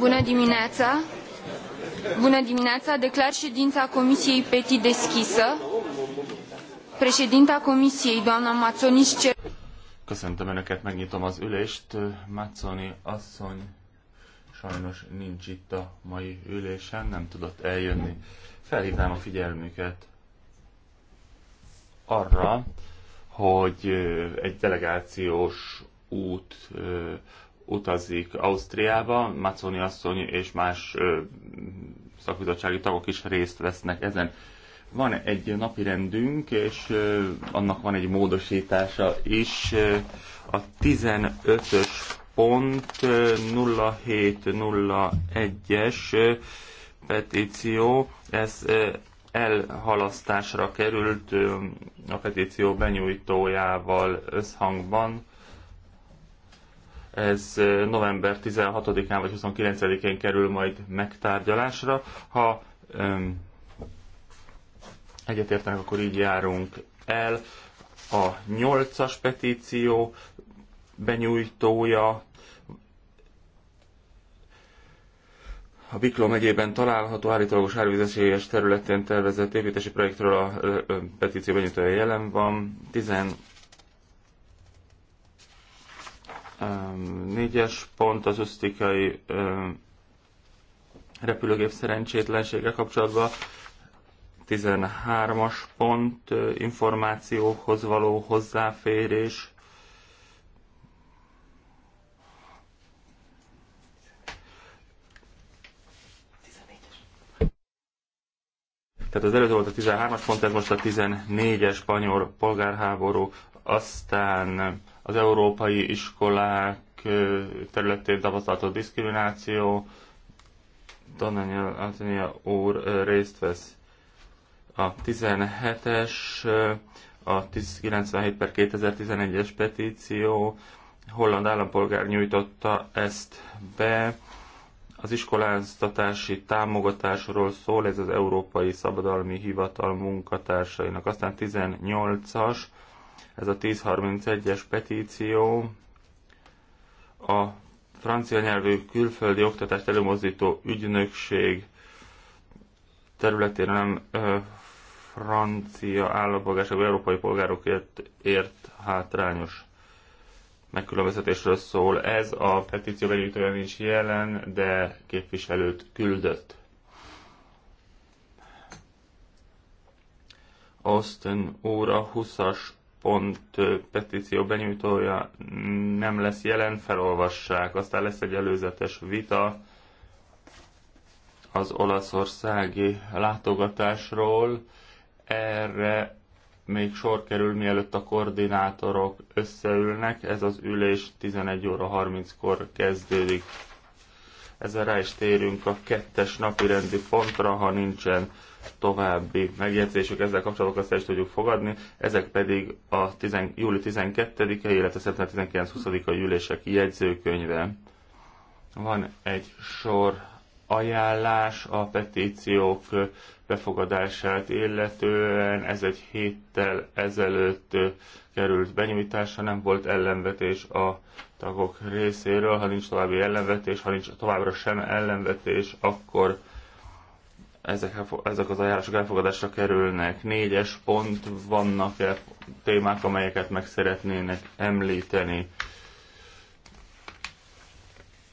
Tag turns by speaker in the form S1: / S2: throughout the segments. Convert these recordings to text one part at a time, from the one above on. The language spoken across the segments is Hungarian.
S1: Bună dimineața! Bună dimineața! Declar ședința Comisiei PETI deschisă. Președinta Comisiei, doamna Mazzoni cer...
S2: Köszöntöm Önöket, megnyitom az ülést. Mazzoni, asszony sajnos nincs itt a mai ülésen, nem tudott eljönni. Felhívnám a figyelmüket arra, hogy egy delegációs út utazik Ausztriába, Maconi asszony és más ö, szakbizottsági tagok is részt vesznek ezen. Van egy napi rendünk, és ö, annak van egy módosítása is. Ö, a 15-ös pont 0701-es petíció, ez elhalasztásra került a petíció benyújtójával összhangban ez november 16-án vagy 29-én kerül majd megtárgyalásra. Ha um, egyetértenek, akkor így járunk el. A 8-as petíció benyújtója a Bikló megyében található állítólagos árvízesélyes területén tervezett építési projektről a petíció benyújtója jelen van. 10 Négyes pont az ösztikai repülőgép szerencsétlensége kapcsolatban. 13-as pont információhoz való hozzáférés. Tehát az előző volt a 13-as pont, ez most a 14-es spanyol polgárháború, aztán az európai iskolák területén tapasztalható diszkrimináció. Daniel Antonia úr részt vesz a 17-es, a 97 per 2011-es petíció, holland állampolgár nyújtotta ezt be. Az iskoláztatási támogatásról szól, ez az Európai Szabadalmi Hivatal munkatársainak. Aztán 18-as, ez a 1031-es petíció a francia nyelvű külföldi oktatást előmozdító ügynökség területén nem ö, francia állampolgárságú európai polgárokért ért hátrányos megkülönböztetésről szól. Ez a petíció olyan is jelen, de képviselőt küldött. Austin óra 20-as pont petíció benyújtója nem lesz jelen, felolvassák. Aztán lesz egy előzetes vita az olaszországi látogatásról. Erre még sor kerül, mielőtt a koordinátorok összeülnek. Ez az ülés 11 óra 30-kor kezdődik. Ezzel rá is térünk a kettes napi rendi pontra, ha nincsen további megjegyzésük ezzel kapcsolatban azt is tudjuk fogadni, ezek pedig a 10, júli 12-e, illetve szeptember 19-20-a ülések jegyzőkönyve. Van egy sor ajánlás a petíciók befogadását illetően, ez egy héttel ezelőtt került benyújtásra, nem volt ellenvetés a tagok részéről, ha nincs további ellenvetés, ha nincs továbbra sem ellenvetés, akkor ezek, ezek az ajánlások elfogadásra kerülnek. Négyes pont, vannak-e témák, amelyeket meg szeretnének említeni?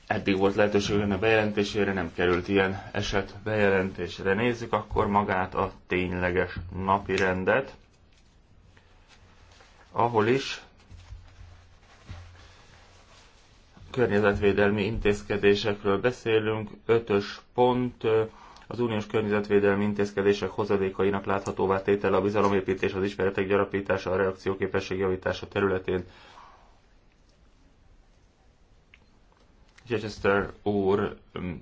S2: Eddig volt lehetőség a bejelentésére, nem került ilyen eset bejelentésre. Nézzük akkor magát a tényleges napi rendet, ahol is környezetvédelmi intézkedésekről beszélünk. Ötös pont, az uniós környezetvédelmi intézkedések hozadékainak láthatóvá tétele a bizalomépítés, az ismeretek gyarapítása, a reakcióképesség javítása területén. Chichester úr mm,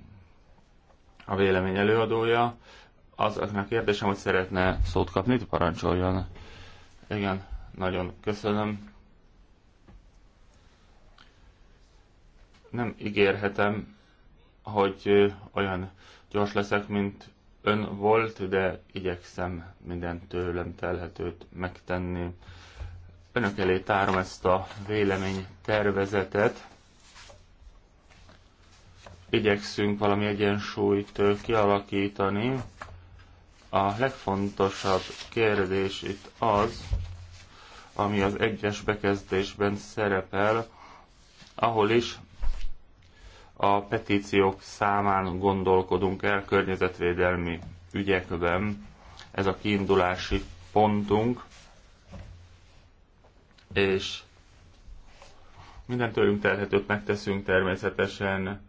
S2: a vélemény előadója. Azoknak kérdésem, hogy szeretne szót kapni, parancsoljon. Igen, nagyon köszönöm. Nem ígérhetem, hogy olyan gyors leszek, mint ön volt, de igyekszem mindent tőlem telhetőt megtenni. Önök elé tárom ezt a vélemény tervezetet. Igyekszünk valami egyensúlyt kialakítani. A legfontosabb kérdés itt az, ami az egyes bekezdésben szerepel, ahol is a petíciók számán gondolkodunk el környezetvédelmi ügyekben. Ez a kiindulási pontunk, és minden tőlünk telhetőt megteszünk természetesen,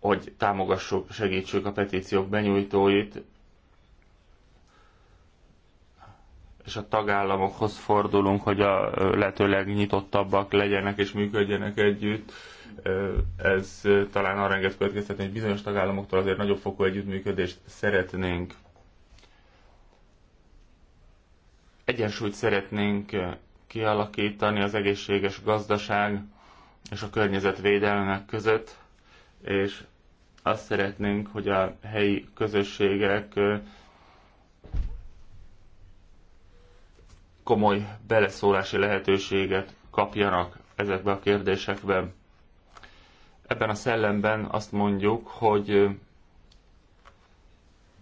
S2: hogy támogassuk, segítsük a petíciók benyújtóit, és a tagállamokhoz fordulunk, hogy a lehetőleg nyitottabbak legyenek és működjenek együtt. Ez talán arra enged következtetni, hogy bizonyos tagállamoktól azért nagyobb fokú együttműködést szeretnénk. Egyensúlyt szeretnénk kialakítani az egészséges gazdaság és a környezet védelmek között, és azt szeretnénk, hogy a helyi közösségek komoly beleszólási lehetőséget kapjanak ezekbe a kérdésekben. Ebben a szellemben azt mondjuk, hogy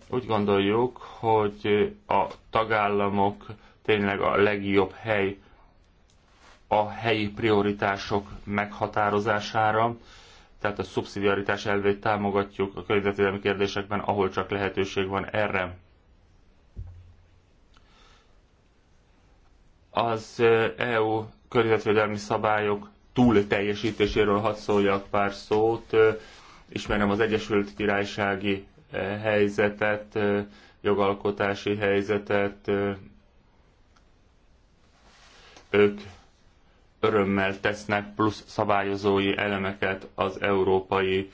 S2: úgy gondoljuk, hogy a tagállamok tényleg a legjobb hely a helyi prioritások meghatározására, tehát a szubszidiaritás elvét támogatjuk a környezetvédelmi kérdésekben, ahol csak lehetőség van erre. Az EU környezetvédelmi szabályok túl teljesítéséről hadd szóljak pár szót. Ismerem az Egyesült Királysági helyzetet, jogalkotási helyzetet. Ők örömmel tesznek plusz szabályozói elemeket az európai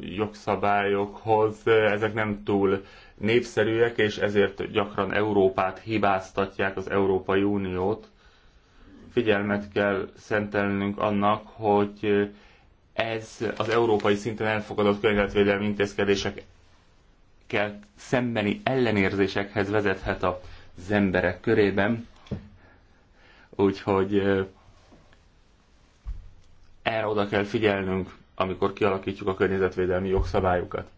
S2: jogszabályokhoz, ezek nem túl népszerűek, és ezért gyakran Európát hibáztatják az Európai Uniót. Figyelmet kell szentelnünk annak, hogy ez az európai szinten elfogadott környezetvédelmi intézkedésekkel szembeni ellenérzésekhez vezethet az emberek körében. Úgyhogy erre oda kell figyelnünk amikor kialakítjuk a környezetvédelmi jogszabályokat.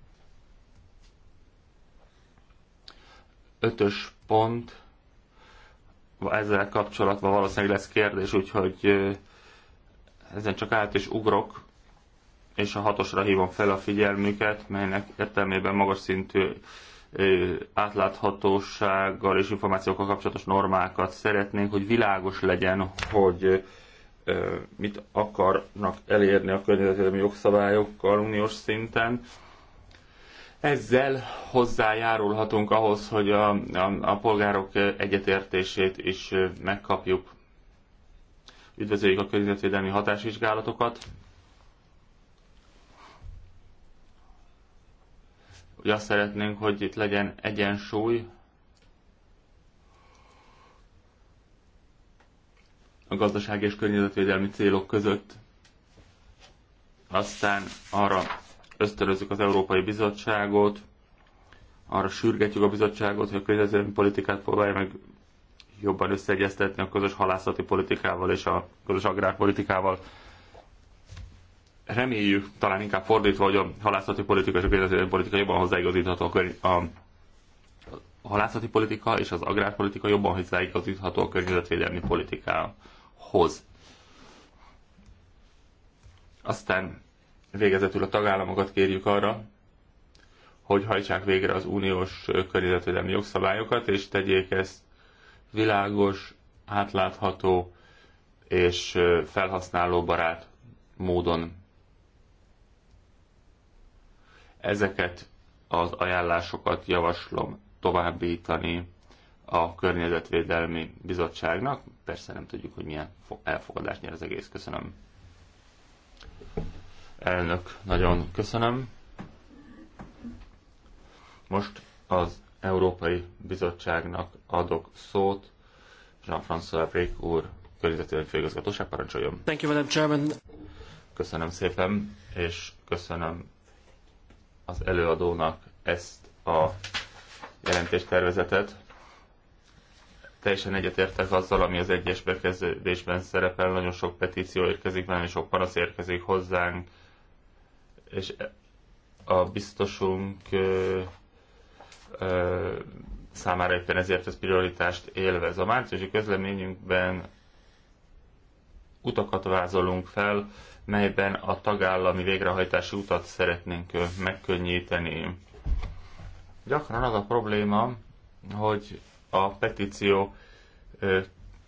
S2: Ötös pont, ezzel kapcsolatban valószínűleg lesz kérdés, úgyhogy ezen csak át is ugrok, és a hatosra hívom fel a figyelmüket, melynek értelmében magas szintű átláthatósággal és információkkal kapcsolatos normákat szeretnénk, hogy világos legyen, hogy mit akarnak elérni a környezetvédelmi jogszabályokkal uniós szinten. Ezzel hozzájárulhatunk ahhoz, hogy a, a, a polgárok egyetértését is megkapjuk. Üdvözöljük a környezetvédelmi hatásvizsgálatokat. Ugye azt szeretnénk, hogy itt legyen egyensúly a gazdaság és környezetvédelmi célok között. Aztán arra ösztönözzük az Európai Bizottságot, arra sürgetjük a bizottságot, hogy a környezetvédelmi politikát próbálja meg jobban összeegyeztetni a közös halászati politikával és a közös agrárpolitikával. Reméljük, talán inkább fordítva, hogy a halászati politika és a környezetvédelmi politika jobban hozzáigazítható a, a halászati politika és az agrárpolitika jobban hozzáigazítható a környezetvédelmi politikához hoz. Aztán végezetül a tagállamokat kérjük arra, hogy hajtsák végre az uniós környezetvédelmi jogszabályokat, és tegyék ezt világos, átlátható és felhasználóbarát módon. Ezeket az ajánlásokat javaslom továbbítani a Környezetvédelmi Bizottságnak. Persze nem tudjuk, hogy milyen elfogadást nyer az egész. Köszönöm. Elnök, nagyon köszönöm. Most az Európai Bizottságnak adok szót. Jean-François Frick úr, Környezetvédelmi Főigazgatóság, parancsoljon.
S3: Thank you, Madam Chairman.
S2: Köszönöm szépen, és köszönöm az előadónak ezt a jelentéstervezetet teljesen egyetértek azzal, ami az egyes bekezdésben szerepel. Nagyon sok petíció érkezik, nagyon sok panasz érkezik hozzánk, és a biztosunk ö, ö, számára éppen ezért ez prioritást élvez. A márciusi közleményünkben utakat vázolunk fel, melyben a tagállami végrehajtási utat szeretnénk megkönnyíteni. Gyakran az a probléma, hogy a petíció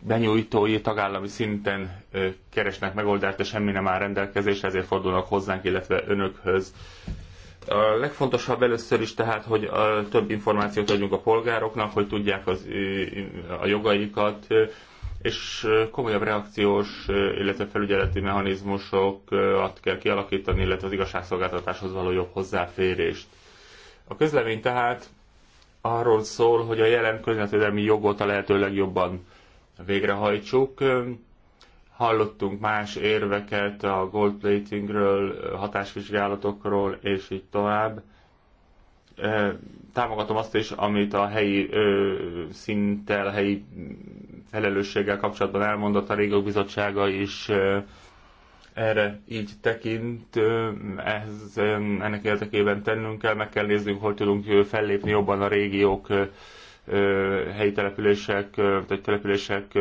S2: benyújtói tagállami szinten keresnek megoldást, de semmi nem áll rendelkezésre, ezért fordulnak hozzánk, illetve önökhöz. A legfontosabb először is tehát, hogy a, több információt adjunk a polgároknak, hogy tudják az, a jogaikat, és komolyabb reakciós, illetve felügyeleti mechanizmusokat kell kialakítani, illetve az igazságszolgáltatáshoz való jobb hozzáférést. A közlemény tehát arról szól, hogy a jelen közvetődelmi jogot a lehető legjobban végrehajtsuk. Hallottunk más érveket a gold platingről, hatásvizsgálatokról, és így tovább. Támogatom azt is, amit a helyi szinttel, a helyi felelősséggel kapcsolatban elmondott a Régok Bizottsága is erre így tekint, ez, ennek érdekében tennünk kell, meg kell néznünk, hogy tudunk fellépni jobban a régiók, helyi települések, vagy települések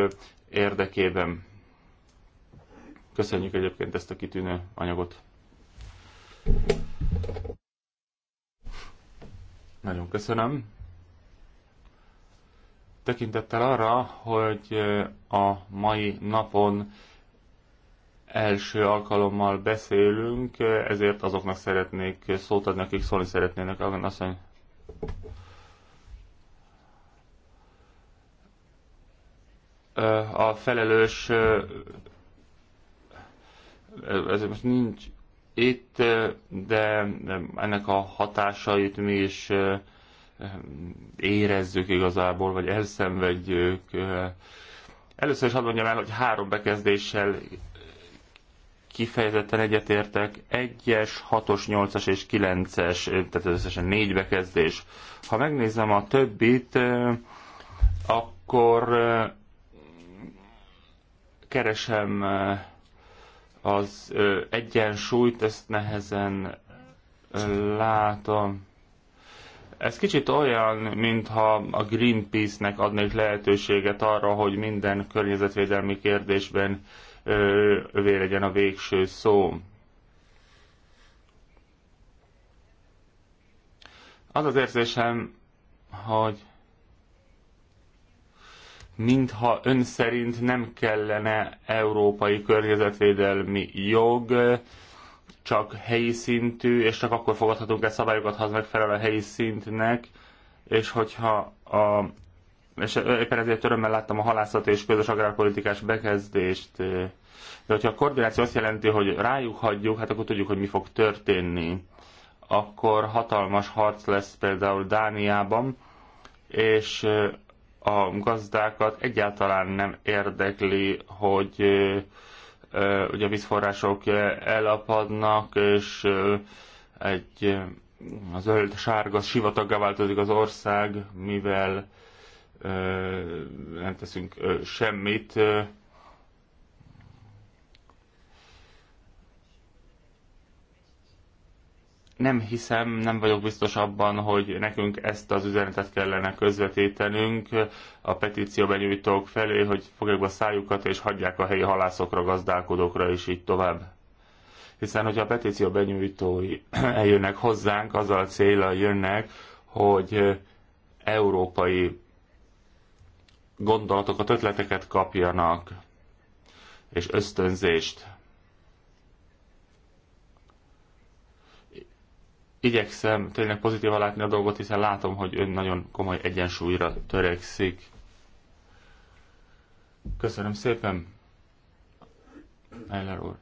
S2: érdekében. Köszönjük egyébként ezt a kitűnő anyagot. Nagyon köszönöm. Tekintettel arra, hogy a mai napon első alkalommal beszélünk, ezért azoknak szeretnék szót adni, akik szólni szeretnének. Agan A felelős ez most nincs itt, de ennek a hatásait mi is érezzük igazából, vagy elszenvedjük. Először is hadd mondjam el, hogy három bekezdéssel kifejezetten egyetértek. 1-es, 6-os, 8-as és 9-es, tehát összesen 4 bekezdés. Ha megnézem a többit, akkor keresem az egyensúlyt, ezt nehezen látom. Ez kicsit olyan, mintha a Greenpeace-nek adnék lehetőséget arra, hogy minden környezetvédelmi kérdésben övé legyen a végső szó. Az az érzésem, hogy mintha ön szerint nem kellene európai környezetvédelmi jog, csak helyi szintű, és csak akkor fogadhatunk el szabályokat, ha az megfelel a helyi szintnek, és hogyha a és éppen ezért örömmel láttam a halászat és közös agrárpolitikás bekezdést. De hogyha a koordináció azt jelenti, hogy rájuk hagyjuk, hát akkor tudjuk, hogy mi fog történni. Akkor hatalmas harc lesz például Dániában, és a gazdákat egyáltalán nem érdekli, hogy ugye a vízforrások elapadnak, és egy a zöld-sárga sivataggá változik az ország, mivel nem teszünk semmit. Nem hiszem, nem vagyok biztos abban, hogy nekünk ezt az üzenetet kellene közvetítenünk a petíció benyújtók felé, hogy fogják be a szájukat és hagyják a helyi halászokra, gazdálkodókra és így tovább hiszen hogyha a petíció benyújtói eljönnek hozzánk, azzal a célra jönnek, hogy európai gondolatokat, ötleteket kapjanak, és ösztönzést. Igyekszem tényleg pozitívan látni a dolgot, hiszen látom, hogy ön nagyon komoly egyensúlyra törekszik. Köszönöm szépen, Eller úr.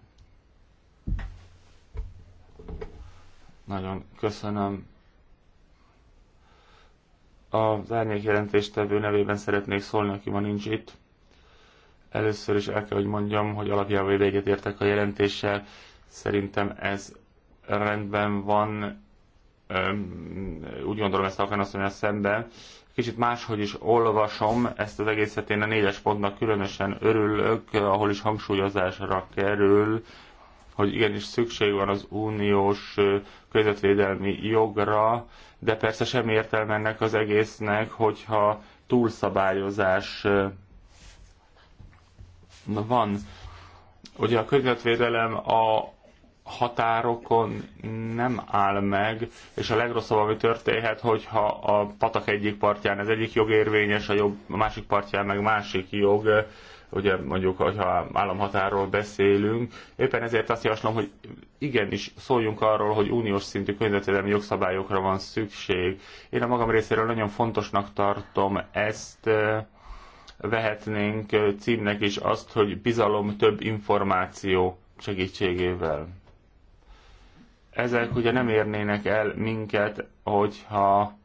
S2: Nagyon köszönöm az árnyék jelentéstevő nevében szeretnék szólni, aki ma nincs itt. Először is el kell, hogy mondjam, hogy alapjában egyet értek a jelentéssel. Szerintem ez rendben van. Úgy gondolom, ezt akarom azt mondani a szemben. Kicsit máshogy is olvasom ezt az egészet. Én a négyes pontnak különösen örülök, ahol is hangsúlyozásra kerül hogy igenis szükség van az uniós közvetvédelmi jogra, de persze sem értelme ennek az egésznek, hogyha túlszabályozás van. Ugye a közvetvédelem a határokon nem áll meg, és a legrosszabb, ami történhet, hogyha a patak egyik partján ez egyik jog érvényes, a, jobb, a másik partján meg másik jog, ugye mondjuk, ha államhatárról beszélünk. Éppen ezért azt javaslom, hogy igenis szóljunk arról, hogy uniós szintű környezetvédelmi jogszabályokra van szükség. Én a magam részéről nagyon fontosnak tartom ezt, vehetnénk címnek is azt, hogy bizalom több információ segítségével. Ezek ugye nem érnének el minket, hogyha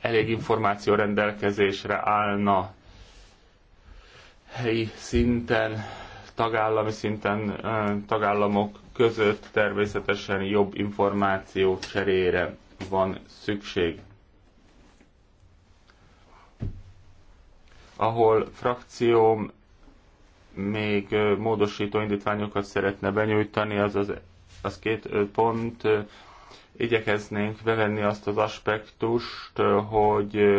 S2: elég információ rendelkezésre állna helyi szinten, tagállami szinten, tagállamok között természetesen jobb információ cserére van szükség. Ahol frakcióm még módosító indítványokat szeretne benyújtani, az, az, az két pont igyekeznénk bevenni azt az aspektust, hogy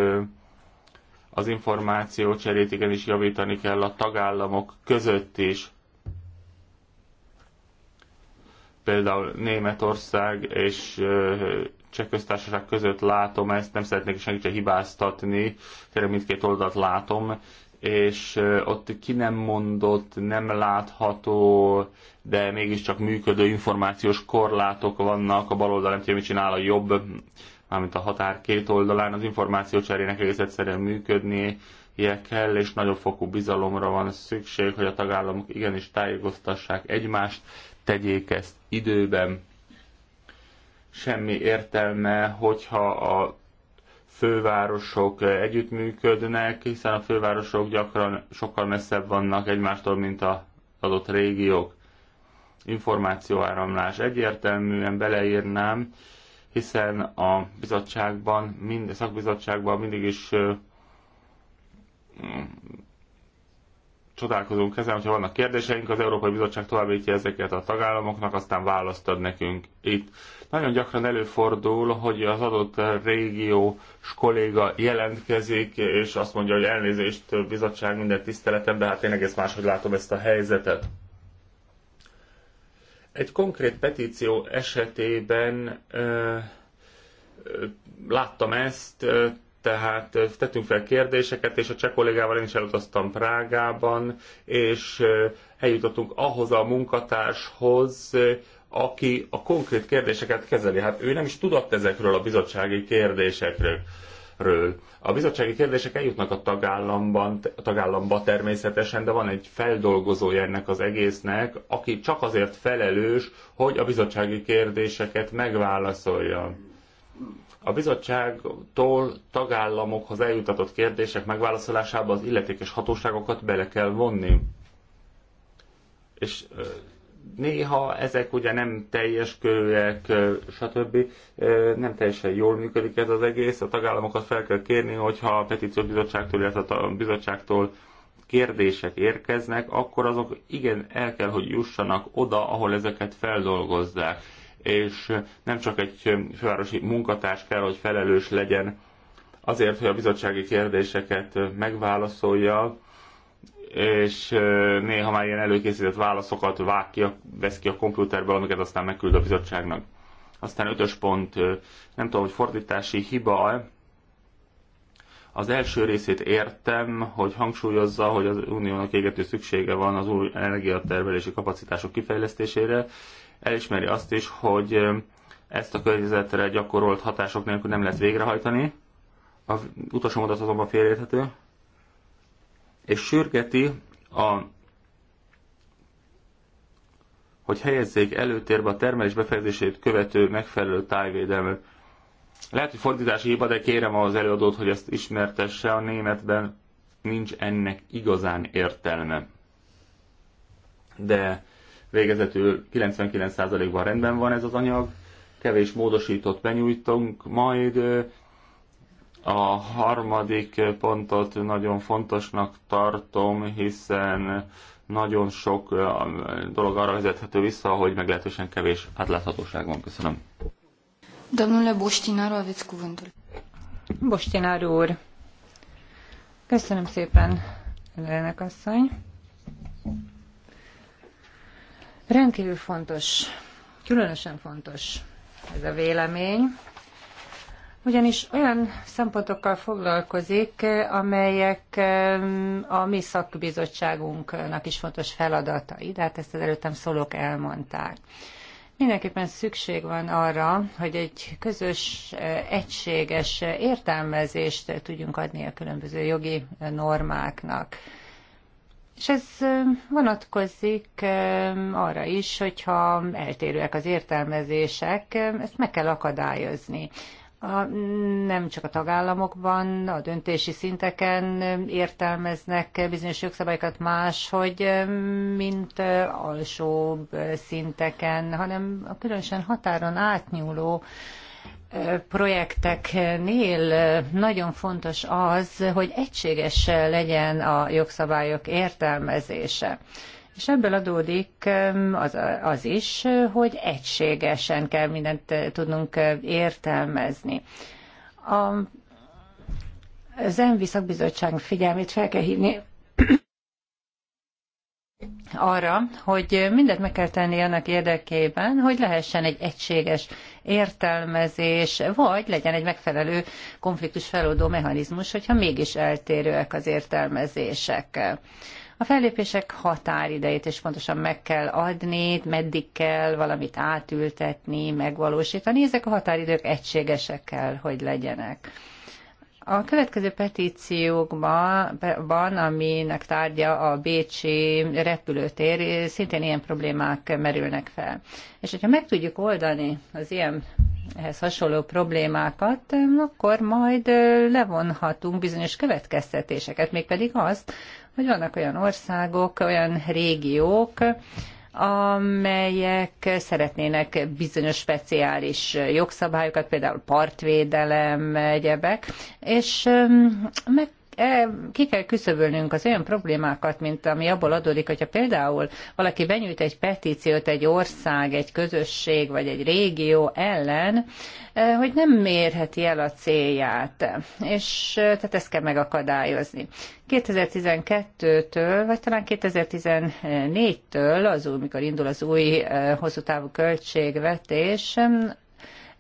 S2: az információ cserét igenis javítani kell a tagállamok között is. Például Németország és Cseh köztársaság között látom ezt, nem szeretnék senkit se hibáztatni, tényleg mindkét oldalt látom, és ott ki nem mondott, nem látható, de mégiscsak működő információs korlátok vannak, a bal oldal nem tudja, mit csinál a jobb, mármint a határ két oldalán, az információ cserének egész egyszerűen működni kell, és nagyobb fokú bizalomra van szükség, hogy a tagállamok igenis tájékoztassák egymást, tegyék ezt időben. Semmi értelme, hogyha a fővárosok együttműködnek, hiszen a fővárosok gyakran sokkal messzebb vannak egymástól, mint az adott régiók. Információáramlás egyértelműen beleírnám, hiszen a bizottságban, mind, a szakbizottságban mindig is ö, csodálkozunk ezen, hogyha vannak kérdéseink, az Európai Bizottság továbbítja ezeket a tagállamoknak, aztán választ ad nekünk itt nagyon gyakran előfordul, hogy az adott régiós kolléga jelentkezik, és azt mondja, hogy elnézést, bizottság, minden tiszteletem, de hát én egész máshogy látom ezt a helyzetet. Egy konkrét petíció esetében ö, ö, láttam ezt, ö, tehát tettünk fel kérdéseket, és a cseh kollégával én is elutaztam Prágában, és eljutottunk ahhoz a munkatárshoz, aki a konkrét kérdéseket kezeli. Hát ő nem is tudott ezekről a bizottsági kérdésekről. A bizottsági kérdések eljutnak a tagállamban, a tagállamba természetesen, de van egy feldolgozója ennek az egésznek, aki csak azért felelős, hogy a bizottsági kérdéseket megválaszolja. A bizottságtól tagállamokhoz eljutatott kérdések megválaszolásába az illetékes hatóságokat bele kell vonni. És néha ezek ugye nem teljes körűek, stb. Nem teljesen jól működik ez az egész. A tagállamokat fel kell kérni, hogyha a petíció bizottságtól, illetve a bizottságtól kérdések érkeznek, akkor azok igen el kell, hogy jussanak oda, ahol ezeket feldolgozzák. És nem csak egy fővárosi munkatárs kell, hogy felelős legyen azért, hogy a bizottsági kérdéseket megválaszolja, és néha már ilyen előkészített válaszokat vág ki, vesz ki a komputerből, amiket aztán megküld a bizottságnak. Aztán ötös pont, nem tudom, hogy fordítási hiba, az első részét értem, hogy hangsúlyozza, hogy az uniónak égető szüksége van az új energiatermelési kapacitások kifejlesztésére. Elismeri azt is, hogy ezt a környezetre gyakorolt hatások nélkül nem lehet végrehajtani. A mondat azonban félérthető és sürgeti a hogy helyezzék előtérbe a termelés befejezését követő megfelelő tájvédelmet. Lehet, hogy fordítási hiba, de kérem az előadót, hogy ezt ismertesse a németben. Nincs ennek igazán értelme. De végezetül 99%-ban rendben van ez az anyag, kevés módosított benyújtunk majd, a harmadik pontot nagyon fontosnak tartom, hiszen nagyon sok dolog arra vezethető vissza, hogy meglehetősen kevés átláthatóság van.
S4: Köszönöm. Domnule Bostináru, aveți cuvântul. Bostinár úr. Köszönöm szépen, Lelenek asszony. Rendkívül fontos, különösen fontos ez a vélemény, ugyanis olyan szempontokkal foglalkozik, amelyek a mi szakbizottságunknak is fontos feladatai, de hát ezt az előttem szólók elmondták. Mindenképpen szükség van arra, hogy egy közös, e, egységes értelmezést tudjunk adni a különböző jogi normáknak. És ez vonatkozik arra is, hogyha eltérőek az értelmezések, ezt meg kell akadályozni a, nem csak a tagállamokban, a döntési szinteken értelmeznek bizonyos jogszabályokat más, hogy mint alsóbb szinteken, hanem a különösen határon átnyúló projekteknél nagyon fontos az, hogy egységes legyen a jogszabályok értelmezése. És ebből adódik az, az is, hogy egységesen kell mindent tudnunk értelmezni. A, az ENVI szakbizottság figyelmét fel kell hívni arra, hogy mindent meg kell tenni annak érdekében, hogy lehessen egy egységes értelmezés, vagy legyen egy megfelelő konfliktus feloldó mechanizmus, hogyha mégis eltérőek az értelmezések. A fellépések határidejét is pontosan meg kell adni, meddig kell valamit átültetni, megvalósítani. Ezek a határidők egységesek kell, hogy legyenek. A következő petíciókban, aminek tárgya a Bécsi repülőtér, szintén ilyen problémák merülnek fel. És hogyha meg tudjuk oldani az ilyen ehhez hasonló problémákat, akkor majd levonhatunk bizonyos következtetéseket, mégpedig azt, hogy vannak olyan országok, olyan régiók, amelyek szeretnének bizonyos speciális jogszabályokat, például partvédelem, egyebek, és meg E, ki kell küszöbölnünk az olyan problémákat, mint ami abból adódik, hogyha például valaki benyújt egy petíciót egy ország, egy közösség vagy egy régió ellen, e, hogy nem mérheti el a célját, és e, tehát ezt kell megakadályozni. 2012-től, vagy talán 2014-től, az új, mikor indul az új hosszú távú költségvetés,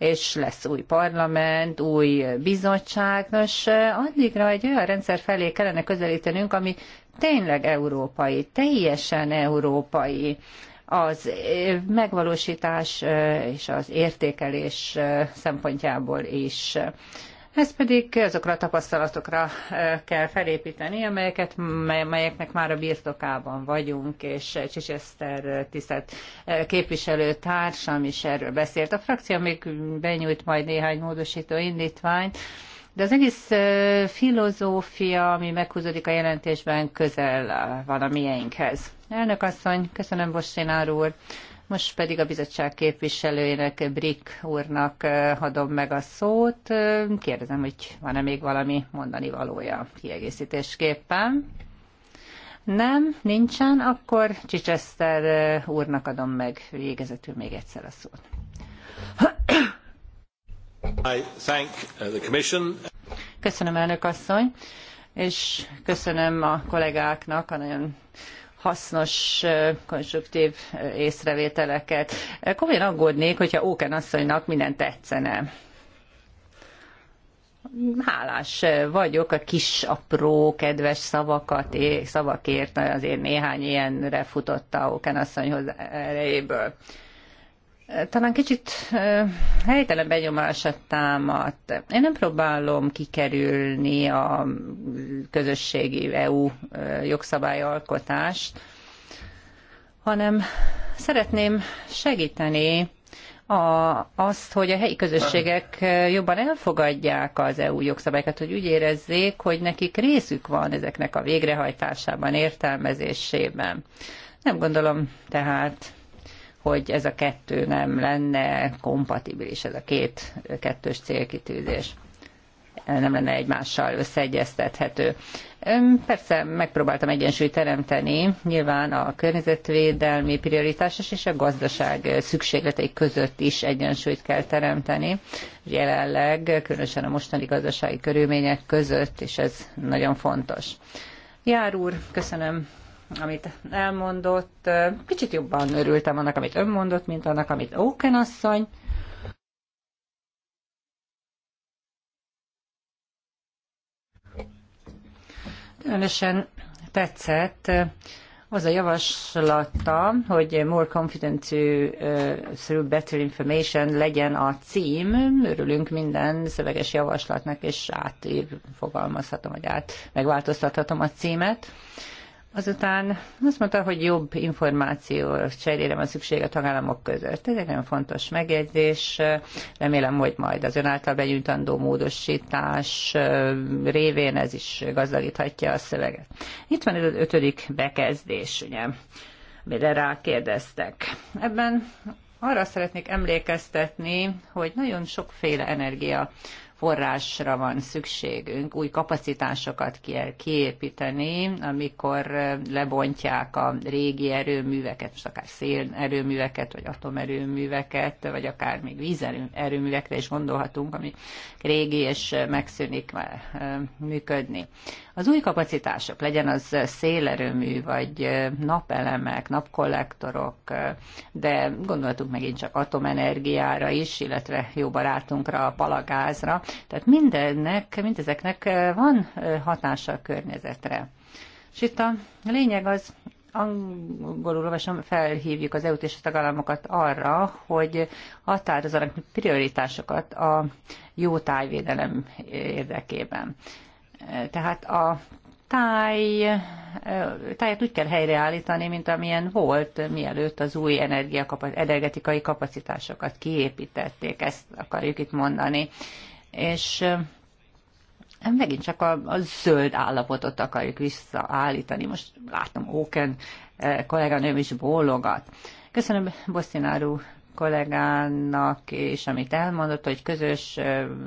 S4: és lesz új parlament, új bizottság. Nos, addigra egy olyan rendszer felé kellene közelítenünk, ami tényleg európai, teljesen európai az megvalósítás és az értékelés szempontjából is. Ez pedig azokra a tapasztalatokra kell felépíteni, amelyeket, melyeknek már a birtokában vagyunk, és Csicseszter tisztelt képviselő társam is erről beszélt. A frakció még benyújt majd néhány módosító indítványt, de az egész filozófia, ami meghúzódik a jelentésben, közel van a miénkhez. Elnök asszony, köszönöm Bossinár úr. Most pedig a bizottság képviselőjének, Brick úrnak eh, adom meg a szót. Eh, kérdezem, hogy van-e még valami mondani valója kiegészítésképpen. Nem, nincsen, akkor Chichester eh, úrnak adom meg végezetül még egyszer a szót.
S3: I thank uh, the commission.
S4: Köszönöm, elnök asszony, és köszönöm a kollégáknak a nagyon hasznos, konstruktív észrevételeket. Komolyan aggódnék, hogyha Óken asszonynak minden tetszene hálás vagyok a kis, apró, kedves szavakat, szavakért, azért néhány ilyenre futott a Oken asszony erejéből talán kicsit helytelen benyomását támadt. Én nem próbálom kikerülni a közösségi EU jogszabályalkotást, hanem szeretném segíteni a, azt, hogy a helyi közösségek jobban elfogadják az EU jogszabályokat, hogy úgy érezzék, hogy nekik részük van ezeknek a végrehajtásában, értelmezésében. Nem gondolom tehát, hogy ez a kettő nem lenne kompatibilis, ez a két kettős célkitűzés nem lenne egymással összeegyeztethető. Persze megpróbáltam egyensúlyt teremteni, nyilván a környezetvédelmi prioritásos és a gazdaság szükségletei között is egyensúlyt kell teremteni. Jelenleg, különösen a mostani gazdasági körülmények között, és ez nagyon fontos. Jár úr, köszönöm amit elmondott. Kicsit jobban örültem annak, amit ön mondott, mint annak, amit Óken asszony. Különösen tetszett az a javaslata, hogy More Confident to, uh, Through Better Information legyen a cím. Örülünk minden szöveges javaslatnak, és átír, fogalmazhatom, vagy át megváltoztathatom a címet. Uh, Azután azt mondta, hogy jobb információ cserére van szükség a tagállamok között. Ez egy nagyon fontos megjegyzés. Remélem, hogy majd az ön által benyújtandó módosítás révén ez is gazdagíthatja a szöveget. Itt van az ötödik bekezdés, ugye, amire rákérdeztek. Ebben arra szeretnék emlékeztetni, hogy nagyon sokféle energia forrásra van szükségünk, új kapacitásokat kell kiépíteni, amikor lebontják a régi erőműveket, most akár szélerőműveket, vagy atomerőműveket, vagy akár még vízerőművekre is gondolhatunk, ami régi és megszűnik működni. Az új kapacitások, legyen az szélerőmű, vagy napelemek, napkollektorok, de gondoltunk megint csak atomenergiára is, illetve jó barátunkra, a palagázra. Tehát mindennek, mindezeknek van hatása a környezetre. És itt a lényeg az, angolul olvasom, felhívjuk az EU-t és a tagállamokat arra, hogy határozzanak prioritásokat a jó tájvédelem érdekében. Tehát a táj, tájat úgy kell helyreállítani, mint amilyen volt, mielőtt az új energetikai kapacitásokat kiépítették, ezt akarjuk itt mondani. És megint csak a, a zöld állapotot akarjuk visszaállítani. Most látom, Óken kolléganőm is bólogat. Köszönöm Bosszinárú kollégának és amit elmondott, hogy közös,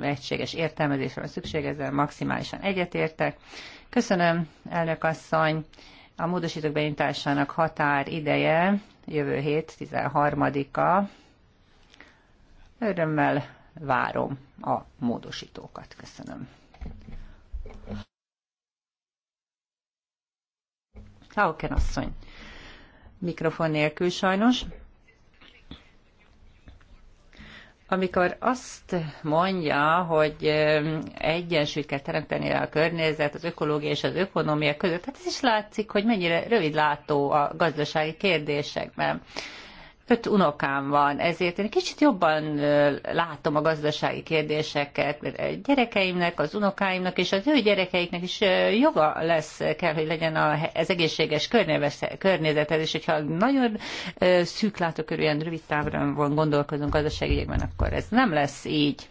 S4: egységes értelmezésre van szükség, ezzel maximálisan egyetértek. Köszönöm, elnök asszony. A módosítók beintásának határ ideje jövő hét 13-a. Örömmel várom a módosítókat. Köszönöm. Hauken asszony. Mikrofon nélkül sajnos amikor azt mondja, hogy egyensúlyt kell teremteni a környezet, az ökológia és az ökonomia között, hát ez is látszik, hogy mennyire rövidlátó a gazdasági kérdésekben öt unokám van, ezért én kicsit jobban látom a gazdasági kérdéseket, mert a gyerekeimnek, az unokáimnak és az ő gyerekeiknek is joga lesz, kell, hogy legyen az egészséges környezethez, és hogyha nagyon szűk látókörűen, rövid távra van gondolkozunk gazdasági ügyekben, akkor ez nem lesz így.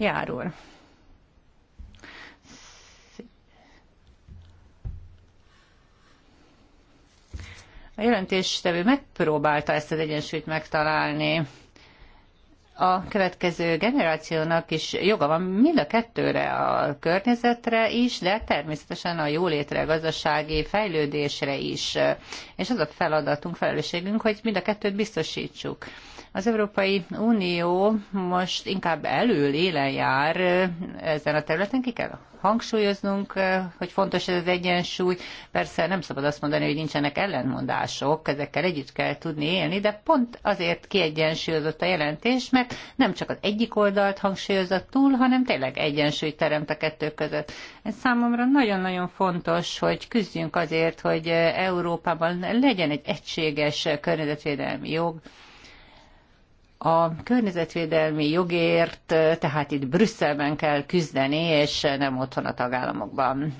S4: Járul. A jelentéstevő megpróbálta ezt az egyensúlyt megtalálni. A következő generációnak is joga van mind a kettőre, a környezetre is, de természetesen a jólétre, a gazdasági fejlődésre is. És az a feladatunk, felelősségünk, hogy mind a kettőt biztosítsuk. Az Európai Unió most inkább elől élen jár ezen a területen, ki kell hangsúlyoznunk, hogy fontos ez az egyensúly. Persze nem szabad azt mondani, hogy nincsenek ellentmondások, ezekkel együtt kell tudni élni, de pont azért kiegyensúlyozott a jelentés, mert nem csak az egyik oldalt hangsúlyozott túl, hanem tényleg egyensúlyt teremt a kettő között. Ez számomra nagyon-nagyon fontos, hogy küzdjünk azért, hogy Európában legyen egy egységes környezetvédelmi jog, a környezetvédelmi jogért, tehát itt Brüsszelben kell küzdeni, és nem otthon a tagállamokban.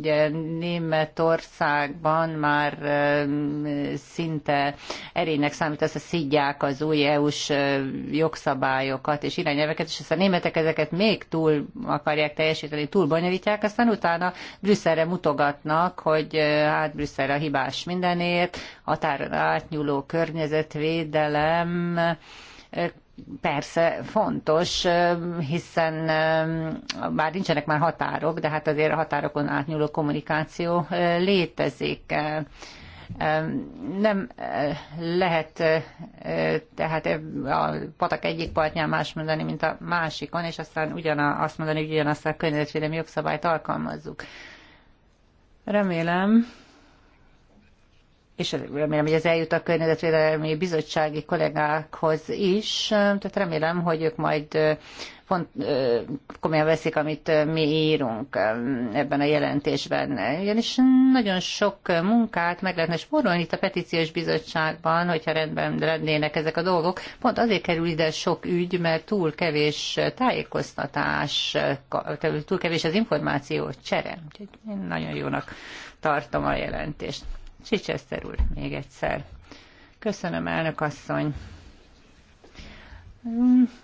S4: Ugye Németországban már szinte erénynek számít az, hogy szidják az új EU-s jogszabályokat és irányelveket, és aztán a németek ezeket még túl akarják teljesíteni, túl bonyolítják, aztán utána Brüsszelre mutogatnak, hogy hát Brüsszel a hibás mindenért, határon átnyúló környezetvédelem, persze fontos, hiszen bár nincsenek már határok, de hát azért a határokon átnyúló kommunikáció létezik nem lehet tehát a patak egyik partján más mondani, mint a másikon, és aztán ugyana, azt mondani, hogy ugyanazt a környezetvédelmi jogszabályt alkalmazzuk. Remélem, és remélem, hogy ez eljut a Környezetvédelmi Bizottsági kollégákhoz is, tehát remélem, hogy ők majd pont komolyan veszik, amit mi írunk ebben a jelentésben. Ugyanis nagyon sok munkát meg lehetne spórolni itt a petíciós bizottságban, hogyha rendben lennének ezek a dolgok. Pont azért kerül ide sok ügy, mert túl kevés tájékoztatás, túl kevés az információ csere. Úgyhogy én nagyon jónak tartom a jelentést. Csicseszter úr, még egyszer. Köszönöm, elnök asszony.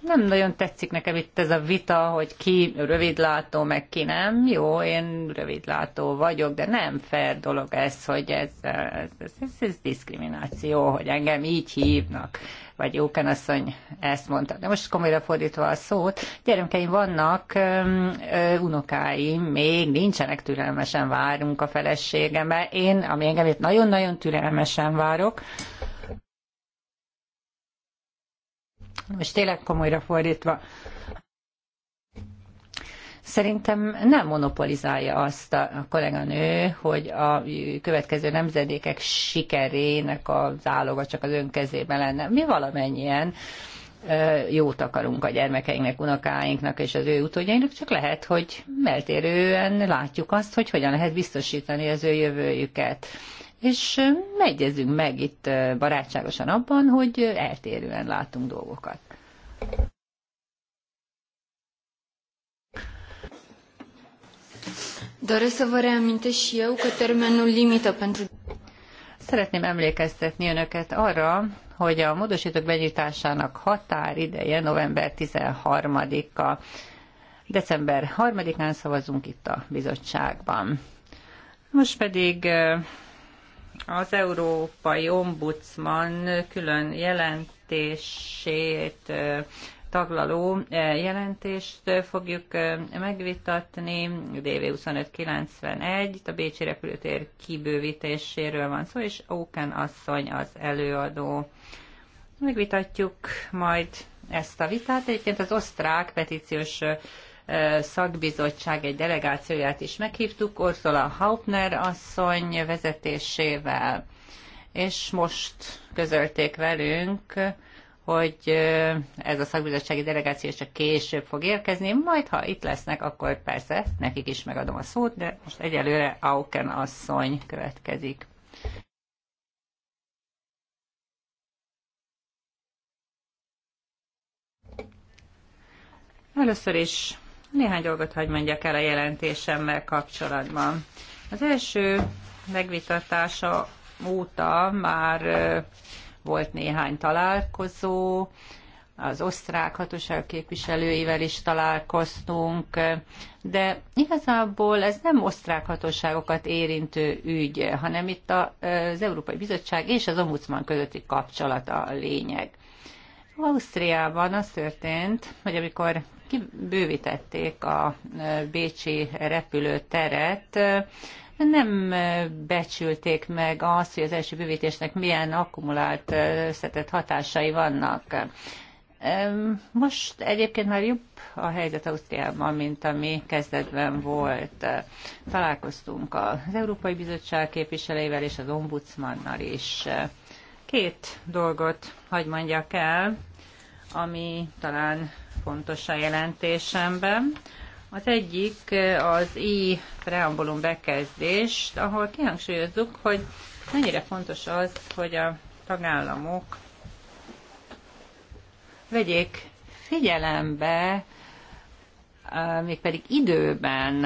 S4: Nem nagyon tetszik nekem itt ez a vita, hogy ki rövidlátó, meg ki nem. Jó, én rövidlátó vagyok, de nem fair dolog ez, hogy ez, ez, ez, ez, ez diszkrimináció, hogy engem így hívnak. Vagy Jóken asszony ezt mondta. De most komolyra fordítva a szót, gyermekeim vannak, ö, ö, unokáim, még nincsenek türelmesen várunk a feleségemmel. Én, ami engem itt nagyon-nagyon türelmesen várok, Most tényleg komolyra fordítva. Szerintem nem monopolizálja azt a kolléganő, hogy a következő nemzedékek sikerének az áloga csak az ön kezében lenne. Mi valamennyien jót akarunk a gyermekeinknek, unokáinknak és az ő utódjainknak, csak lehet, hogy eltérően látjuk azt, hogy hogyan lehet biztosítani az ő jövőjüket és megyezünk meg itt barátságosan abban, hogy eltérően látunk dolgokat.
S1: Doresc să vă reamintesc și eu că termenul limită pentru...
S4: Szeretném emlékeztetni önöket arra, hogy a módosítók benyújtásának határideje november 13-a. December 3-án szavazunk itt a bizottságban. Most pedig az Európai Ombudsman külön jelentését taglaló jelentést fogjuk megvitatni. DV2591, itt a Bécsi repülőtér kibővítéséről van szó, és Óken asszony az előadó. Megvitatjuk majd ezt a vitát. Egyébként az osztrák petíciós szakbizottság egy delegációját is meghívtuk, Ursula Hauptner asszony vezetésével. És most közölték velünk, hogy ez a szakbizottsági delegáció csak később fog érkezni, majd ha itt lesznek, akkor persze nekik is megadom a szót, de most egyelőre Auken asszony következik. Először is néhány dolgot hagy mondjak el a jelentésemmel kapcsolatban. Az első megvitatása óta már volt néhány találkozó, az osztrák hatóság képviselőivel is találkoztunk, de igazából ez nem osztrák hatóságokat érintő ügy, hanem itt az Európai Bizottság és az Ombudsman közötti kapcsolata a lényeg. Ausztriában az történt, hogy amikor kibővítették a bécsi repülőteret, nem becsülték meg azt, hogy az első bővítésnek milyen akkumulált összetett hatásai vannak. Most egyébként már jobb a helyzet Ausztriában, mint ami kezdetben volt. Találkoztunk az Európai Bizottság képviselőivel és az ombudsmannal is. Két dolgot hagy mondjak el, ami talán fontos a jelentésemben. Az egyik az i preambulum bekezdés, ahol kihangsúlyozzuk, hogy mennyire fontos az, hogy a tagállamok vegyék figyelembe mégpedig időben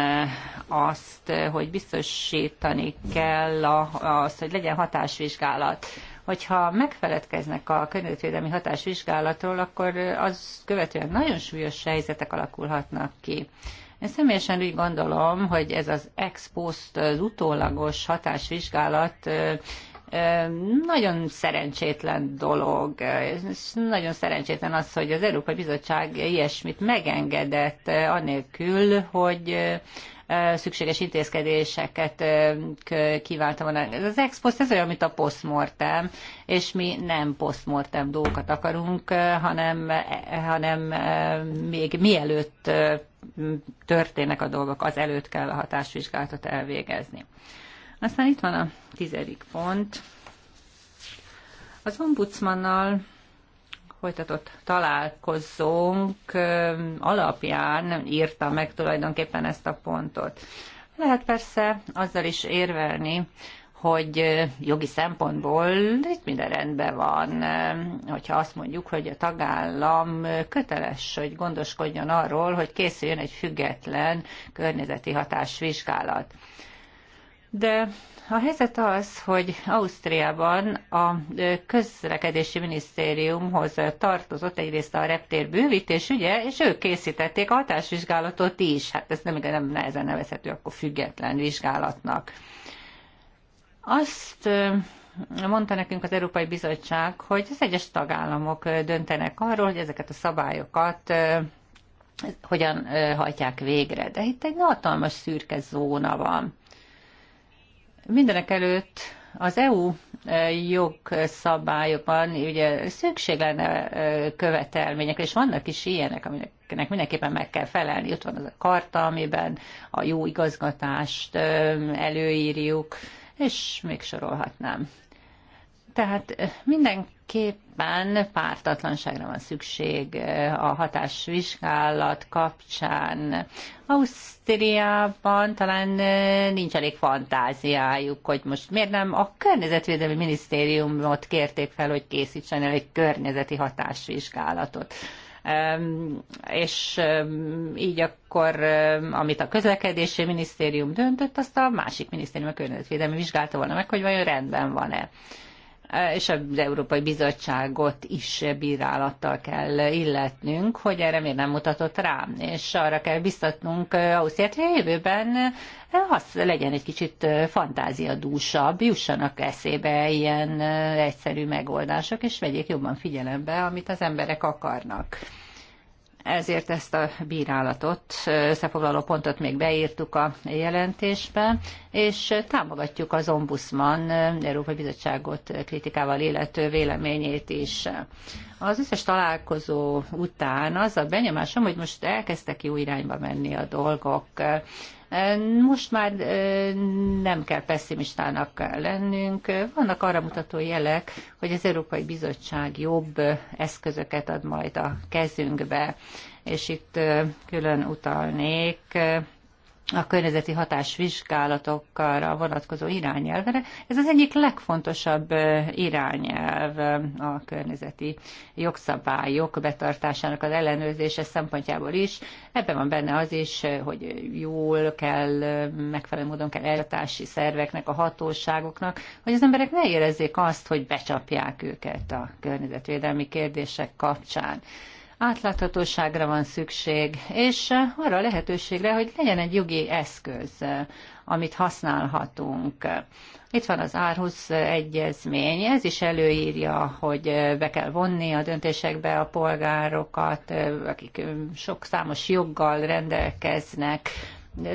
S4: azt, hogy biztosítani kell azt, hogy legyen hatásvizsgálat. Hogyha megfeledkeznek a környezetvédelmi hatásvizsgálatról, akkor az követően nagyon súlyos helyzetek alakulhatnak ki. Én személyesen úgy gondolom, hogy ez az ex post, az utólagos hatásvizsgálat nagyon szerencsétlen dolog, és nagyon szerencsétlen az, hogy az Európai Bizottság ilyesmit megengedett anélkül, hogy szükséges intézkedéseket kívánta volna. Az ex post ez olyan, mint a postmortem, és mi nem postmortem dolgokat akarunk, hanem, e, hanem még mielőtt történnek a dolgok, az előtt kell a hatásvizsgálatot elvégezni. Aztán itt van a tizedik pont. Az ombudsmannal folytatott találkozónk alapján írta meg tulajdonképpen ezt a pontot. Lehet persze azzal is érvelni, hogy jogi szempontból itt minden rendben van, hogyha azt mondjuk, hogy a tagállam köteles, hogy gondoskodjon arról, hogy készüljön egy független környezeti hatásvizsgálat. De a helyzet az, hogy Ausztriában a közlekedési minisztériumhoz tartozott egyrészt a reptér bővítés ügye, és ők készítették a hatásvizsgálatot is. Hát ez nem, nem nehezen nevezhető akkor független vizsgálatnak. Azt mondta nekünk az Európai Bizottság, hogy az egyes tagállamok döntenek arról, hogy ezeket a szabályokat hogyan hajtják végre. De itt egy hatalmas szürke zóna van. Mindenek előtt az EU e, jogszabályokban ugye szükség lenne e, követelményekre, és vannak is ilyenek, aminek mindenképpen meg kell felelni. Ott van az a karta, amiben a jó igazgatást e, előírjuk, és még sorolhatnám. Tehát minden mindenképpen pártatlanságra van szükség eh, a hatásvizsgálat kapcsán. Ausztriában talán eh, nincs elég fantáziájuk, hogy most miért nem a környezetvédelmi minisztériumot kérték fel, hogy készítsen el egy környezeti hatásvizsgálatot és így akkor, amit a közlekedési minisztérium döntött, azt a másik minisztérium a környezetvédelmi vizsgálta volna meg, hogy vajon rendben van-e és az Európai Bizottságot is bírálattal kell illetnünk, hogy erre miért nem mutatott rá, és arra kell biztatnunk eh, Ausztriát, hogy a jövőben eh, az legyen egy kicsit eh, fantáziadúsabb, jussanak eszébe ilyen egyszerű megoldások, és vegyék jobban figyelembe, amit az emberek akarnak ezért ezt a bírálatot, összefoglaló pontot még beírtuk a jelentésbe, és támogatjuk az Ombudsman Európai Bizottságot kritikával illető véleményét is. Az összes találkozó után az a benyomásom, hogy most elkezdtek jó irányba menni a dolgok, most már nem kell pessimistának lennünk. Vannak arra mutató jelek, hogy az Európai Bizottság jobb eszközöket ad majd a kezünkbe, és itt külön utalnék a környezeti hatásvizsgálatokra vonatkozó irányelvre. Ez az egyik legfontosabb irányelv a környezeti jogszabályok betartásának az ellenőrzése szempontjából is. Ebben van benne az is, hogy jól kell, megfelelő módon kell eltási szerveknek, a hatóságoknak, hogy az emberek ne érezzék azt, hogy becsapják őket a környezetvédelmi kérdések kapcsán. Átláthatóságra van szükség, és arra a lehetőségre, hogy legyen egy jogi eszköz, amit használhatunk. Itt van az Árhusz egyezmény, ez is előírja, hogy be kell vonni a döntésekbe a polgárokat, akik sok számos joggal rendelkeznek,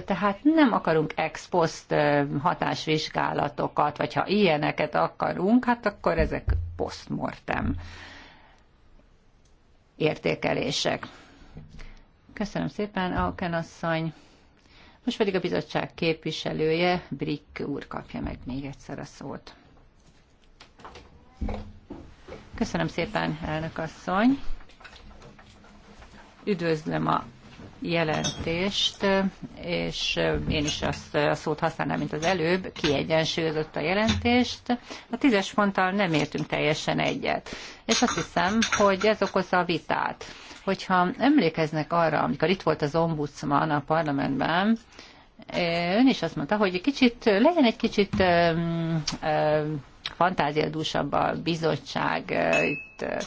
S4: tehát nem akarunk ex post hatásvizsgálatokat, vagy ha ilyeneket akarunk, hát akkor ezek postmortem értékelések. Köszönöm szépen, Alken asszony. Most pedig a bizottság képviselője, Brick úr kapja meg még egyszer a szót. Köszönöm szépen, elnök asszony. Üdvözlöm a jelentést, és én is azt a szót használnám, mint az előbb, kiegyensúlyozott a jelentést. A tízes ponttal nem értünk teljesen egyet. És azt hiszem, hogy ez okozza a vitát. Hogyha emlékeznek arra, amikor itt volt az ombudsman a parlamentben, ön is azt mondta, hogy kicsit, legyen egy kicsit um, um, fantáziadúsabb a bizottság eh, itt eh,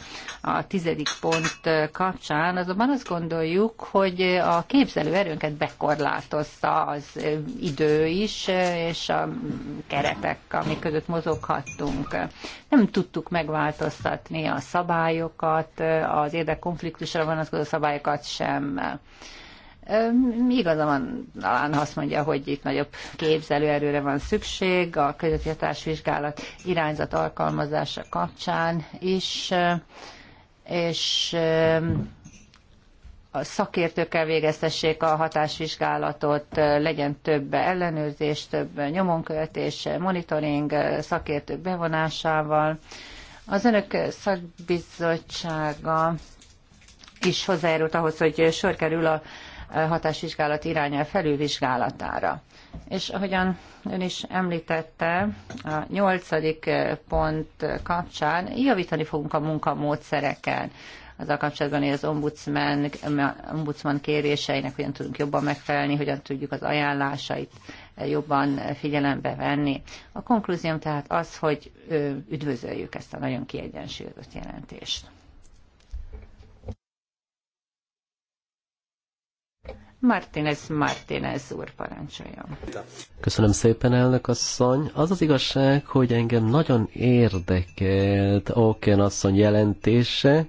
S4: a tizedik pont eh, kapcsán, azonban azt gondoljuk, hogy a képzelő erőnket bekorlátozta az idő is, és a keretek, amik között mozoghattunk. Nem tudtuk megváltoztatni a szabályokat, az érdekkonfliktusra vonatkozó szabályokat sem. Igaza van, talán azt mondja, hogy itt nagyobb képzelőerőre van szükség a közvetításvizsgálat irányzat alkalmazása kapcsán is, és a szakértőkkel végeztessék a hatásvizsgálatot, legyen több ellenőrzés, több nyomonkövetés, monitoring szakértők bevonásával. Az önök szakbizottsága is hozzájárult ahhoz, hogy sor kerül a hatásvizsgálat irányel felülvizsgálatára. És ahogyan ön is említette, a nyolcadik eh, pont kapcsán javítani fogunk a munkamódszereken a kapcsolatban, hogy az ombudsman, ombudsman kéréseinek hogyan tudunk jobban megfelelni, hogyan tudjuk az ajánlásait eh, jobban eh, figyelembe venni. A konklúzióm tehát az, hogy üdvözöljük ezt a nagyon kiegyensúlyozott jelentést. Martínez Martínez úr parancsoljon.
S3: Köszönöm szépen, elnök asszony. Az az igazság, hogy engem nagyon érdekelt Oken asszony jelentése.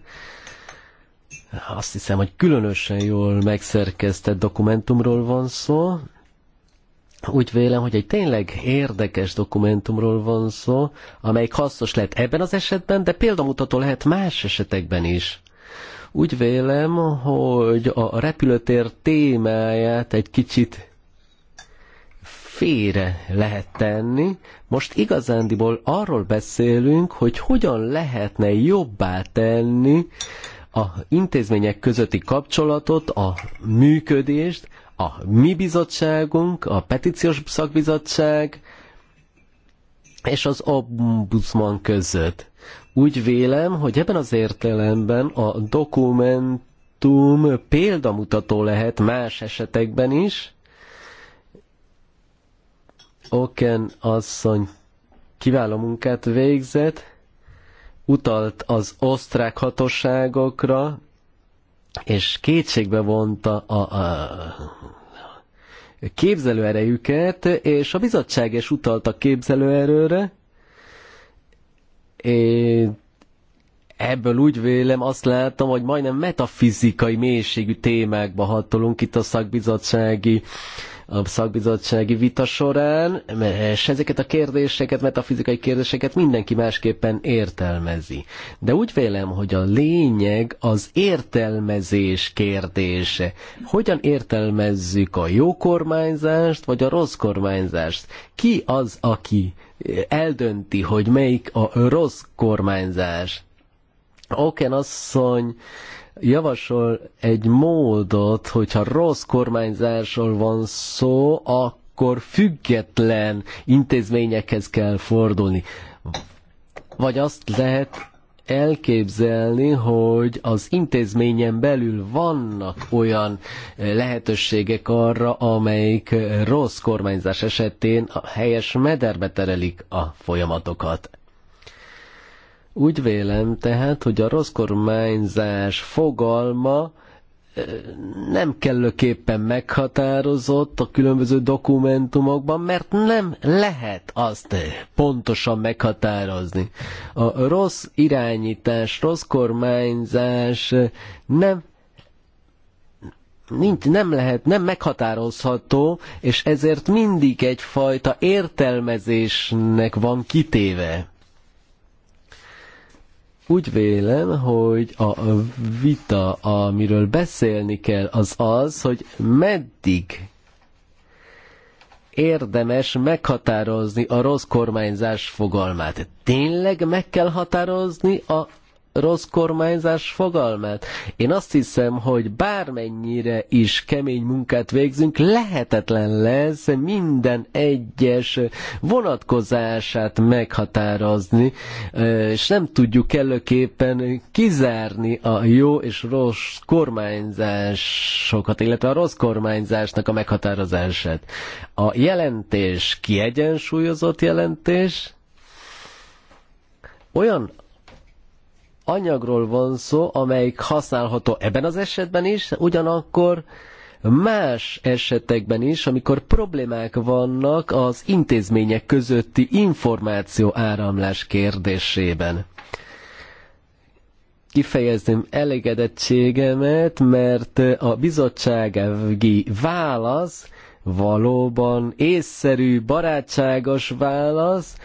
S3: Azt hiszem, hogy különösen jól megszerkesztett dokumentumról van szó. Úgy vélem, hogy egy tényleg érdekes dokumentumról van szó, amelyik hasznos lehet ebben az esetben, de példamutató lehet más esetekben is úgy vélem, hogy a repülőtér témáját egy kicsit félre lehet tenni. Most igazándiból arról beszélünk, hogy hogyan lehetne jobbá tenni a intézmények közötti kapcsolatot, a működést, a mi bizottságunk, a petíciós szakbizottság és az ombudsman között. Úgy vélem, hogy ebben az értelemben a dokumentum példamutató lehet más esetekben is. Oken asszony kiváló munkát végzett, utalt az osztrák hatóságokra, és kétségbe vonta a, a képzelőerejüket, és a bizottság is utalt a képzelőerőre, én ebből úgy vélem, azt látom, hogy majdnem metafizikai mélységű témákba hatolunk itt a szakbizottsági a szakbizottsági vita során, és ezeket a kérdéseket, metafizikai kérdéseket mindenki másképpen értelmezi. De úgy vélem, hogy a lényeg az értelmezés kérdése. Hogyan értelmezzük a jó kormányzást, vagy a rossz kormányzást? Ki az, aki eldönti, hogy melyik a rossz kormányzás. Oken asszony javasol egy módot, hogyha rossz kormányzásról van szó, akkor független intézményekhez kell fordulni. Vagy azt lehet elképzelni, hogy az intézményen belül vannak olyan eh, lehetőségek arra, amelyik eh, rossz kormányzás esetén a helyes mederbe terelik a folyamatokat. Úgy vélem tehát, hogy a rossz kormányzás fogalma nem kellőképpen meghatározott a különböző dokumentumokban, mert nem lehet azt pontosan meghatározni. A rossz irányítás, rossz kormányzás nem nincs, nem lehet, nem meghatározható, és ezért mindig egyfajta értelmezésnek van kitéve. Úgy vélem, hogy a vita, amiről beszélni kell, az az, hogy meddig érdemes meghatározni a rossz kormányzás fogalmát. Tényleg meg kell határozni a rossz kormányzás fogalmát. Én azt hiszem, hogy bármennyire is kemény munkát végzünk, lehetetlen lesz minden egyes vonatkozását meghatározni, és nem tudjuk kellőképpen kizárni a jó és rossz kormányzásokat, illetve a rossz kormányzásnak a meghatározását. A jelentés kiegyensúlyozott jelentés, olyan anyagról van szó, amelyik használható ebben az esetben is, ugyanakkor más esetekben is, amikor problémák vannak az intézmények közötti információ áramlás kérdésében. Kifejezném elégedettségemet, mert a bizottsági válasz valóban észszerű, barátságos válasz.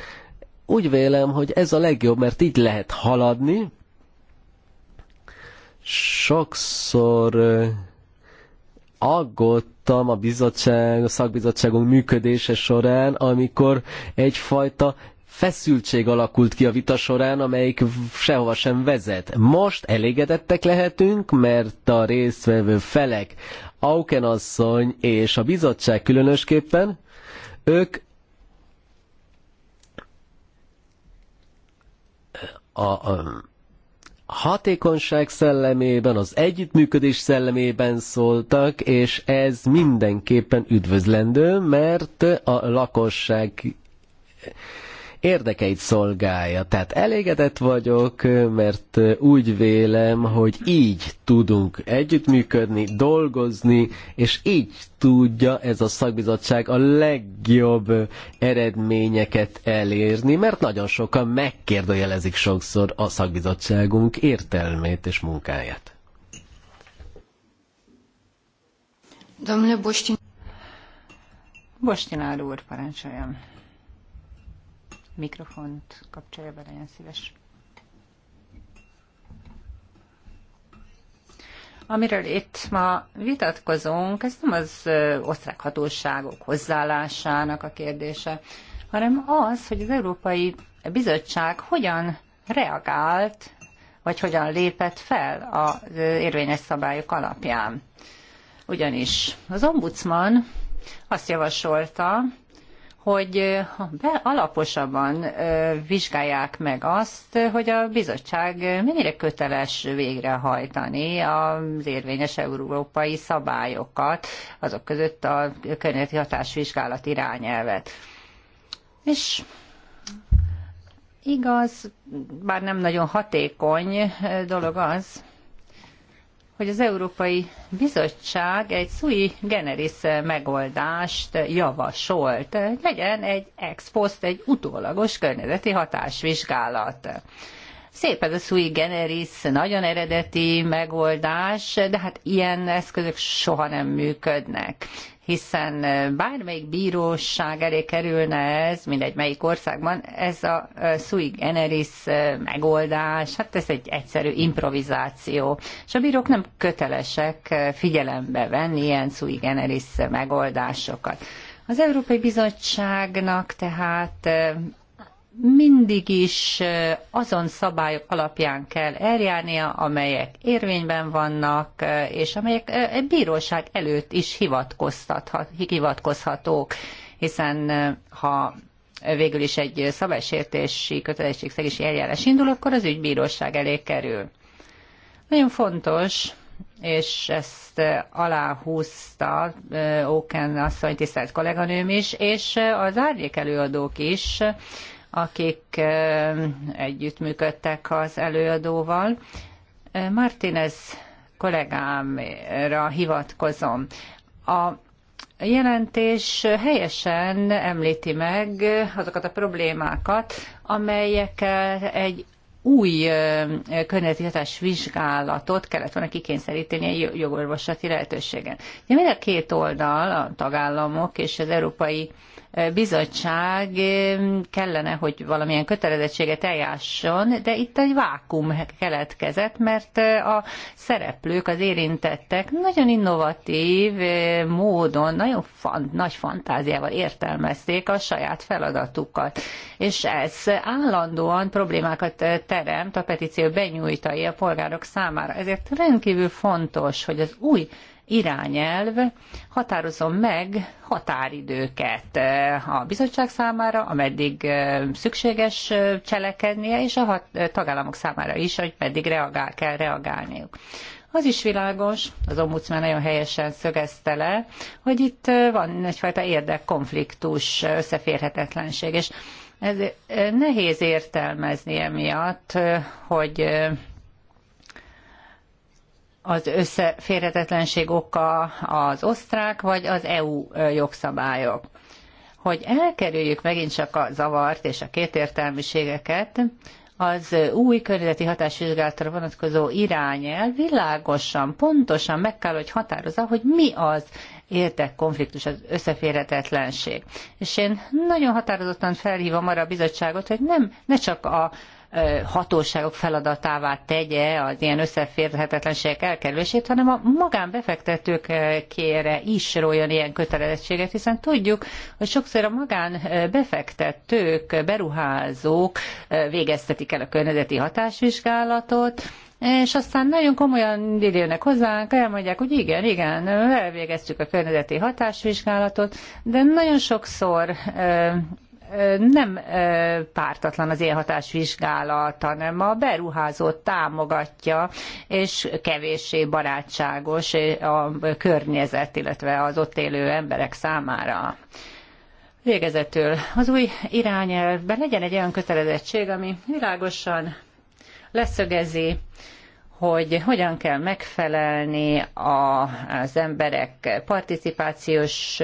S3: Úgy vélem, hogy ez a legjobb, mert így lehet haladni, sokszor aggódtam a bizottság, a szakbizottságunk működése során, amikor egyfajta feszültség alakult ki a vita során, amelyik sehova sem vezet. Most elégedettek lehetünk, mert a résztvevő felek, Auken asszony és a bizottság különösképpen, ők a, a hatékonyság szellemében, az együttműködés szellemében szóltak, és ez mindenképpen üdvözlendő, mert a lakosság érdekeit szolgálja. Tehát elégedett vagyok, mert úgy vélem, hogy így tudunk együttműködni, dolgozni, és így tudja ez a szakbizottság a legjobb eredményeket elérni, mert nagyon sokan megkérdőjelezik sokszor a szakbizottságunk értelmét és munkáját.
S4: Domnule Bostin... Bostinár úr, parancsoljon mikrofont kapcsolja be, legyen szíves. Amiről itt ma vitatkozunk, ez nem az osztrák hatóságok hozzáállásának a kérdése, hanem az, hogy az Európai Bizottság hogyan reagált, vagy hogyan lépett fel az érvényes szabályok alapján. Ugyanis az ombudsman azt javasolta, hogy be alaposabban vizsgálják meg azt, hogy a bizottság mennyire köteles végrehajtani az érvényes európai szabályokat, azok között a környezeti hatásvizsgálat irányelvet. És igaz, bár nem nagyon hatékony dolog az, hogy az Európai Bizottság egy sui generis megoldást javasolt. Legyen egy ex post, egy utólagos környezeti hatásvizsgálat. Szép ez a sui generis, nagyon eredeti megoldás, de hát ilyen eszközök soha nem működnek hiszen bármelyik bíróság elé kerülne ez, mindegy melyik országban, ez a sui generis megoldás, hát ez egy egyszerű improvizáció, és a bírók nem kötelesek figyelembe venni ilyen sui generis megoldásokat. Az Európai Bizottságnak tehát mindig is azon szabályok alapján kell eljárnia, amelyek érvényben vannak, és amelyek egy bíróság előtt is hivatkozhatók, hiszen ha végül is egy szabálysértési kötelességszegési eljárás indul, akkor az ügy bíróság elé kerül. Nagyon fontos, és ezt aláhúzta Oken asszony tisztelt kolléganőm is, és az árnyék előadók is, akik együttműködtek az előadóval. Martinez kollégámra hivatkozom. A jelentés helyesen említi meg azokat a problémákat, amelyekkel egy új környezeti hatás vizsgálatot kellett volna kikényszeríteni egy jogorvoslati lehetőségen. De mind a két oldal, a tagállamok és az Európai bizottság kellene, hogy valamilyen kötelezettséget eljásson, de itt egy vákum keletkezett, mert eh, a szereplők, az érintettek nagyon innovatív eh, módon, nagyon fan, nagy fantáziával értelmezték a saját feladatukat. És ez állandóan problémákat eh, teremt a petíció benyújtai a polgárok számára. Ezért rendkívül fontos, hogy az új irányelv határozom meg határidőket eh, a bizottság számára, ameddig eh, szükséges eh, cselekednie, és a tagállamok számára is, hogy pedig reagál, kell reagálniuk. Az is világos, az ombudsman nagyon helyesen szögezte le, hogy itt van egyfajta érdekkonfliktus, összeférhetetlenség, és ez nehéz értelmezni emiatt, hogy az összeférhetetlenség oka az osztrák vagy az EU jogszabályok. Hogy elkerüljük megint csak a zavart és a kétértelműségeket, az új környezeti hatásvizsgálatra vonatkozó irányel világosan, pontosan meg kell, hogy határozza, hogy mi az érdekkonfliktus, az összeférhetetlenség. És én nagyon határozottan felhívom arra a bizottságot, hogy nem, ne csak a hatóságok feladatává tegye az ilyen összeférhetetlenségek elkerülését, hanem a magánbefektetők kére is róljon ilyen kötelezettséget, hiszen tudjuk, hogy sokszor a magánbefektetők, beruházók végeztetik el a környezeti hatásvizsgálatot, és aztán nagyon komolyan idejönnek hozzánk, elmondják, hogy igen, igen, elvégeztük a környezeti hatásvizsgálatot, de nagyon sokszor nem pártatlan az élhatás vizsgálat, hanem a beruházót támogatja, és kevéssé barátságos a környezet, illetve az ott élő emberek számára. Végezetül az új irányelvben legyen egy olyan kötelezettség, ami világosan leszögezi, hogy hogyan kell megfelelni a, az emberek participációs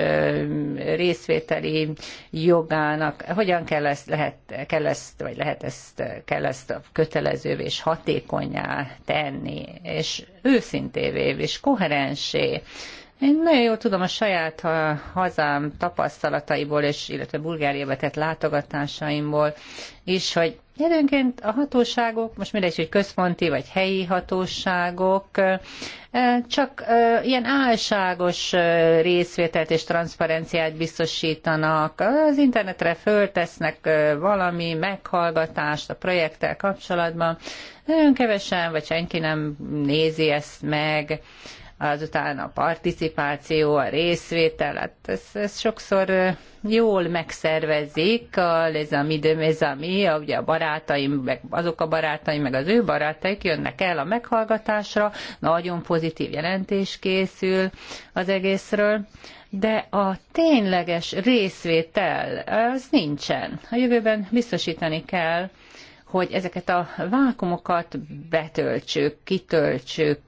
S4: részvételi jogának, hogyan kell ezt, lehet, kell ezt, vagy lehet ezt, kell ezt kötelezővé és hatékonyá tenni, és őszintévé és koherensé én nagyon jól tudom a saját hazám tapasztalataiból, és illetve Bulgáriába tett látogatásaimból is, hogy Időnként a hatóságok, most mindegy, hogy központi vagy helyi hatóságok, csak ilyen álságos részvételt és transzparenciát biztosítanak. Az internetre föltesznek valami meghallgatást a projekttel kapcsolatban. Nagyon kevesen, vagy senki nem nézi ezt meg azután a participáció, a részvétel, hát ezt, ezt sokszor jól megszervezik, a ez a mi, de ez a mi, a, ugye a barátaim, meg azok a barátaim, meg az ő barátaik jönnek el a meghallgatásra, nagyon pozitív jelentés készül az egészről, de a tényleges részvétel, az nincsen. A jövőben biztosítani kell, hogy ezeket a vákumokat betöltsük, kitöltsük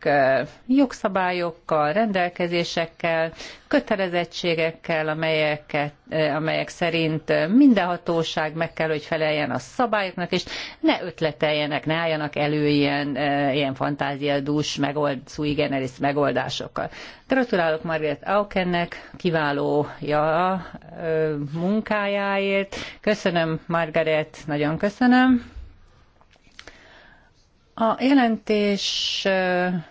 S4: jogszabályokkal, rendelkezésekkel, kötelezettségekkel, amelyeket, amelyek szerint minden hatóság meg kell, hogy feleljen a szabályoknak, és ne ötleteljenek, ne álljanak elő ilyen, ilyen fantáziadús, megold, sui generis megoldásokkal. Gratulálok Margaret Aukennek ja munkájáért. Köszönöm, Margaret, nagyon köszönöm. A jelentésben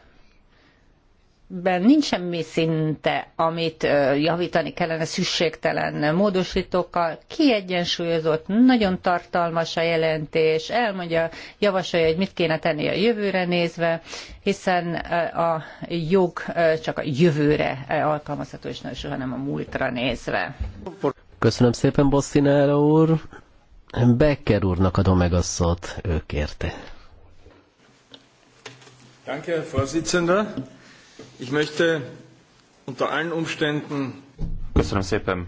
S4: nincs semmi szinte, amit javítani kellene szükségtelen módosítókkal. Kiegyensúlyozott, nagyon tartalmas a jelentés, elmondja, javasolja, hogy mit kéne tenni a jövőre nézve, hiszen a jog csak a jövőre alkalmazható, és nem soha nem a múltra nézve.
S3: Köszönöm szépen, Bosszinára úr. Becker úrnak adom meg a szót, ő kérte.
S1: Danke, Herr Vorsitzender. Ich
S2: möchte unter allen Umständen... Köszönöm szépen.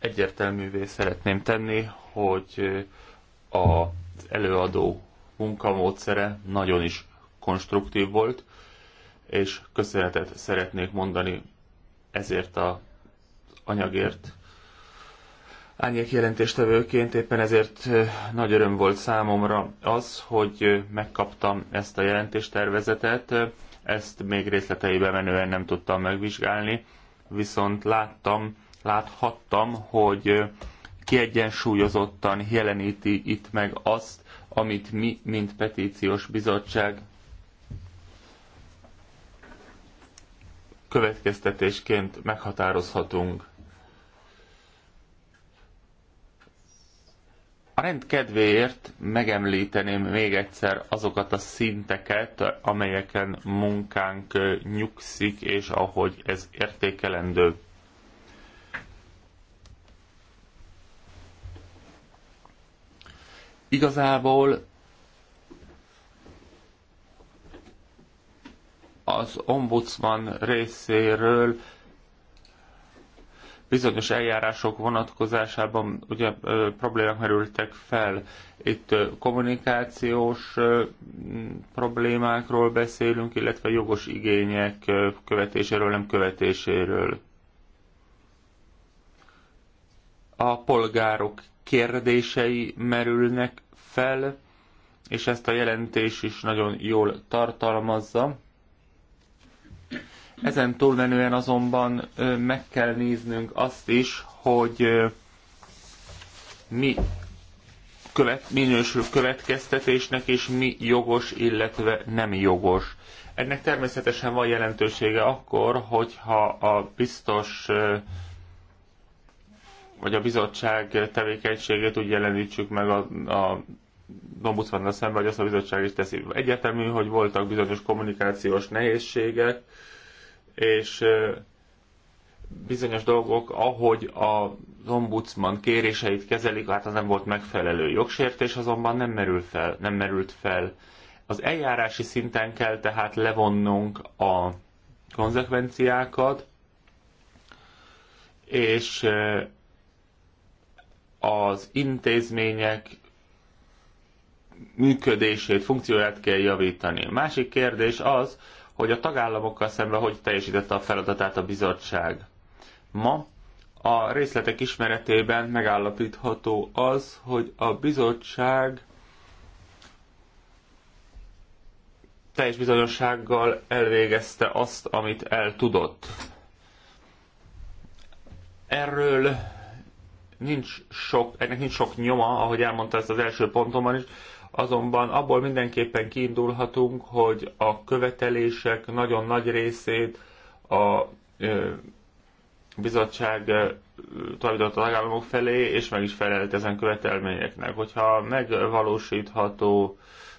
S2: Egyértelművé szeretném tenni, hogy az előadó munkamódszere nagyon is konstruktív volt, és köszönetet szeretnék mondani ezért a anyagért Árnyék jelentéstevőként éppen ezért nagy öröm volt számomra az, hogy megkaptam ezt a jelentéstervezetet, ezt még részleteibe menően nem tudtam megvizsgálni, viszont láttam, láthattam, hogy kiegyensúlyozottan jeleníti itt meg azt, amit mi, mint petíciós bizottság következtetésként meghatározhatunk. A rend kedvéért megemlíteném még egyszer azokat a szinteket, amelyeken munkánk nyugszik, és ahogy ez értékelendő. Igazából az ombudsman részéről bizonyos eljárások vonatkozásában ugye problémák merültek fel. Itt kommunikációs problémákról beszélünk, illetve jogos igények követéséről, nem követéséről. A polgárok kérdései merülnek fel, és ezt a jelentés is nagyon jól tartalmazza. Ezen túlmenően azonban meg kell néznünk azt is, hogy mi követ, minősül következtetésnek, és mi jogos, illetve nem jogos. Ennek természetesen van jelentősége akkor, hogyha a biztos vagy a bizottság tevékenységét úgy jelenítsük meg a, a ombudsmannal szemben, hogy azt a bizottság is teszi. Egyetemű, hogy voltak bizonyos kommunikációs nehézségek, és bizonyos dolgok, ahogy a ombudsman kéréseit kezelik, hát az nem volt megfelelő jogsértés, azonban nem, merül fel, nem merült fel. Az eljárási szinten kell tehát levonnunk a konzekvenciákat, és az intézmények működését, funkcióját kell javítani. Másik kérdés az, hogy a tagállamokkal szemben hogy teljesítette a feladatát a bizottság. Ma a részletek ismeretében megállapítható az, hogy a bizottság teljes bizonyossággal elvégezte azt, amit el tudott. Erről nincs sok, ennek nincs sok nyoma, ahogy elmondta ezt az első pontomban is, azonban abból mindenképpen kiindulhatunk, hogy a követelések nagyon nagy részét a bizottság tulajdonított a tagállamok felé, és meg is felelt ezen követelményeknek. Hogyha megvalósítható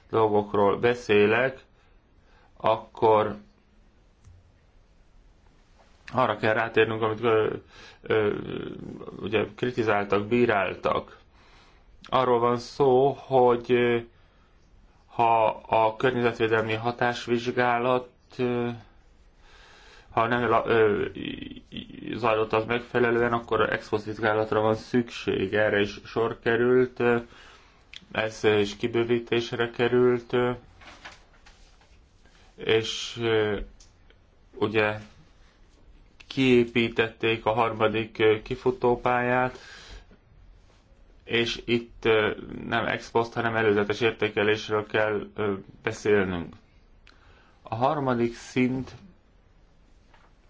S2: dolgokról beszélek, akkor arra kell rátérnünk, amit ö, ö, ugye kritizáltak, bíráltak arról van szó, hogy ha a környezetvédelmi hatásvizsgálat ha nem zajlott az megfelelően, akkor a vizsgálatra van szükség, erre is sor került, ez is kibővítésre került, és ugye kiépítették a harmadik kifutópályát, és itt nem ex post, hanem előzetes értékelésről kell beszélnünk. A harmadik szint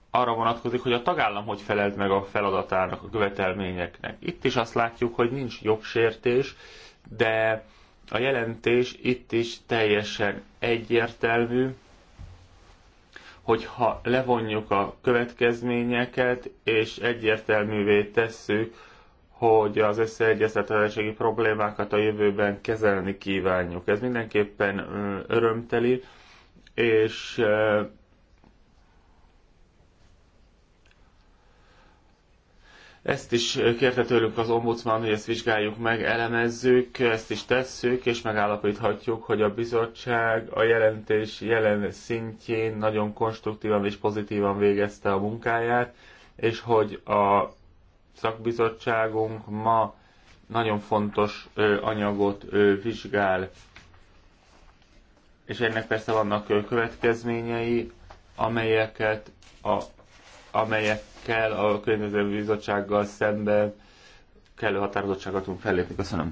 S2: arra vonatkozik, hogy a tagállam hogy felelt meg a feladatának, a követelményeknek. Itt is azt látjuk, hogy nincs jogsértés, de a jelentés itt is teljesen egyértelmű, hogyha levonjuk a következményeket, és egyértelművé tesszük, hogy az összeegyeztethetőségi problémákat a jövőben kezelni kívánjuk. Ez mindenképpen örömteli, és Ezt is kérte tőlünk az ombudsman, hogy ezt vizsgáljuk meg, elemezzük, ezt is tesszük, és megállapíthatjuk, hogy a bizottság a jelentés jelen szintjén nagyon konstruktívan és pozitívan végezte a munkáját, és hogy a szakbizottságunk ma nagyon fontos anyagot vizsgál, és ennek persze vannak következményei, amelyeket a, amelyekkel a környező Bizottsággal szemben kellő határozottsággal tudunk fellépni. Köszönöm.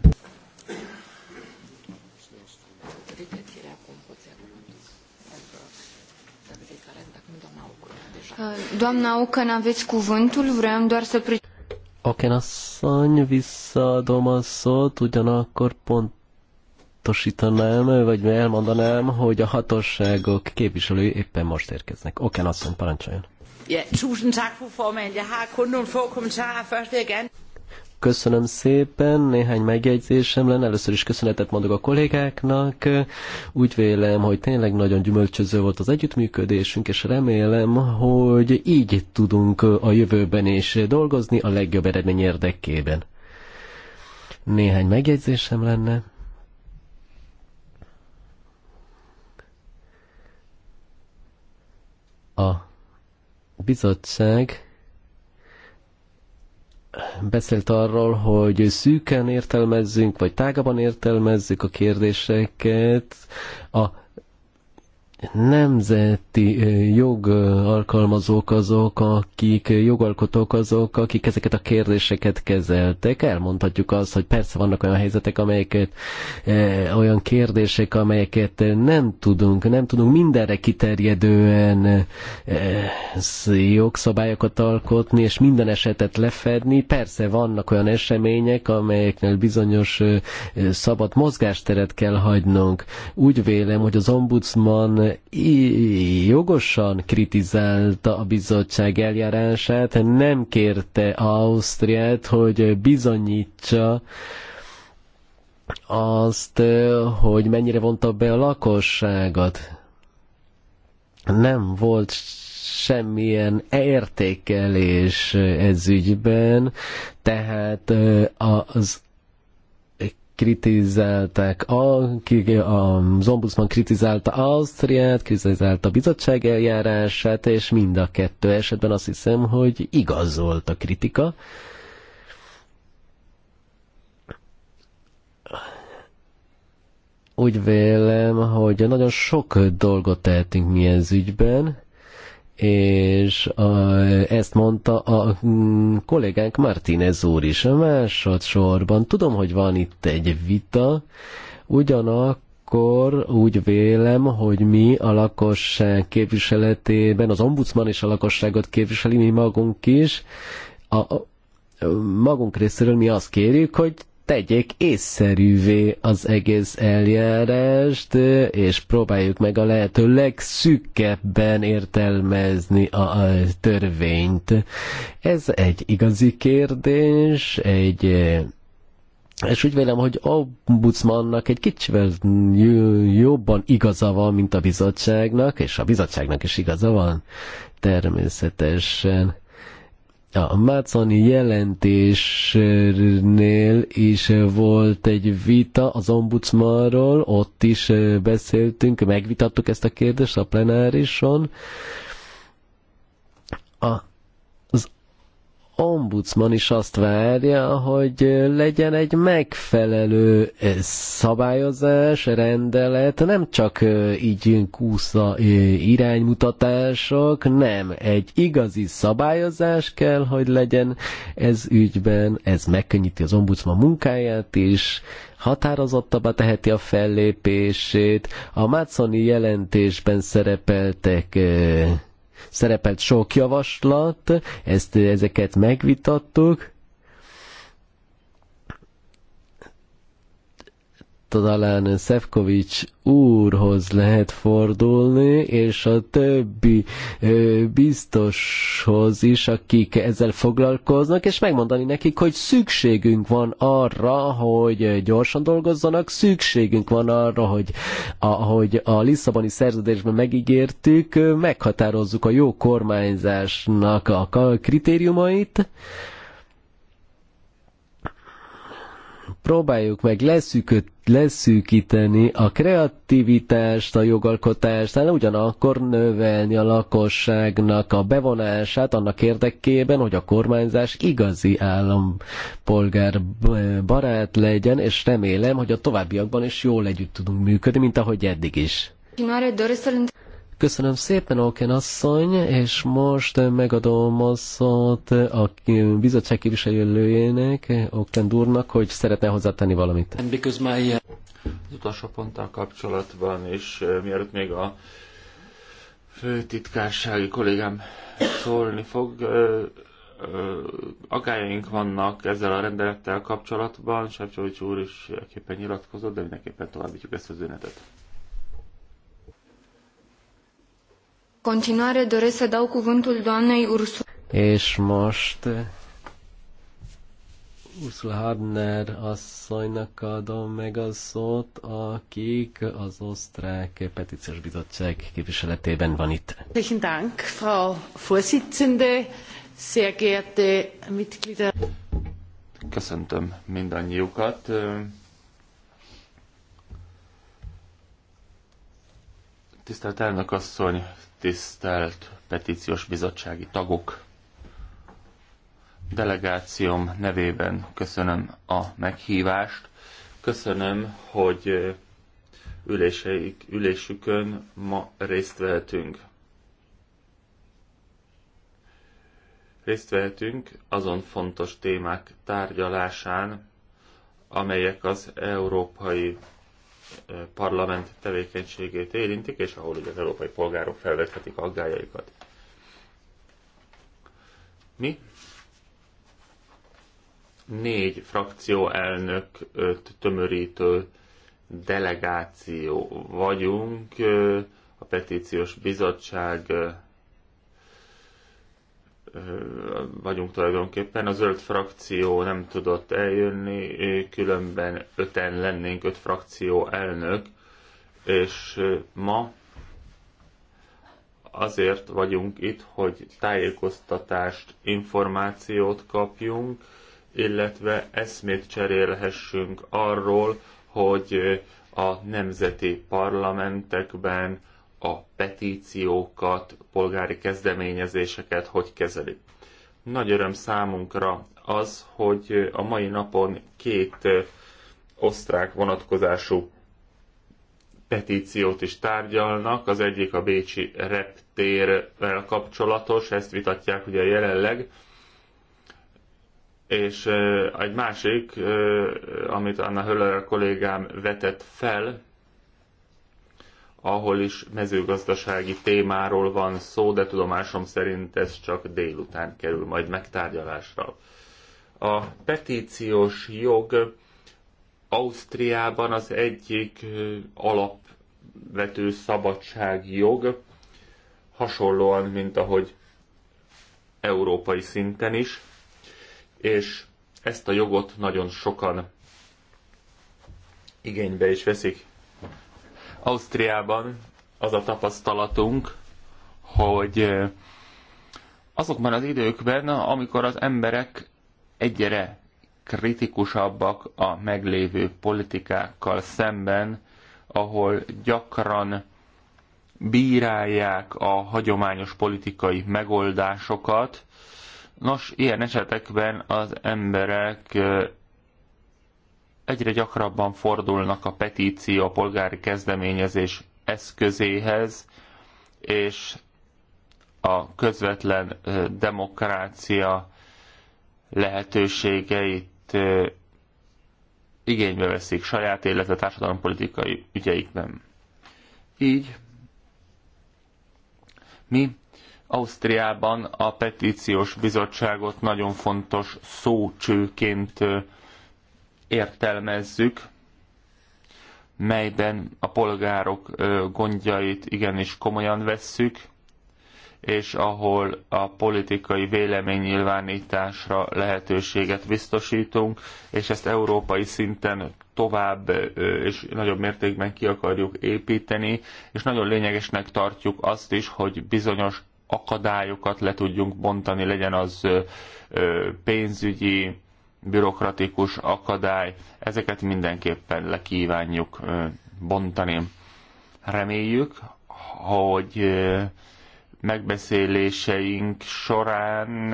S1: Doamna Ocan, aveți cuvântul. Vreau doar să
S3: Aken asszony, visszaadom a szót, ugyanakkor tosítanám, vagy elmondanám, hogy a hatóságok képviselői éppen most érkeznek. Oken asszony, parancsoljon!
S4: Ja, tusen tak, fru formand. Jeg har kun nogle få kommentarer. Først vil jeg gerne...
S3: Köszönöm szépen, néhány megjegyzésem lenne. Először is köszönetet mondok a kollégáknak. Úgy vélem, hogy tényleg nagyon gyümölcsöző volt az együttműködésünk, és remélem, hogy így tudunk a jövőben is dolgozni a legjobb eredmény érdekében. Néhány megjegyzésem lenne. A bizottság beszélt arról, hogy szűken értelmezzünk, vagy tágaban értelmezzük a kérdéseket. A nemzeti eh, jogalkalmazók azok, akik eh, jogalkotók azok, akik ezeket a kérdéseket kezeltek. Elmondhatjuk azt, hogy persze vannak olyan helyzetek, amelyeket eh, olyan kérdések, amelyeket nem tudunk, nem tudunk mindenre kiterjedően jogszabályokat alkotni, és minden esetet lefedni. Persze vannak olyan események, amelyeknél bizonyos szabad mozgásteret kell hagynunk. Úgy vélem, hogy az ombudsman jogosan kritizálta a bizottság eljárását, nem kérte Ausztriát, hogy bizonyítsa, azt, hogy mennyire vonta be a lakosságot. Nem volt semmilyen értékelés ez ügyben, tehát az kritizálták, a, a zombusban kritizálta Ausztriát, kritizálta a bizottság eljárását, és mind a kettő esetben azt hiszem, hogy igaz volt a kritika. Úgy vélem, hogy nagyon sok dolgot tehetünk mi ez ügyben, és a, ezt mondta a mm, kollégánk Martínez úr is. A másodszorban tudom, hogy van itt egy vita, ugyanak akkor úgy vélem, hogy mi a lakosság képviseletében, az ombudsman is a lakosságot képviseli, mi magunk is, a, a magunk részéről mi azt kérjük, hogy tegyék észszerűvé az egész eljárást, és próbáljuk meg a lehető legszűkebben értelmezni a törvényt. Ez egy igazi kérdés, egy és úgy vélem, hogy ombudsmannak egy kicsivel jobban igaza van, mint a bizottságnak, és a bizottságnak is igaza van természetesen a Mátszani jelentésnél is volt egy vita az ombudsmanról, ott is beszéltünk, megvitattuk ezt a kérdést a plenárison, ombudsman is azt várja, hogy legyen egy megfelelő eh, szabályozás, rendelet, nem csak eh, így kúsza eh, iránymutatások, nem, egy igazi szabályozás kell, hogy legyen ez ügyben, ez megkönnyíti az ombudsman munkáját is, határozottabbá teheti a fellépését, a Mátszoni jelentésben szerepeltek szerepelt sok javaslat, ezt, ezeket megvitattuk, talán Szefkovics úrhoz lehet fordulni, és a többi biztoshoz is, akik ezzel foglalkoznak, és megmondani nekik, hogy szükségünk van arra, hogy gyorsan dolgozzanak, szükségünk van arra, hogy ahogy a Lisszaboni szerződésben megígértük, meghatározzuk a jó kormányzásnak a kritériumait, próbáljuk meg leszűköt, leszűkíteni a kreativitást, a jogalkotást, hanem ugyanakkor növelni a lakosságnak a bevonását annak érdekében, hogy a kormányzás igazi állampolgár eh, barát legyen, és remélem, hogy a továbbiakban is jól együtt tudunk működni, mint ahogy eddig is. Köszönöm szépen, Oken asszony, és most megadom a szót a bizottság képviselőjének, Oken Durnak, hogy szeretne hozzátenni valamit. Uh,
S2: az utolsó ponttal kapcsolatban, és mielőtt még a főtitkársági kollégám szólni fog, agályaink vannak ezzel a rendelettel kapcsolatban, Sefcsovics úr is képen nyilatkozott, de mindenképpen
S3: továbbítjuk ezt az ünetet.
S1: continuare doresc să dau cuvântul doamnei Ursula.
S3: És most Ursula Hardner asszonynak adom meg a szót, akik az osztrák petíciós bizottság képviseletében van itt.
S4: Köszönöm, Dank, Frau Vorsitzende, sehr geehrte Mitglieder.
S2: Köszöntöm mindannyiukat. Tisztelt elnök asszony, tisztelt petíciós bizottsági tagok! Delegációm nevében köszönöm a meghívást. Köszönöm, hogy üléseik, ülésükön ma részt vehetünk. Részt vehetünk azon fontos témák tárgyalásán, amelyek az Európai parlament tevékenységét érintik, és ahol ugye az európai polgárok felvethetik aggájaikat. Mi négy frakció elnök tömörítő delegáció vagyunk, a petíciós bizottság vagyunk tulajdonképpen. A zöld frakció nem tudott eljönni, különben öten lennénk, öt frakció elnök, és ma azért vagyunk itt, hogy tájékoztatást, információt kapjunk, illetve eszmét cserélhessünk arról, hogy a nemzeti parlamentekben a petíciókat, polgári kezdeményezéseket hogy kezelik. Nagy öröm számunkra az, hogy a mai napon két osztrák vonatkozású petíciót is tárgyalnak. Az egyik a Bécsi reptérrel kapcsolatos, ezt vitatják ugye jelenleg, és egy másik, amit Anna Höller kollégám vetett fel, ahol is mezőgazdasági témáról van szó, de tudomásom szerint ez csak délután kerül majd megtárgyalásra. A petíciós jog Ausztriában az egyik alapvető szabadságjog, hasonlóan, mint ahogy európai szinten is, és ezt a jogot nagyon sokan igénybe is veszik. Ausztriában az a tapasztalatunk, hogy azokban az időkben, amikor az emberek egyre kritikusabbak a meglévő politikákkal szemben, ahol gyakran bírálják a hagyományos politikai megoldásokat. Nos, ilyen esetekben az emberek egyre gyakrabban fordulnak a petíció a polgári kezdeményezés eszközéhez, és a közvetlen demokrácia lehetőségeit igénybe veszik saját, illetve társadalompolitikai ügyeikben. Így mi Ausztriában a petíciós bizottságot nagyon fontos szócsőként értelmezzük, melyben a polgárok gondjait igenis komolyan vesszük, és ahol a politikai véleménynyilvánításra lehetőséget biztosítunk, és ezt európai szinten tovább és nagyobb mértékben ki akarjuk építeni, és nagyon lényegesnek tartjuk azt is, hogy bizonyos akadályokat le tudjunk bontani, legyen az pénzügyi, bürokratikus akadály, ezeket mindenképpen lekívánjuk bontani. Reméljük, hogy megbeszéléseink során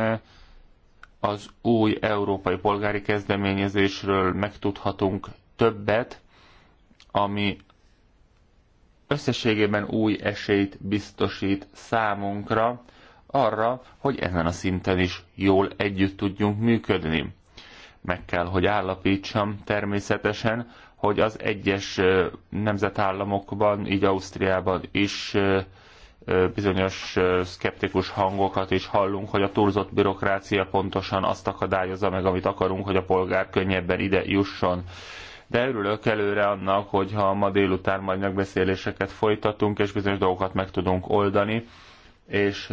S2: az új európai polgári kezdeményezésről megtudhatunk többet, ami összességében új esélyt biztosít számunkra arra, hogy ezen a szinten is jól együtt tudjunk működni meg kell, hogy állapítsam természetesen, hogy az egyes nemzetállamokban, így Ausztriában is bizonyos szkeptikus hangokat is hallunk, hogy a túlzott bürokrácia pontosan azt akadályozza meg, amit akarunk, hogy a polgár könnyebben ide jusson. De örülök előre annak, hogyha ma délután majd megbeszéléseket folytatunk, és bizonyos dolgokat meg tudunk oldani, és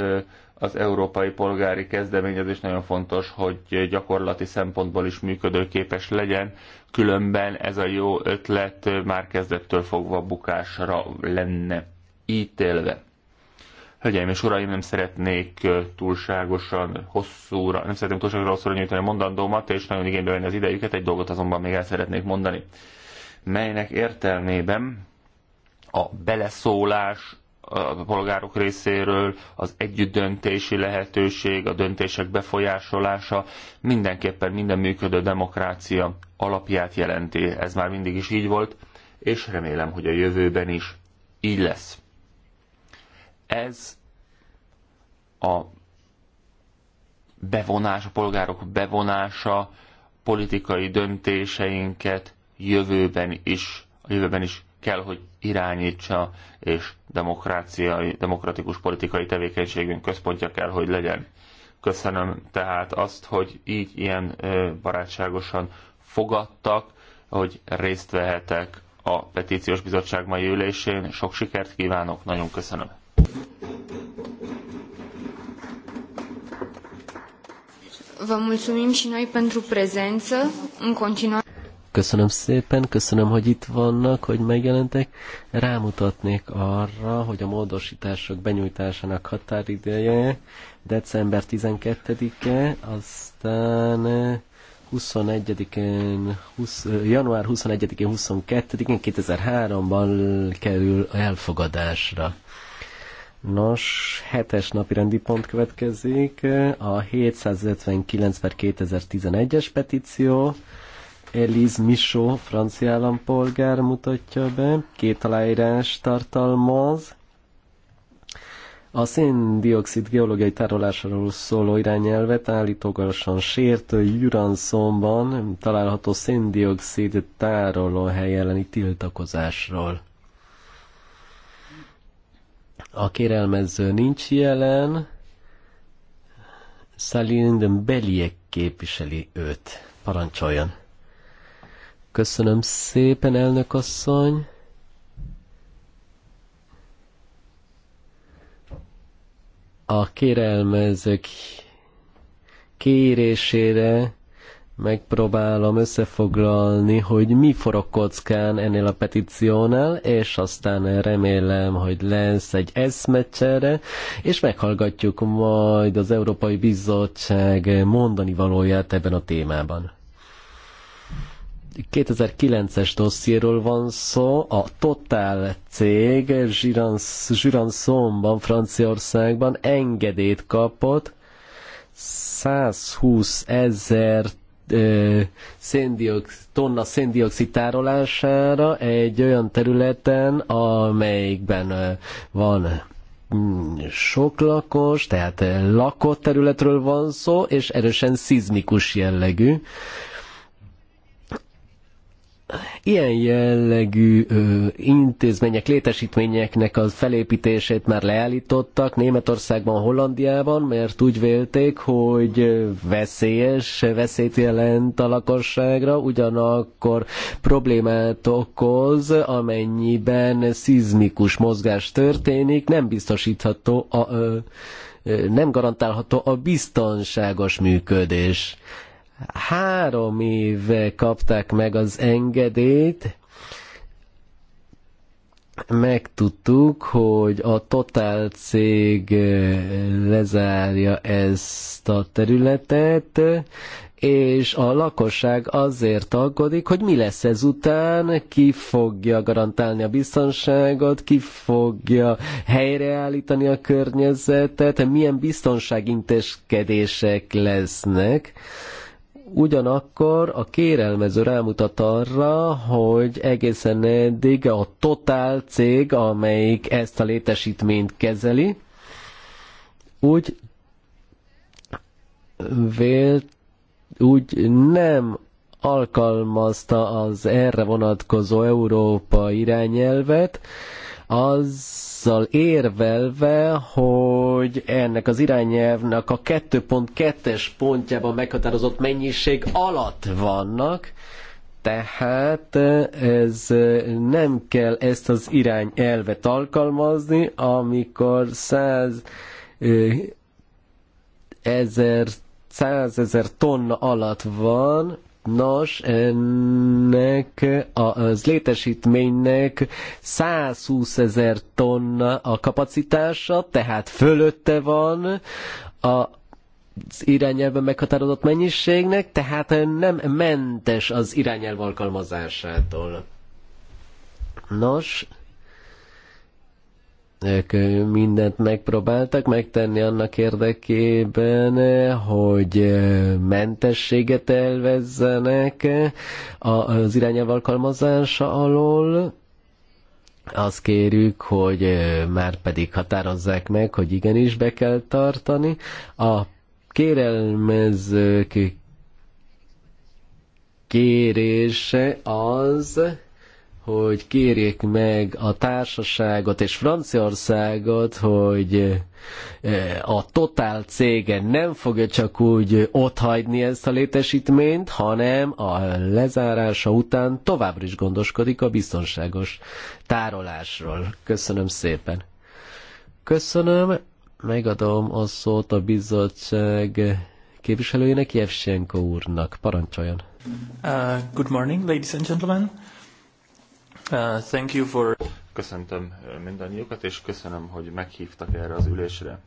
S2: az európai polgári kezdeményezés nagyon fontos, hogy gyakorlati szempontból is működőképes legyen, különben ez a jó ötlet már kezdettől fogva bukásra lenne ítélve. Hölgyeim és uraim, nem szeretnék túlságosan hosszúra, nem szeretném túlságosan hosszúra nyújtani a mondandómat, és nagyon igénybe venni az idejüket, egy dolgot azonban még el szeretnék mondani, melynek értelmében a beleszólás a polgárok részéről, az együttdöntési lehetőség, a döntések befolyásolása mindenképpen minden működő demokrácia alapját jelenti. Ez már mindig is így volt, és remélem, hogy a jövőben is így lesz. Ez a bevonás, a polgárok bevonása politikai döntéseinket jövőben is, a jövőben is kell, hogy irányítsa, és demokráciai, demokratikus politikai tevékenységünk központja kell, hogy legyen. Köszönöm tehát azt, hogy így ilyen barátságosan fogadtak, hogy részt vehetek a petíciós bizottság mai ülésén. Sok sikert kívánok, nagyon köszönöm.
S1: Vă mulțumim și noi pentru prezență. În continuare.
S3: Köszönöm szépen, köszönöm, hogy itt vannak, hogy megjelentek. Rámutatnék arra, hogy a módosítások benyújtásának határideje december 12-e, aztán 21-én, eh, 20, eh, január 21-én, 22-én 2003-ban kerül elfogadásra. Nos, hetes napi rendi pont következik, eh, a 759 per 2011-es petíció, Elise Michaud, francia állampolgár mutatja be, két aláírás tartalmaz. A széndiokszid geológiai tárolásáról szóló irányelvet állítólagosan sértő Juranszonban található széndiokszid hely elleni tiltakozásról. A kérelmező nincs jelen, Szalinden Beliek képviseli őt. Parancsoljon! Köszönöm szépen, elnök asszony. A kérelmezők kérésére megpróbálom összefoglalni, hogy mi forog kockán ennél a petíciónál, és aztán remélem, hogy lesz egy eszmecsere, és meghallgatjuk majd az Európai Bizottság mondani valóját ebben a témában. 2009-es dossziéről van szó, a Total cég Zsiranszomban, Franciaországban engedélyt kapott, 120 ezer tonna széndiokszid tárolására egy olyan területen, amelyikben van mm, sok lakos, tehát lakott területről van szó, és erősen szizmikus jellegű ilyen jellegű ö, intézmények, létesítményeknek a felépítését már leállítottak Németországban, Hollandiában, mert úgy vélték, hogy veszélyes, veszélyt jelent a lakosságra, ugyanakkor problémát okoz, amennyiben szizmikus mozgás történik, nem biztosítható a, ö, nem garantálható a biztonságos működés három év kapták meg az engedélyt, megtudtuk, hogy a Total cég eh, lezárja ezt a területet, és a lakosság azért aggódik, hogy mi lesz ezután, ki fogja garantálni a biztonságot, ki fogja helyreállítani a környezetet, milyen biztonságintézkedések lesznek. Ugyanakkor a kérelmező rámutat arra, hogy egészen eddig a Total cég, amelyik ezt a létesítményt kezeli, úgy vélt, úgy nem alkalmazta az erre vonatkozó Európa irányelvet, azzal érvelve, hogy ennek az irányelvnek a 2.2-es pontjában meghatározott mennyiség alatt vannak, tehát ez nem kell ezt az irányelvet alkalmazni, amikor 100 ezer, 100 ezer tonna alatt van, Nos, ennek az létesítménynek 120 ezer tonna a kapacitása, tehát fölötte van a az irányelven meghatározott mennyiségnek, tehát nem mentes az irányelv alkalmazásától. Nos, ők mindent megpróbáltak megtenni annak érdekében, hogy mentességet elvezzenek az irányelv alkalmazása alól. Azt kérjük, hogy már pedig határozzák meg, hogy igenis be kell tartani. A kérelmezők kérése az, hogy kérjék meg a társaságot és Franciaországot, hogy eh, a Total cége nem fogja csak úgy otthagyni ezt a létesítményt, hanem a lezárása után továbbra is gondoskodik a biztonságos tárolásról. Köszönöm szépen. Köszönöm, megadom a szót a bizottság képviselőjének, Jevsenko úrnak. Parancsoljon. Uh, good morning, ladies and gentlemen.
S2: Uh, thank you for... Köszöntöm mindannyiukat, és köszönöm, hogy meghívtak erre az ülésre.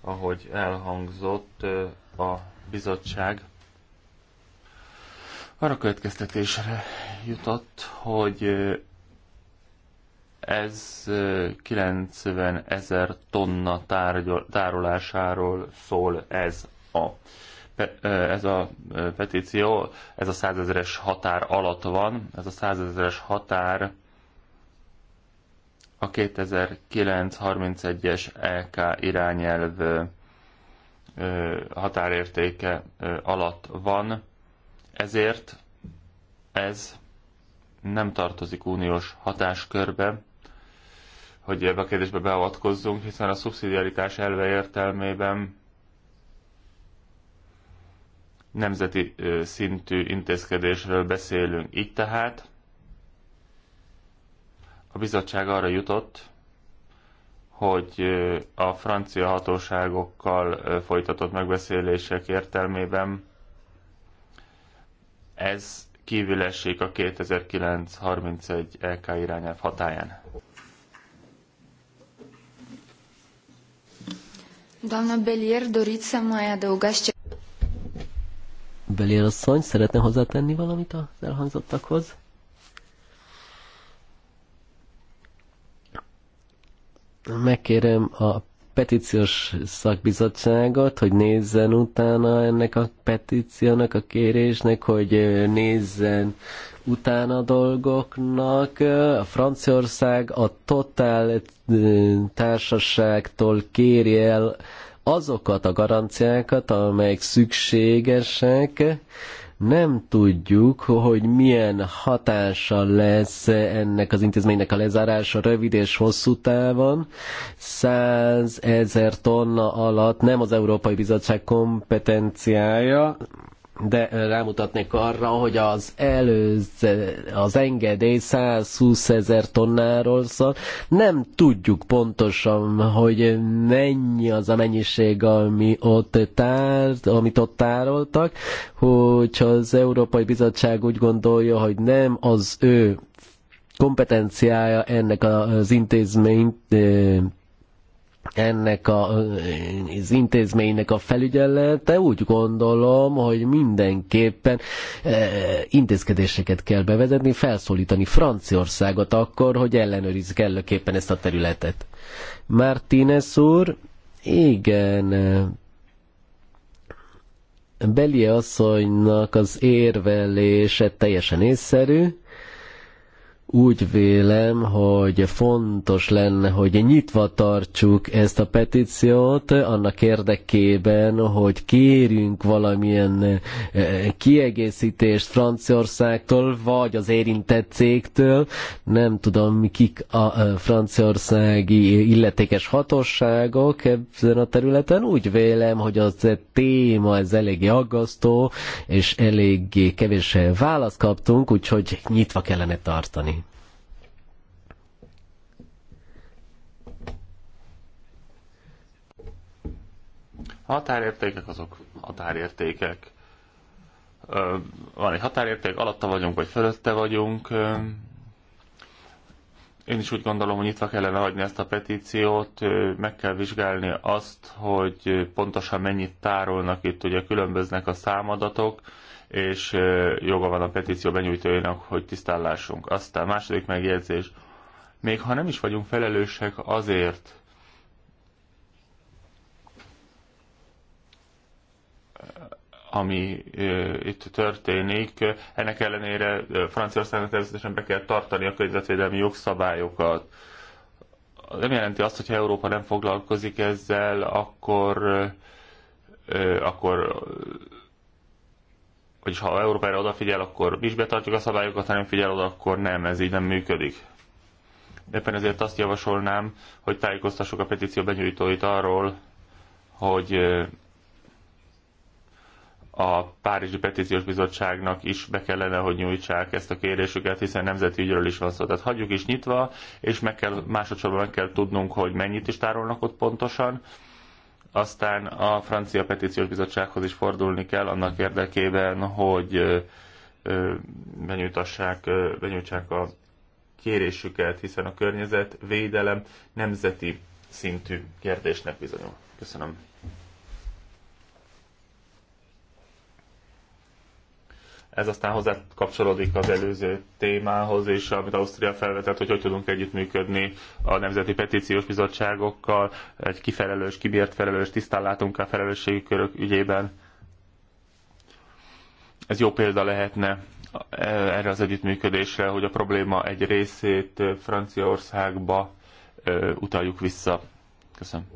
S2: Ahogy elhangzott, uh, a bizottság arra következtetésre jutott, hogy uh, ez 90 ezer tonna tárgyal, tárolásáról szól ez a ez a petíció, ez a százezeres határ alatt van. Ez a százezeres határ a 2009-31-es LK e irányelv határértéke alatt van, ezért ez nem tartozik uniós hatáskörbe, hogy ebbe a kérdésbe beavatkozzunk, hiszen a szubszidiaritás elve értelmében nemzeti szintű intézkedésről beszélünk. Így tehát a bizottság arra jutott, hogy a francia hatóságokkal folytatott megbeszélések értelmében ez kívül esik a 2009-31 LK irányelv hatáján.
S1: Doamna Belier, doriți să mai adăugați ce...
S3: Belér asszony, szeretne hozzátenni valamit az elhangzottakhoz? Megkérem a petíciós szakbizottságot, hogy nézzen utána ennek a petíciónak, a kérésnek, hogy nézzen utána dolgoknak. A Franciaország a Total társaságtól kéri el azokat a garanciákat, amelyek szükségesek, nem tudjuk, hogy milyen hatása lesz ennek az intézménynek a lezárása rövid és hosszú távon. 100 ezer tonna alatt nem az Európai Bizottság kompetenciája, de rámutatnék arra, hogy az előző, az engedély 120 ezer tonnáról szól. Nem tudjuk pontosan, hogy mennyi az a mennyiség, ami ott tárt, amit ott tároltak, hogyha az Európai Bizottság úgy gondolja, hogy nem az ő kompetenciája ennek az intézmény ennek a, az intézménynek a felügyelete, úgy gondolom, hogy mindenképpen e, intézkedéseket kell bevezetni, felszólítani Franciaországot akkor, hogy ellenőrizz kellőképpen ezt a területet. Martínez úr, igen, eh, Belie asszonynak az érvelése teljesen észszerű, úgy vélem, hogy fontos lenne, hogy nyitva tartsuk ezt a petíciót annak érdekében, hogy kérünk valamilyen eh, kiegészítést Franciaországtól, vagy az érintett cégtől. Nem tudom, kik a eh, franciaországi illetékes hatóságok ezen a területen. Úgy vélem, hogy az a téma ez eléggé aggasztó, és eléggé kevés választ kaptunk, úgyhogy nyitva kellene tartani.
S2: határértékek azok határértékek. Van egy határérték, alatta vagyunk, vagy fölötte vagyunk. Én is úgy gondolom, hogy nyitva kellene hagyni ezt a petíciót, meg kell vizsgálni azt, hogy pontosan mennyit tárolnak itt, ugye különböznek a számadatok, és joga van a petíció benyújtójának, hogy tisztállásunk. Aztán második megjegyzés, még ha nem is vagyunk felelősek azért, ami itt történik. Ennek ellenére Franciaországnak természetesen be kell tartani a környezetvédelmi jogszabályokat. Nem jelenti azt, hogyha Európa nem foglalkozik ezzel, akkor akkor vagyis ha Európára odafigyel, akkor is betartjuk a szabályokat, ha nem figyel oda, akkor nem, ez így nem működik. Éppen ezért azt javasolnám, hogy tájékoztassuk a petíció benyújtóit arról, hogy a Párizsi Petíciós Bizottságnak is be kellene, hogy nyújtsák ezt a kérésüket, hiszen nemzeti ügyről is van szó. Tehát hagyjuk is nyitva, és meg kell, másodszorban meg kell tudnunk, hogy mennyit is tárolnak ott pontosan. Aztán a Francia Petíciós Bizottsághoz is fordulni kell annak érdekében, hogy benyújtassák, benyújtsák a kérésüket, hiszen a környezetvédelem nemzeti szintű kérdésnek bizonyul. Köszönöm. Ez aztán hozzá kapcsolódik az előző témához is, amit Ausztria felvetett, hogy hogy tudunk együttműködni a Nemzeti Petíciós Bizottságokkal, egy kifelelős, kibért felelős, tisztán látunk a felelősségi körök ügyében. Ez jó példa lehetne erre az együttműködésre, hogy a probléma egy részét Franciaországba utaljuk vissza. Köszönöm.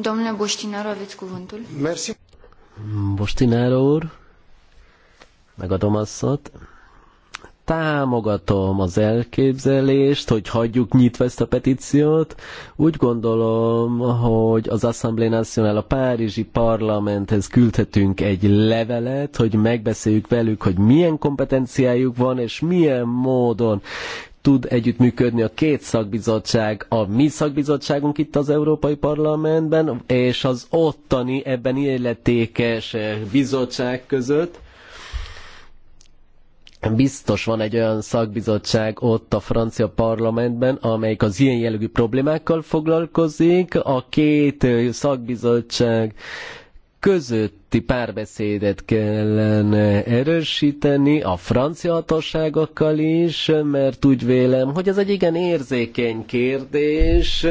S1: Domnule Boștinaru, aveți cuvântul.
S2: Merci.
S3: Boștinaru, megadom a szót. Támogatom az elképzelést, hogy hagyjuk nyitva ezt a petíciót. Úgy gondolom, hogy az Assemblée Nationale a Párizsi Parlamenthez küldhetünk egy levelet, hogy megbeszéljük velük, hogy milyen kompetenciájuk van, és milyen módon tud együttműködni a két szakbizottság, a mi szakbizottságunk itt az Európai Parlamentben, és az ottani ebben illetékes bizottság között Biztos van egy olyan szakbizottság ott a francia parlamentben, amelyik az ilyen jellegű problémákkal foglalkozik. A két szakbizottság közötti párbeszédet kellene erősíteni a francia hatóságokkal is, mert úgy vélem, hogy ez egy igen érzékeny kérdés,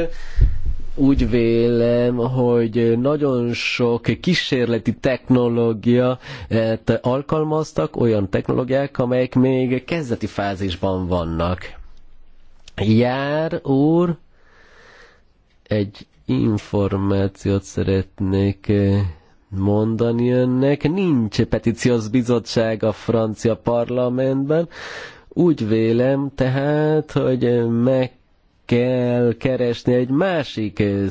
S3: úgy vélem, hogy nagyon sok kísérleti technológia eh, alkalmaztak, olyan technológiák, amelyek még kezdeti fázisban vannak. Jár úr, egy információt szeretnék eh, mondani önnek. Nincs petíciós bizottság a francia parlamentben. Úgy vélem tehát, hogy meg kell keresni egy másik eh,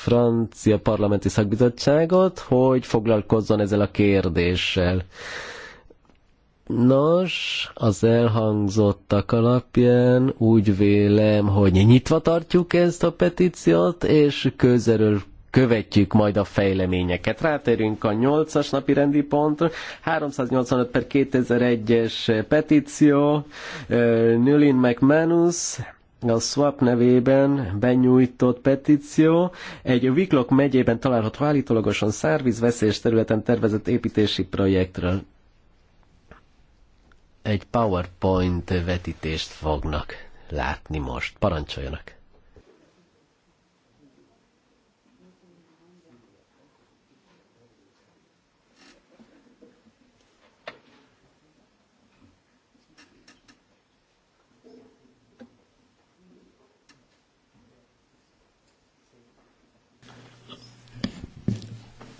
S3: francia parlamenti szakbizottságot, hogy foglalkozzon ezzel a kérdéssel. Nos, az elhangzottak alapján úgy vélem, hogy nyitva tartjuk ezt a petíciót, és közelről követjük majd a fejleményeket. Ráterünk a 8-as napi rendi pontra, 385 per 2001-es petíció, eh, Nulin McManus a SWAP nevében benyújtott petíció egy Viklok megyében található állítólagosan szárvízveszélyes területen tervezett építési projektről. Egy PowerPoint vetítést fognak látni most. Parancsoljanak!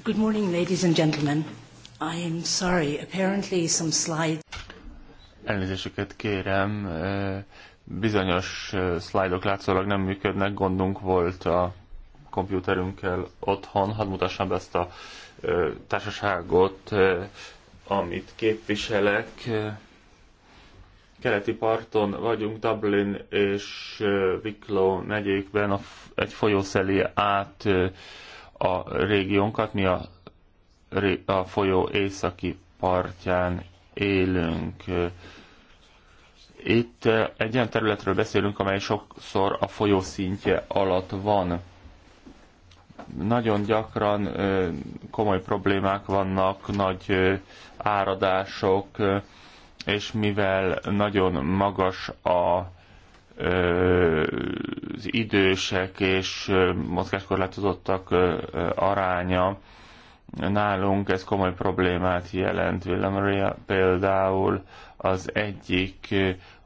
S4: Good morning, ladies and gentlemen. I am sorry, apparently some slides...
S2: Elnézésüket kérem, bizonyos szlájdok látszólag nem működnek, gondunk volt a kompjúterünkkel otthon. Hadd mutassam be ezt a társaságot, amit képviselek. Keleti parton vagyunk, Dublin és Wicklow megyékben egy folyószeli át a régiónkat, mi a, a folyó északi partján élünk. Itt egy olyan területről beszélünk, amely sokszor a folyó szintje alatt van. Nagyon gyakran komoly problémák vannak, nagy áradások, és mivel nagyon magas a az idősek és mozgáskorlátozottak aránya nálunk ez komoly problémát jelent. Villamaria például az egyik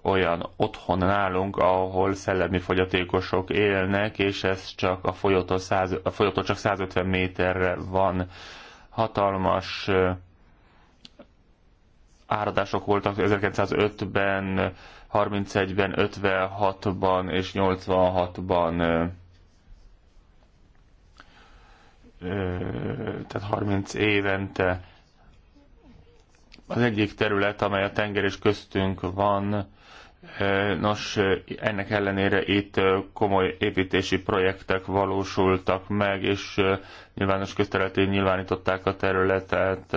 S2: olyan otthon nálunk, ahol szellemi fogyatékosok élnek, és ez csak a folyótól, 100, a folyótól csak 150 méterre van. Hatalmas áradások voltak 1905-ben, 31-ben, 56-ban és 86-ban tehát 30 évente az egyik terület, amely a tenger és köztünk van, Nos, ennek ellenére itt komoly építési projektek valósultak meg, és nyilvános közterületén nyilvánították a területet,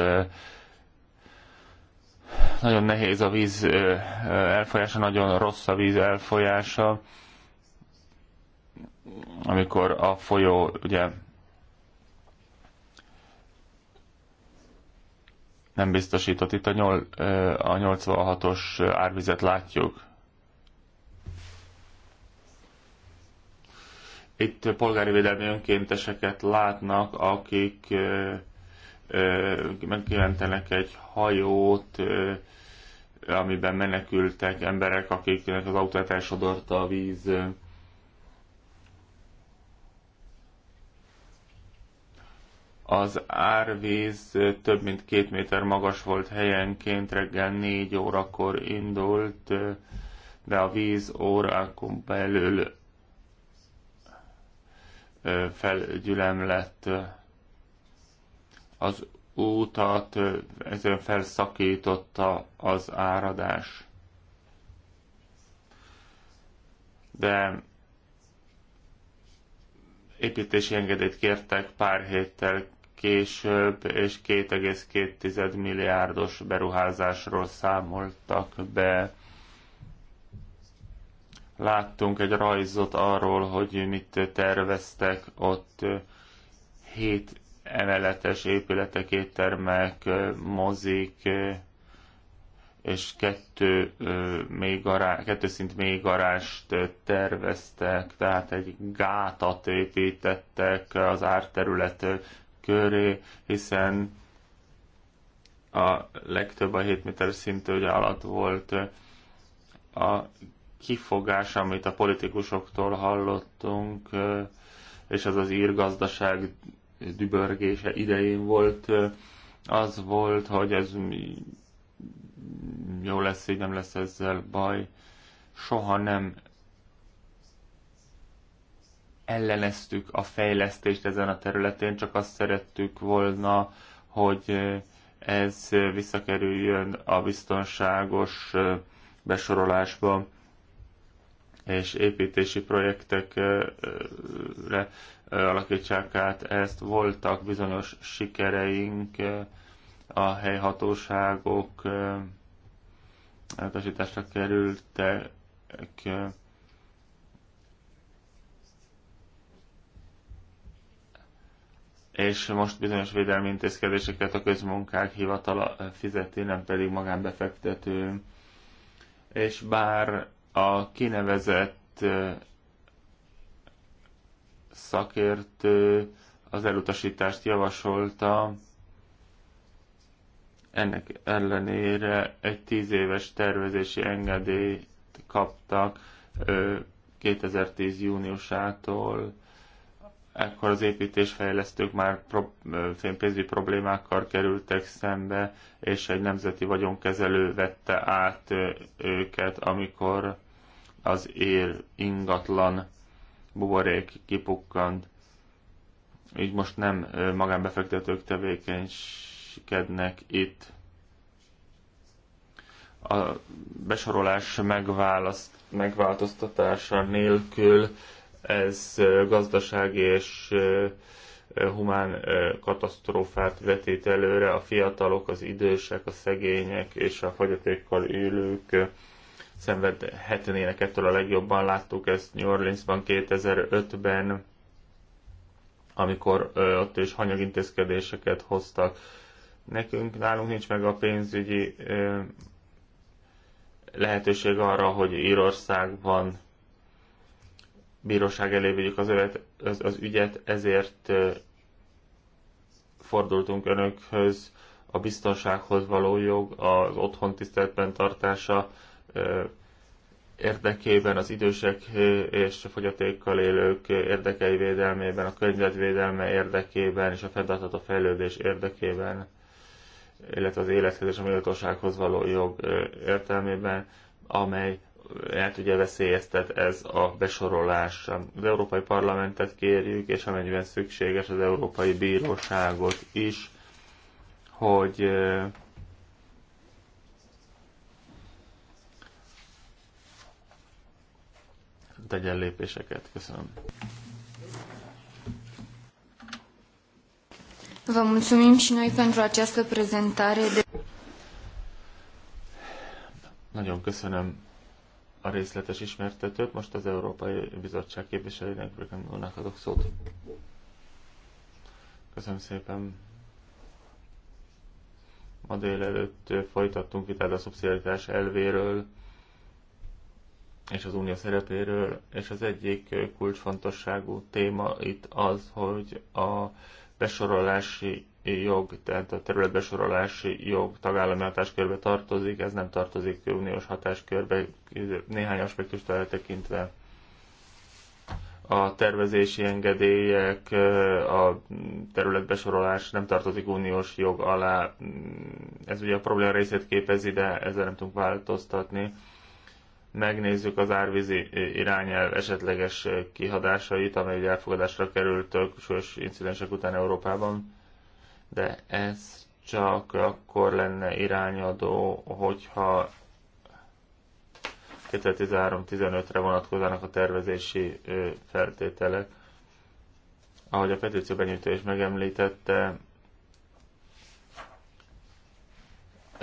S2: nagyon nehéz a víz elfolyása, nagyon rossz a víz elfolyása. Amikor a folyó ugye nem biztosított. Itt a, a 86-os árvizet látjuk. Itt polgári védelmi önkénteseket látnak, akik megjelentenek egy hajót, amiben menekültek emberek, akiknek az autóját elsodorta a víz. Az árvíz több mint két méter magas volt helyenként, reggel négy órakor indult, de a víz órákon belül felgyülemlett lett az útat ezen felszakította az áradás. De építési engedélyt kértek pár héttel később, és 2,2 milliárdos beruházásról számoltak be. Láttunk egy rajzot arról, hogy mit terveztek ott 7 emeletes épületek, éttermek, mozik, és kettő, még gará, kettő szint mély garást terveztek, tehát egy gátat építettek az árterület köré, hiszen a legtöbb a 7 méter szintű alatt volt a kifogás, amit a politikusoktól hallottunk, és az az írgazdaság dübörgése idején volt, az volt, hogy ez jó lesz, így nem lesz ezzel baj. Soha nem elleneztük a fejlesztést ezen a területén, csak azt szerettük volna, hogy ez visszakerüljön a biztonságos besorolásba és építési projektekre alakítsák át ezt. Voltak bizonyos sikereink, a helyhatóságok elutasításra kerültek, és most bizonyos védelmi intézkedéseket a közmunkák hivatala fizeti, nem pedig magánbefektető. És bár a kinevezett szakértő az elutasítást javasolta, ennek ellenére egy tíz éves tervezési engedélyt kaptak 2010. júniusától. Ekkor az építésfejlesztők már fénypénzügyi problémákkal kerültek szembe, és egy nemzeti vagyonkezelő vette át őket, amikor az ér ingatlan buborék kipukkant, így most nem magánbefektetők tevékenykednek itt. A besorolás megválaszt, megváltoztatása nélkül ez gazdasági és humán katasztrófát vetít előre a fiatalok, az idősek, a szegények és a fogyatékkal élők szenved hetenének ettől a legjobban. Láttuk ezt New Orleansban 2005-ben, amikor ö, ott is hanyagintézkedéseket hoztak. Nekünk, nálunk nincs meg a pénzügyi ö, lehetőség arra, hogy Írországban bíróság elé vigyük az, övet, az, az ügyet, ezért ö, fordultunk önökhöz a biztonsághoz való jog, az otthon tiszteletben tartása, érdekében, az idősek és a fogyatékkal élők érdekei védelmében, a környezetvédelme érdekében és a fenntartható fejlődés érdekében, illetve az élethez és a méltósághoz való jog értelmében, amely hát ugye veszélyeztet ez a besorolás. Az Európai Parlamentet kérjük, és amennyiben szükséges az Európai Bíróságot is, hogy tegyen lépéseket. Köszönöm.
S1: Vă mulțumim și noi pentru această prezentare de...
S2: Nagyon köszönöm a részletes ismertetőt. Most az Európai Bizottság képviselőinek Brücken adok szót. Köszönöm szépen. Ma délelőtt folytattunk vitát a szubszidiaritás elvéről, és az unió szerepéről, és az egyik kulcsfontosságú téma itt az, hogy a besorolási jog, tehát a területbesorolási jog tagállami hatáskörbe tartozik, ez nem tartozik uniós hatáskörbe, néhány aspektust eltekintve. A tervezési engedélyek, a területbesorolás nem tartozik uniós jog alá. Ez ugye a probléma részét képezi, de ezzel nem tudunk változtatni megnézzük az árvízi irányelv esetleges kihadásait, amely ugye elfogadásra került súlyos incidensek után Európában, de ez csak akkor lenne irányadó, hogyha 2013-15-re vonatkozának a tervezési feltételek. Ahogy a petíció benyújtó is megemlítette,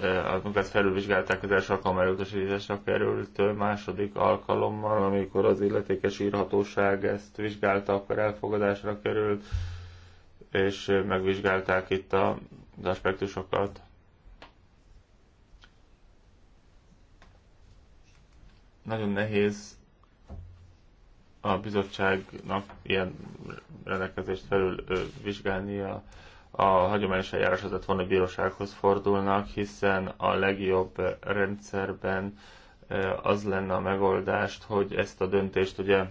S2: a munkát felülvizsgálták az első alkalommal elutasításra került második alkalommal, amikor az illetékes írhatóság ezt vizsgálta, akkor elfogadásra került, és megvizsgálták itt a, az aspektusokat. Nagyon nehéz a bizottságnak ilyen rendelkezést felül vizsgálnia. a a hagyományos eljáráshoz lett volna bírósághoz fordulnak, hiszen a legjobb rendszerben eh, az lenne a megoldást, hogy ezt a döntést ugye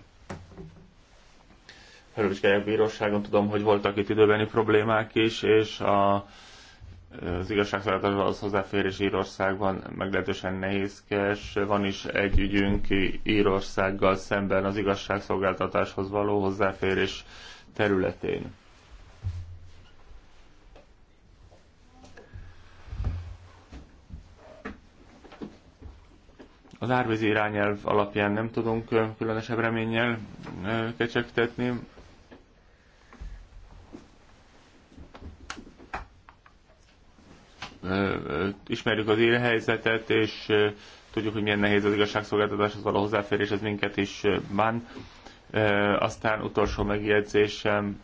S2: felvizsgálják bíróságon. Tudom, hogy voltak itt időbeni problémák is, és a, az az hozzáférés Írországban meglehetősen nehézkes. Van is egy ügyünk Írországgal szemben az igazságszolgáltatáshoz való hozzáférés területén. Az árvízi irányelv alapján nem tudunk különösebb reménnyel kecsegtetni. Ismerjük az élhelyzetet, és tudjuk, hogy milyen nehéz az igazságszolgáltatáshoz való hozzáférés, ez minket is bán. Aztán utolsó megjegyzésem,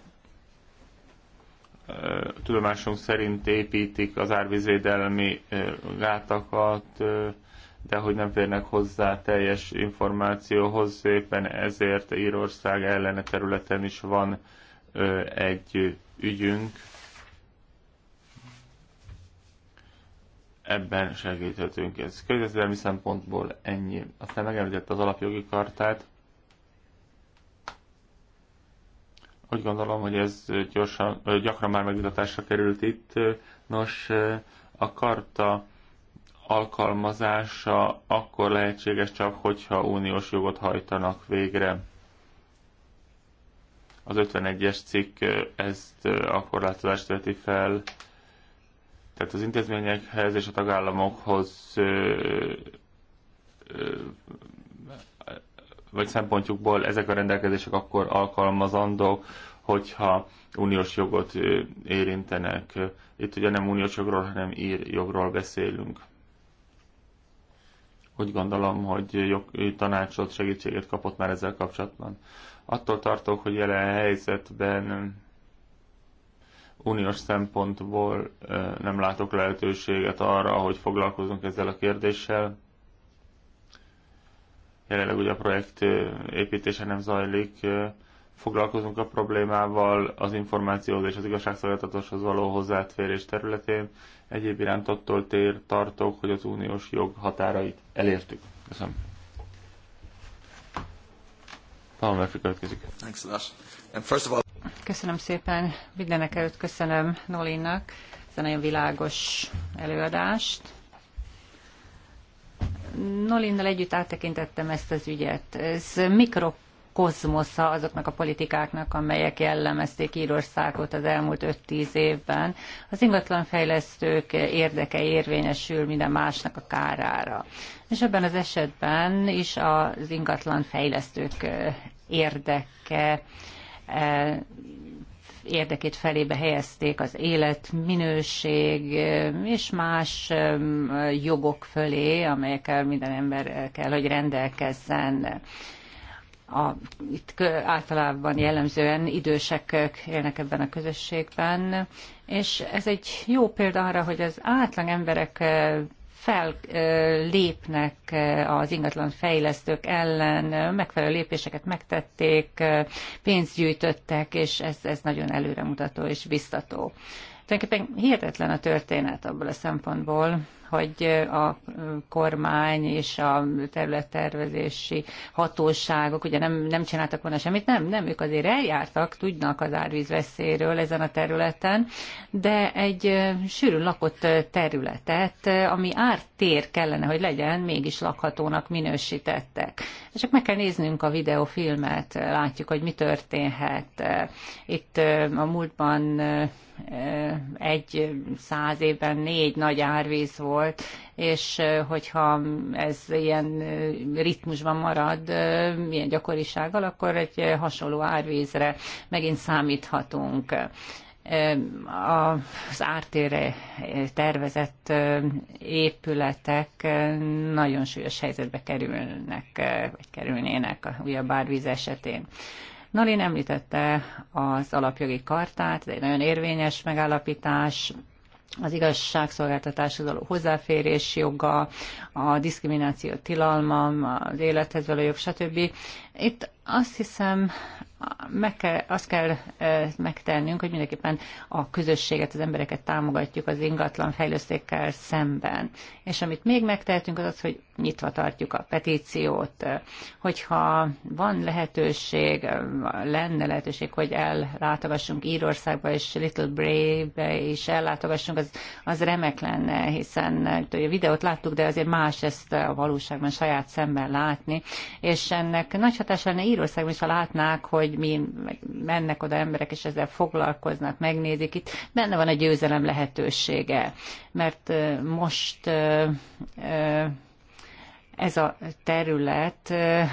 S2: tudomásunk szerint építik az árvízvédelmi gátakat, de hogy nem férnek hozzá teljes információhoz, éppen ezért Írország ellene területen is van ö, egy ügyünk. Ebben segíthetünk. Ez közvetlenül szempontból ennyi. Aztán megemlítette az alapjogi kartát. Úgy gondolom, hogy ez gyorsan, gyakran már megvitatásra került itt. Nos, a karta alkalmazása akkor lehetséges csak, hogyha uniós jogot hajtanak végre. Az 51-es cikk ezt a korlátozást veti fel, tehát az intézményekhez és a tagállamokhoz vagy szempontjukból ezek a rendelkezések akkor alkalmazandók, hogyha uniós jogot érintenek. Itt ugye nem uniós jogról, hanem ír jogról beszélünk. Úgy gondolom, hogy jog, tanácsot, segítséget kapott már ezzel kapcsolatban. Attól tartok, hogy jelen helyzetben uniós szempontból nem látok lehetőséget arra, hogy foglalkozunk ezzel a kérdéssel. Jelenleg ugye a projekt építése nem zajlik, foglalkozunk a problémával az információhoz és az igazságszolgáltatáshoz való hozzáférés területén. Egyéb iránt attól tér tartok, hogy az uniós jog határait elértük. Köszönöm. Paul Murphy következik.
S4: Köszönöm szépen. Mindenek előtt köszönöm Nolinnak ezt a nagyon világos előadást. Nolinnal együtt áttekintettem ezt az ügyet. Ez mikro kozmosza azoknak a politikáknak, amelyek jellemezték Írországot az elmúlt 5-10 évben. Az ingatlanfejlesztők érdeke érvényesül minden másnak a kárára. És ebben az esetben is az ingatlanfejlesztők érdeke e, érdekét felébe helyezték az életminőség e, és más e, jogok fölé, amelyekkel minden ember kell, hogy rendelkezzen a, itt általában jellemzően idősek élnek ebben a közösségben, és ez egy jó példa arra, hogy az átlag emberek fellépnek az ingatlan fejlesztők ellen, megfelelő lépéseket megtették, pénzt gyűjtöttek, és ez, ez nagyon előremutató és biztató. Tulajdonképpen hihetetlen a történet abból a szempontból, hogy a kormány és a területtervezési hatóságok ugye nem, nem csináltak volna semmit, nem, nem, ők azért eljártak, tudnak az árvíz veszélyről ezen a területen, de egy sűrűn lakott területet, ami ártér kellene, hogy legyen, mégis lakhatónak minősítettek. És csak meg kell néznünk a videófilmet, látjuk, hogy mi történhet. Itt a múltban egy száz évben négy nagy árvíz volt, volt, és hogyha ez ilyen ritmusban marad, ilyen gyakorisággal, akkor egy hasonló árvízre megint számíthatunk az ártére tervezett épületek nagyon súlyos helyzetbe kerülnek, vagy kerülnének a újabb árvíz esetén. Nalin említette az alapjogi kartát, ez egy nagyon érvényes megállapítás, az igazságszolgáltatáshoz való hozzáférés joga, a diszkrimináció tilalma, az élethez való jog, stb. Itt azt hiszem, meg kell, azt kell megtennünk, hogy mindenképpen a közösséget, az embereket támogatjuk az ingatlan fejlesztékkel szemben. És amit még megtehetünk, az az, hogy nyitva tartjuk a petíciót. Hogyha van lehetőség, lenne lehetőség, hogy ellátogassunk Írországba és Little Brave-be is ellátogassunk, az, az remek lenne, hiszen a hát, videót láttuk, de azért más ezt a valóságban saját szemben látni, és ennek nagy hatása lenne Írországban is, ha látnák, hogy mi mennek oda emberek, és ezzel foglalkoznak, megnézik, itt benne van a győzelem lehetősége. Mert most ez a terület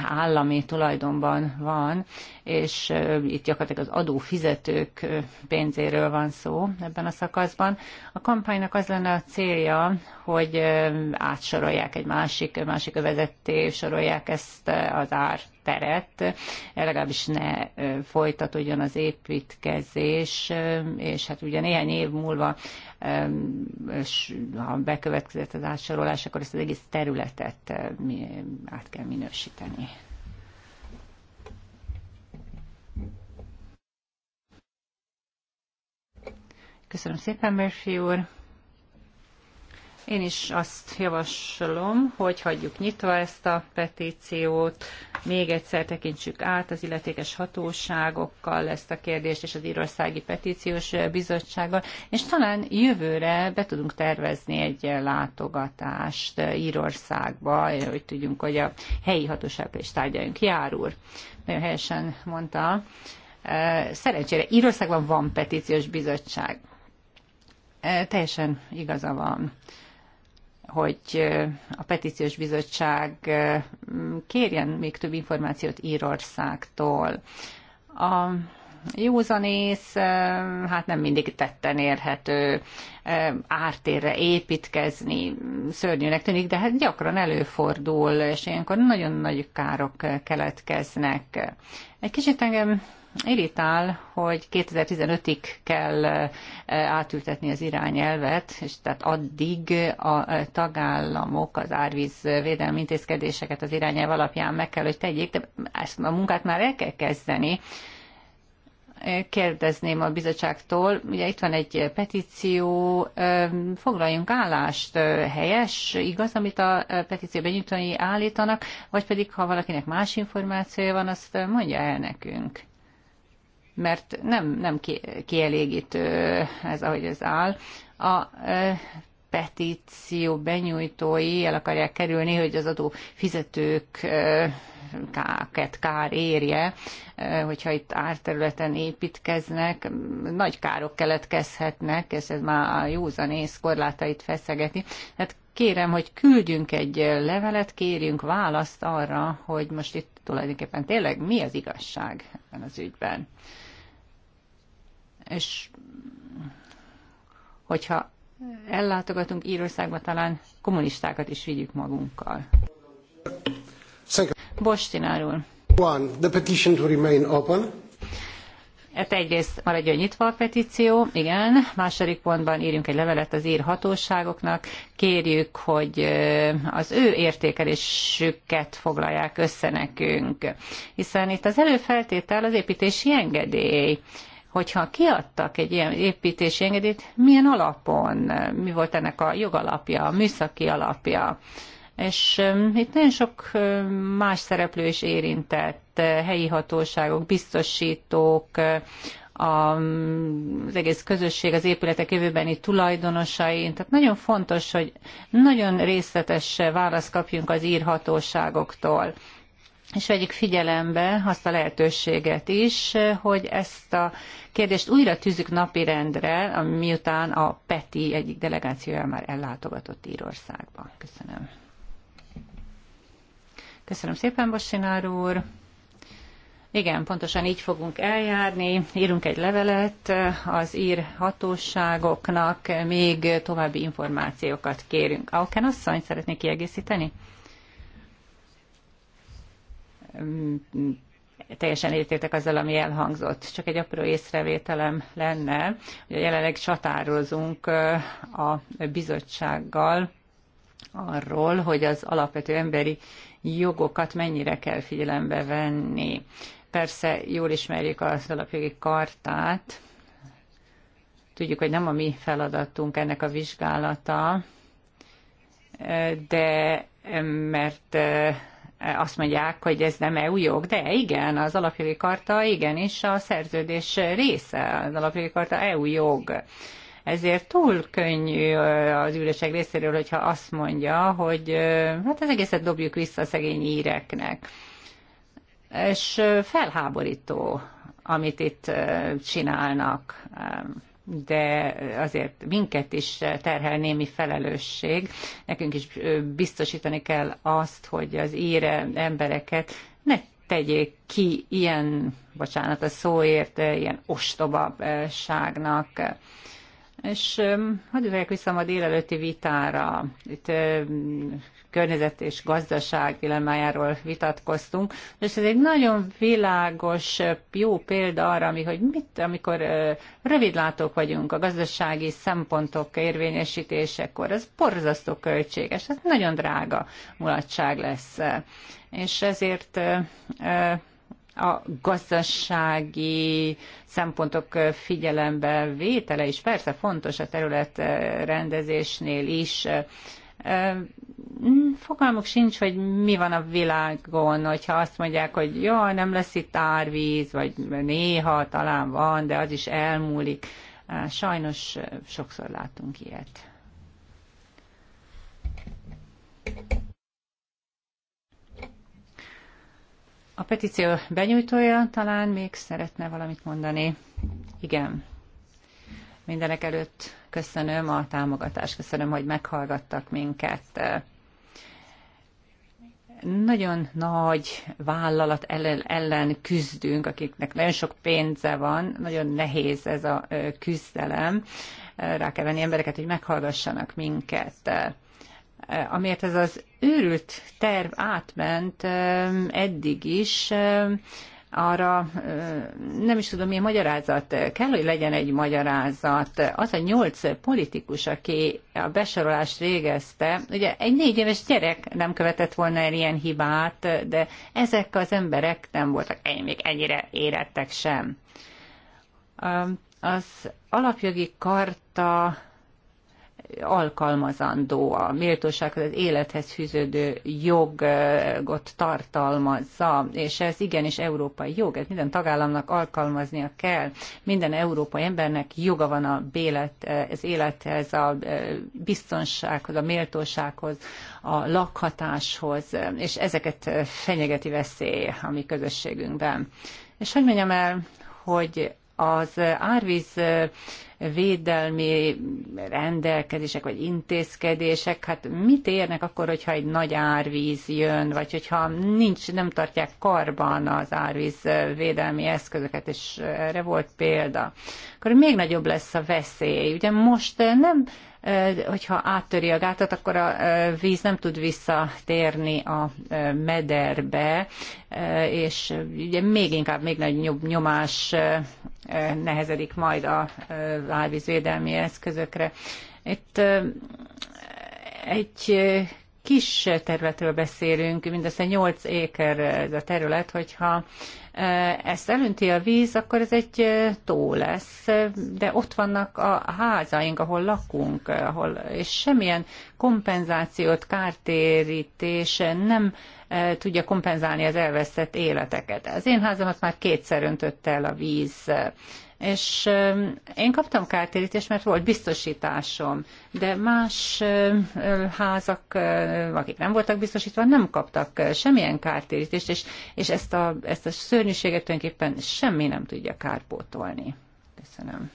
S4: állami tulajdonban van, és itt gyakorlatilag az adófizetők pénzéről van szó ebben a szakaszban. A kampánynak az lenne a célja, hogy átsorolják egy másik, másik övezetté, sorolják ezt az ár teret, legalábbis ne folytatódjon az építkezés, és hát ugye néhány év múlva és ha bekövetkezett az átsorolás, akkor ezt az egész területet mi át kell minősíteni. Köszönöm szépen, Murphy úr! Én is azt javaslom, hogy hagyjuk nyitva ezt a petíciót, még egyszer tekintsük át az illetékes hatóságokkal ezt a kérdést, és az Írországi Petíciós Bizottsággal, és talán jövőre be tudunk tervezni egy látogatást Írországba, hogy tudjunk, hogy a helyi hatóságok is tárgyaljunk. Jár úr, nagyon helyesen mondta, szerencsére Írországban van petíciós bizottság. Teljesen igaza van hogy a petíciós bizottság kérjen még több információt Írországtól. A józanész hát nem mindig tetten érhető, ártérre építkezni szörnyűnek tűnik, de hát gyakran előfordul, és ilyenkor nagyon nagy károk keletkeznek. Egy kicsit engem irritál, hogy 2015-ig kell átültetni az irányelvet, és tehát addig a tagállamok az árvíz védelmi intézkedéseket az irányelv alapján meg kell, hogy tegyék, de ezt a munkát már el kell kezdeni kérdezném a bizottságtól, ugye itt van egy petíció, foglaljunk állást, helyes, igaz, amit a petíció nyújtani állítanak, vagy pedig ha valakinek más információja van, azt mondja el nekünk mert nem, nem kielégítő ez, ahogy ez áll. A petíció benyújtói el akarják kerülni, hogy az adó fizetők káket kár érje, hogyha itt árterületen építkeznek, nagy károk keletkezhetnek, és ez már a józanész korlátait feszegeti. Hát kérem, hogy küldjünk egy levelet, kérjünk választ arra, hogy most itt tulajdonképpen tényleg mi az igazság ebben az ügyben. És hogyha ellátogatunk Írországba, talán kommunistákat is vigyük magunkkal. Bostinár úr. One, the petition to remain open. Hát egyrészt maradjon nyitva a petíció, igen. Második pontban írjunk egy levelet az ír hatóságoknak, kérjük, hogy az ő értékelésüket foglalják össze nekünk. Hiszen itt az előfeltétel az építési engedély hogyha kiadtak egy ilyen építési engedélyt, milyen alapon, mi volt ennek a jogalapja, a műszaki alapja és itt nagyon sok más szereplő is érintett, helyi hatóságok, biztosítók, az egész közösség, az épületek jövőbeni tulajdonosai. Tehát nagyon fontos, hogy nagyon részletes választ kapjunk az írhatóságoktól. És vegyük figyelembe azt a lehetőséget is, hogy ezt a kérdést újra tűzük napirendre, miután a PETI egyik delegációja már ellátogatott Írországba. Köszönöm. Köszönöm szépen, Bosinár úr. Igen, pontosan így fogunk eljárni. Írunk egy levelet az ír hatóságoknak, még további információkat kérünk. Auken asszony, szeretné kiegészíteni? Mm, teljesen értétek azzal, ami elhangzott. Csak egy apró észrevételem lenne, hogy jelenleg csatározunk a bizottsággal arról, hogy az alapvető emberi jogokat mennyire kell figyelembe venni. Persze jól ismerjük az alapjogi kartát, tudjuk, hogy nem a mi feladatunk ennek a vizsgálata, de mert e, azt mondják, hogy ez nem EU jog, de igen, az alapjogi karta igenis a szerződés része, az alapjogi karta EU jog. Ezért túl könnyű az üreség részéről, hogyha azt mondja, hogy hát az egészet dobjuk vissza a szegény íreknek. És felháborító, amit itt csinálnak de azért minket is terhel némi felelősség. Nekünk is biztosítani kell azt, hogy az íre embereket ne tegyék ki ilyen, bocsánat a szóért, ilyen ostobaságnak. És hogy üljek vissza a délelőtti vitára. Itt környezet és gazdaság dilemmájáról vitatkoztunk, és ez egy nagyon világos, jó példa arra, ami, hogy mit, amikor rövidlátók vagyunk a gazdasági szempontok érvényesítésekor, ez borzasztó költséges, ez hát nagyon drága mulatság lesz. És ezért a gazdasági szempontok figyelembe vétele is persze fontos a terület eh, rendezésnél is. Eh, eh, fogalmuk sincs, hogy mi van a világon, hogyha azt mondják, hogy jó, nem lesz itt árvíz, vagy néha talán van, de az is elmúlik. Sajnos sokszor látunk ilyet. A petíció benyújtója talán még szeretne valamit mondani. Igen. Mindenek előtt köszönöm a támogatást, köszönöm, hogy meghallgattak minket nagyon nagy vállalat ellen, küzdünk, akiknek nagyon sok pénze van, nagyon nehéz ez a küzdelem. Rá kell venni embereket, hogy meghallgassanak minket. Eh, amiért ez az őrült terv átment eh, eddig is, eh, arra nem is tudom, milyen magyarázat kell, hogy legyen egy magyarázat. Az a nyolc politikus, aki a besorolást végezte, ugye egy négy éves gyerek nem követett volna el ilyen hibát, de ezek az emberek nem voltak még ennyire érettek sem. Az alapjogi karta alkalmazandó, a méltósághoz, az élethez fűződő jogot tartalmazza, és ez igenis európai jog, ez minden tagállamnak alkalmaznia kell. Minden európai embernek joga van a bélet, az élethez, a e, biztonsághoz, a méltósághoz, a lakhatáshoz, és ezeket fenyegeti veszély a mi közösségünkben. És hogy mondjam el, hogy az árvíz védelmi rendelkezések vagy intézkedések, hát mit érnek akkor, hogyha egy nagy árvíz jön, vagy hogyha nincs, nem tartják karban az árvíz védelmi eszközöket, és erre volt példa, akkor még nagyobb lesz a veszély. Ugye most nem hogyha áttöri a gátat, akkor a víz nem tud visszatérni a mederbe, és ugye még inkább, még nagyobb nyomás nehezedik majd a árvízvédelmi eszközökre. Itt egy kis területről beszélünk, mindössze 8 éker ez a terület, hogyha ezt elönti a víz, akkor ez egy tó lesz, de ott vannak a házaink, ahol lakunk, ahol, és semmilyen kompenzációt, kártérítés nem tudja kompenzálni az elvesztett életeket. Az én házamat már kétszer öntötte el a víz, és én kaptam kártérítést, mert volt biztosításom, de más házak, akik nem voltak biztosítva, nem kaptak semmilyen kártérítést, és, és ezt, a, ezt a szörnyűséget tulajdonképpen semmi nem tudja kárpótolni. Köszönöm.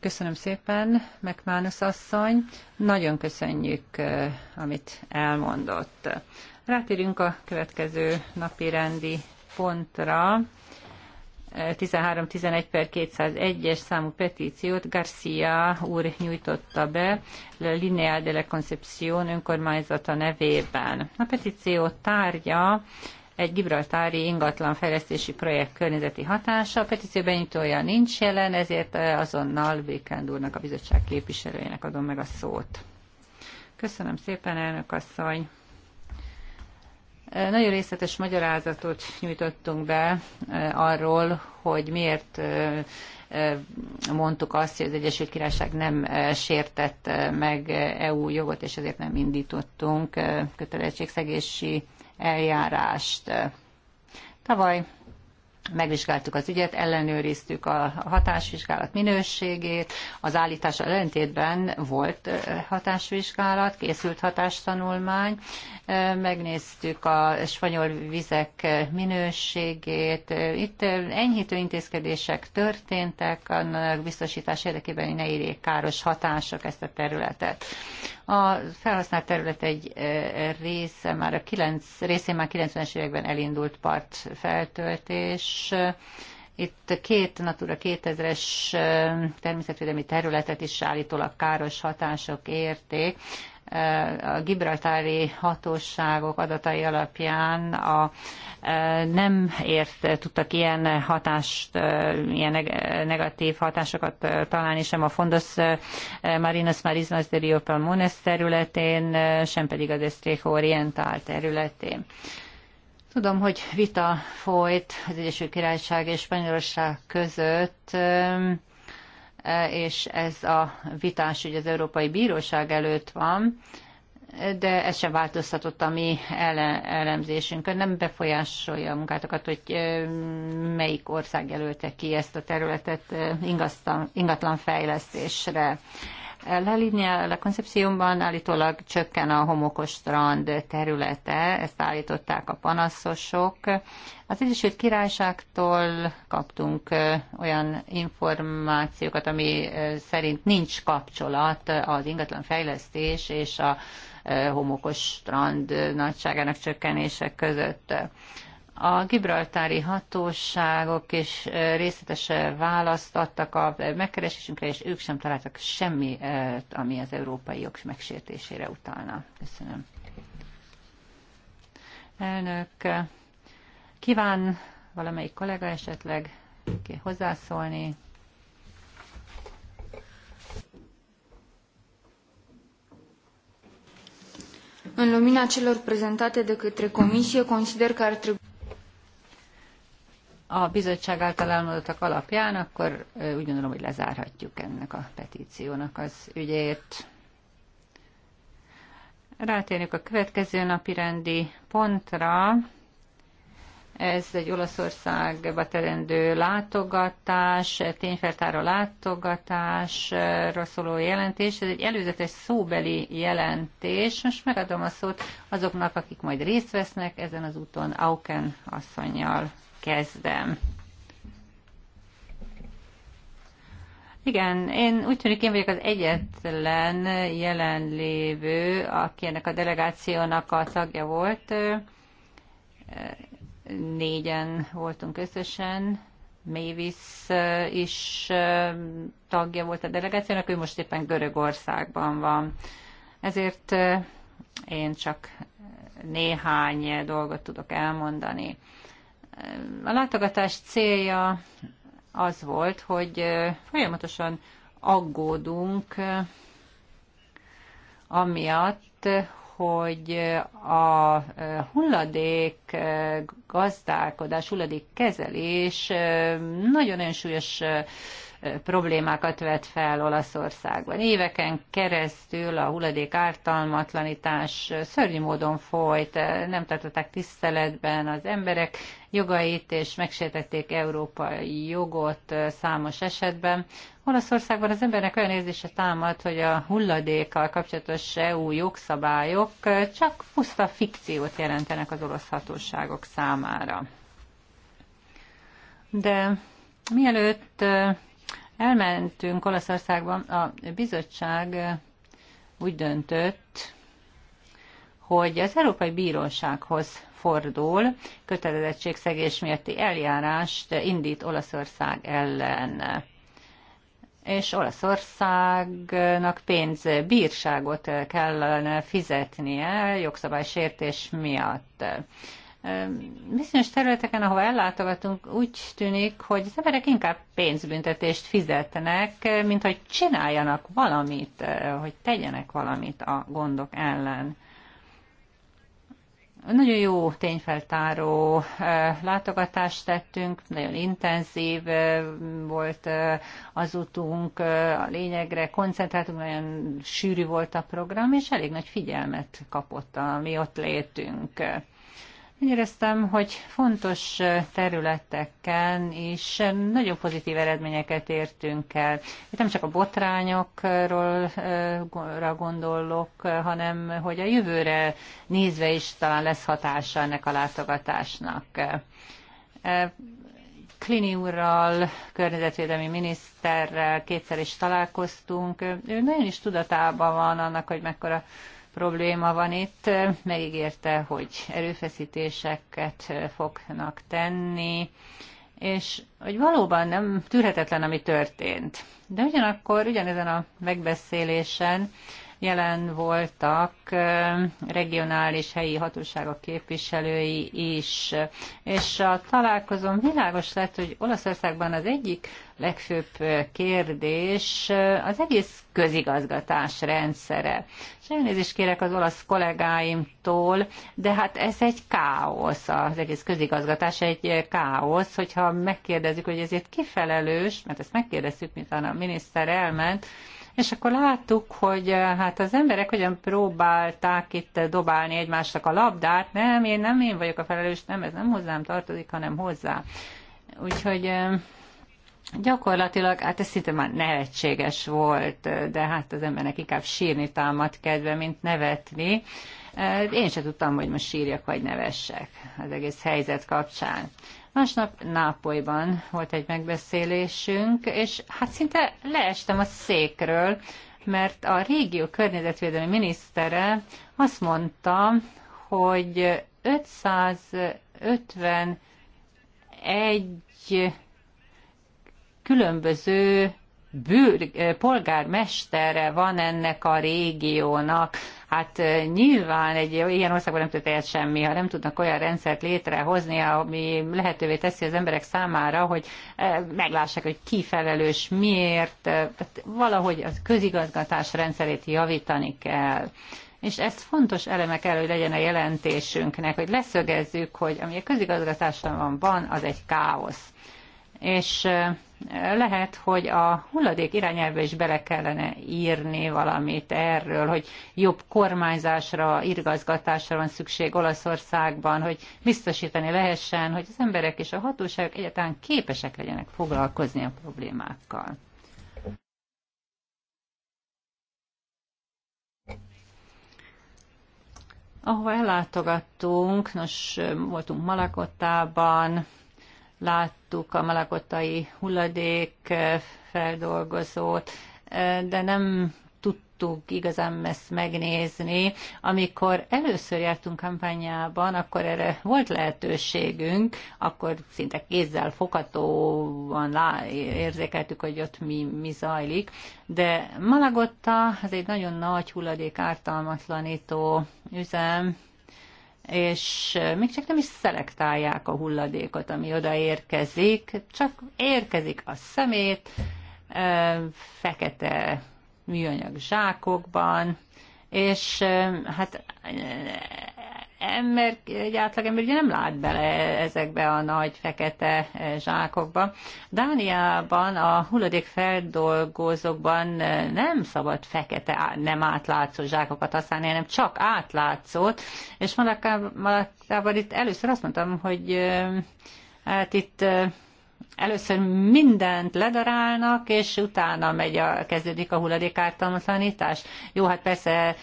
S4: Köszönöm szépen, Megmánusz asszony. Nagyon köszönjük, amit elmondott. Rátérünk a következő napi rendi pontra. 1311 per 201-es számú petíciót Garcia úr nyújtotta be Lineal de la Concepción önkormányzata nevében. A petíció tárgya egy gibraltári ingatlan fejlesztési projekt környezeti hatása. A petíció benyújtója nincs jelen, ezért eh, azonnal Békend úrnak, a bizottság képviselőjének adom meg a szót. Köszönöm szépen, elnök asszony! Nagyon részletes magyarázatot nyújtottunk be arról, hogy miért mondtuk azt, hogy az Egyesült Királyság nem sértett meg EU jogot, és ezért nem indítottunk kötelezettségszegési eljárást. Tavaly megvizsgáltuk az ügyet, ellenőriztük a hatásvizsgálat minőségét, az állítás ellentétben volt hatásvizsgálat, készült hatástanulmány, megnéztük a spanyol vizek minőségét. Itt enyhítő intézkedések történtek, annak biztosítás érdekében, hogy ne érjék káros hatások ezt a területet. A felhasznált terület egy eh, része már a 9, részén már 90-es években elindult partfeltöltés, itt két Natura 2000-es eh, természetvédelmi területet is állítólag káros hatások érték a gibraltári hatóságok adatai alapján a, e, nem ért, tudtak ilyen hatást, e, ilyen negatív hatásokat e, találni sem a Fondos Marinos Marismas de Rio Palmones területén, sem pedig az Estrejo Oriental területén. Tudom, hogy vita folyt az Egyesült Királyság és Spanyolország között és ez a vitás ugye az Európai Bíróság előtt van, de ez sem változtatott a mi ele- elemzésünkön. Nem befolyásolja a munkátokat, hogy melyik ország jelölte ki ezt a területet ingatlan fejlesztésre. La a La Concepciónban állítólag csökken a homokos strand területe, ezt állították a panaszosok. Az Egyesült Királyságtól kaptunk olyan információkat, ami szerint nincs kapcsolat az ingatlan fejlesztés és a homokos strand nagyságának csökkenése között. A gibraltári hatóságok is részletes választ adtak a megkeresésünkre, és ők sem találtak semmi, ami az európai jog megsértésére utalna. Köszönöm. Elnök, kíván valamelyik kollega esetleg hozzászólni?
S1: În lumina celor prezentate de către Comisie, consider că ar trebui
S4: a bizottság által elmondottak alapján, akkor úgy gondolom, hogy lezárhatjuk ennek a petíciónak az ügyét. Rátérjük a következő napi rendi pontra. Ez egy Olaszországba terendő látogatás, tényfeltáró látogatás, szóló jelentés. Ez egy előzetes szóbeli jelentés. Most megadom a szót azoknak, akik majd részt vesznek ezen az úton Auken asszonyjal kezdem. Igen, én úgy tűnik, én vagyok az egyetlen jelenlévő, aki ennek a delegációnak a tagja volt. Négyen voltunk összesen. Mavis is tagja volt a delegációnak, ő most éppen Görögországban van. Ezért én csak néhány dolgot tudok elmondani. A látogatás célja az volt, hogy folyamatosan aggódunk amiatt, hogy a hulladék gazdálkodás, hulladék kezelés nagyon-nagyon súlyos problémákat vet fel Olaszországban. Éveken keresztül a hulladék ártalmatlanítás szörnyű módon folyt, nem tartották tiszteletben az emberek jogait, és megsértették európai jogot számos esetben. Olaszországban az embernek olyan érzése támad, hogy a hulladékkal kapcsolatos EU jogszabályok csak puszta fikciót jelentenek az olasz hatóságok számára. De mielőtt elmentünk Olaszországban, a bizottság úgy döntött, hogy az Európai Bírósághoz fordul, kötelezettségszegés miatti eljárást indít Olaszország ellen. És Olaszországnak pénzbírságot kellene fizetnie jogszabálysértés miatt bizonyos területeken, ahova ellátogatunk, úgy tűnik, hogy az emberek inkább pénzbüntetést fizetnek, mint hogy csináljanak valamit, hogy tegyenek valamit a gondok ellen. Nagyon jó tényfeltáró látogatást tettünk, nagyon intenzív volt az utunk, a lényegre koncentráltunk, nagyon sűrű volt a program, és elég nagy figyelmet kapott a mi ott létünk. Úgy éreztem, hogy fontos területeken is nagyon pozitív eredményeket értünk el. Itt nem csak a botrányokról gondolok, hanem hogy a jövőre nézve is talán lesz hatása ennek a látogatásnak. Klini úrral, környezetvédelmi miniszterrel kétszer is találkoztunk. Ő nagyon is tudatában van annak, hogy mekkora probléma van itt. Megígérte, hogy erőfeszítéseket fognak tenni, és hogy valóban nem tűrhetetlen, ami történt. De ugyanakkor ugyanezen a megbeszélésen jelen voltak regionális helyi hatóságok képviselői is. És a találkozón világos lett, hogy Olaszországban az egyik legfőbb kérdés az egész közigazgatás rendszere. És elnézést kérek az olasz kollégáimtól, de hát ez egy káosz, az egész közigazgatás egy káosz, hogyha megkérdezzük, hogy ezért kifelelős, mert ezt megkérdeztük, mint a miniszter elment, és akkor láttuk, hogy hát az emberek hogyan próbálták itt dobálni egymásnak a labdát, nem, én nem én vagyok a felelős, nem, ez nem hozzám tartozik, hanem hozzá. Úgyhogy Gyakorlatilag, hát ez szinte már nevetséges volt, de hát az embernek inkább sírni támad kedve, mint nevetni. Eh, én se tudtam, hogy most sírjak vagy nevessek az egész helyzet kapcsán. Másnap Nápolyban volt egy megbeszélésünk, és hát szinte leestem a székről, mert a régió környezetvédelmi minisztere azt mondta, hogy 551 különböző bűr, eh, polgármestere van ennek a régiónak. Hát eh, nyilván egy ilyen országban nem történhet semmi, ha nem tudnak olyan rendszert létrehozni, ami lehetővé teszi az emberek számára, hogy eh, meglássák, hogy ki felelős, miért. Tehát valahogy az közigazgatás rendszerét javítani kell. És ezt fontos elemek elő, hogy legyen a jelentésünknek, hogy leszögezzük, hogy ami a közigazgatásban van, az egy káosz és lehet, hogy a hulladék irányelve is bele kellene írni valamit erről, hogy jobb kormányzásra, irgazgatásra van szükség Olaszországban, hogy biztosítani lehessen, hogy az emberek és a hatóságok egyáltalán képesek legyenek foglalkozni a problémákkal. Ahova ellátogattunk, nos, voltunk Malakottában, láttuk a malagotai hulladék eh, feldolgozót, eh, de nem tudtuk igazán ezt megnézni. Amikor először jártunk kampányában, akkor erre volt lehetőségünk, akkor szinte kézzel fokatóan érzékeltük, hogy ott mi, mi zajlik. De Malagotta, ez egy nagyon nagy hulladék ártalmatlanító üzem, és eh, még csak nem is szelektálják a hulladékot, ami odaérkezik, csak érkezik a szemét, eh, fekete műanyag zsákokban, és eh, hát ember, egy átlagember ugye nem lát bele ezekbe a nagy fekete eh, zsákokba. Dániában a hulladékfeldolgozókban eh, nem szabad fekete, nem átlátszó zsákokat használni, hanem csak átlátszót, és Malakában itt először azt mondtam, hogy eh, hát itt először mindent ledarálnak, és utána megy a, kezdődik a hulladékártalmatlanítás. Jó, hát persze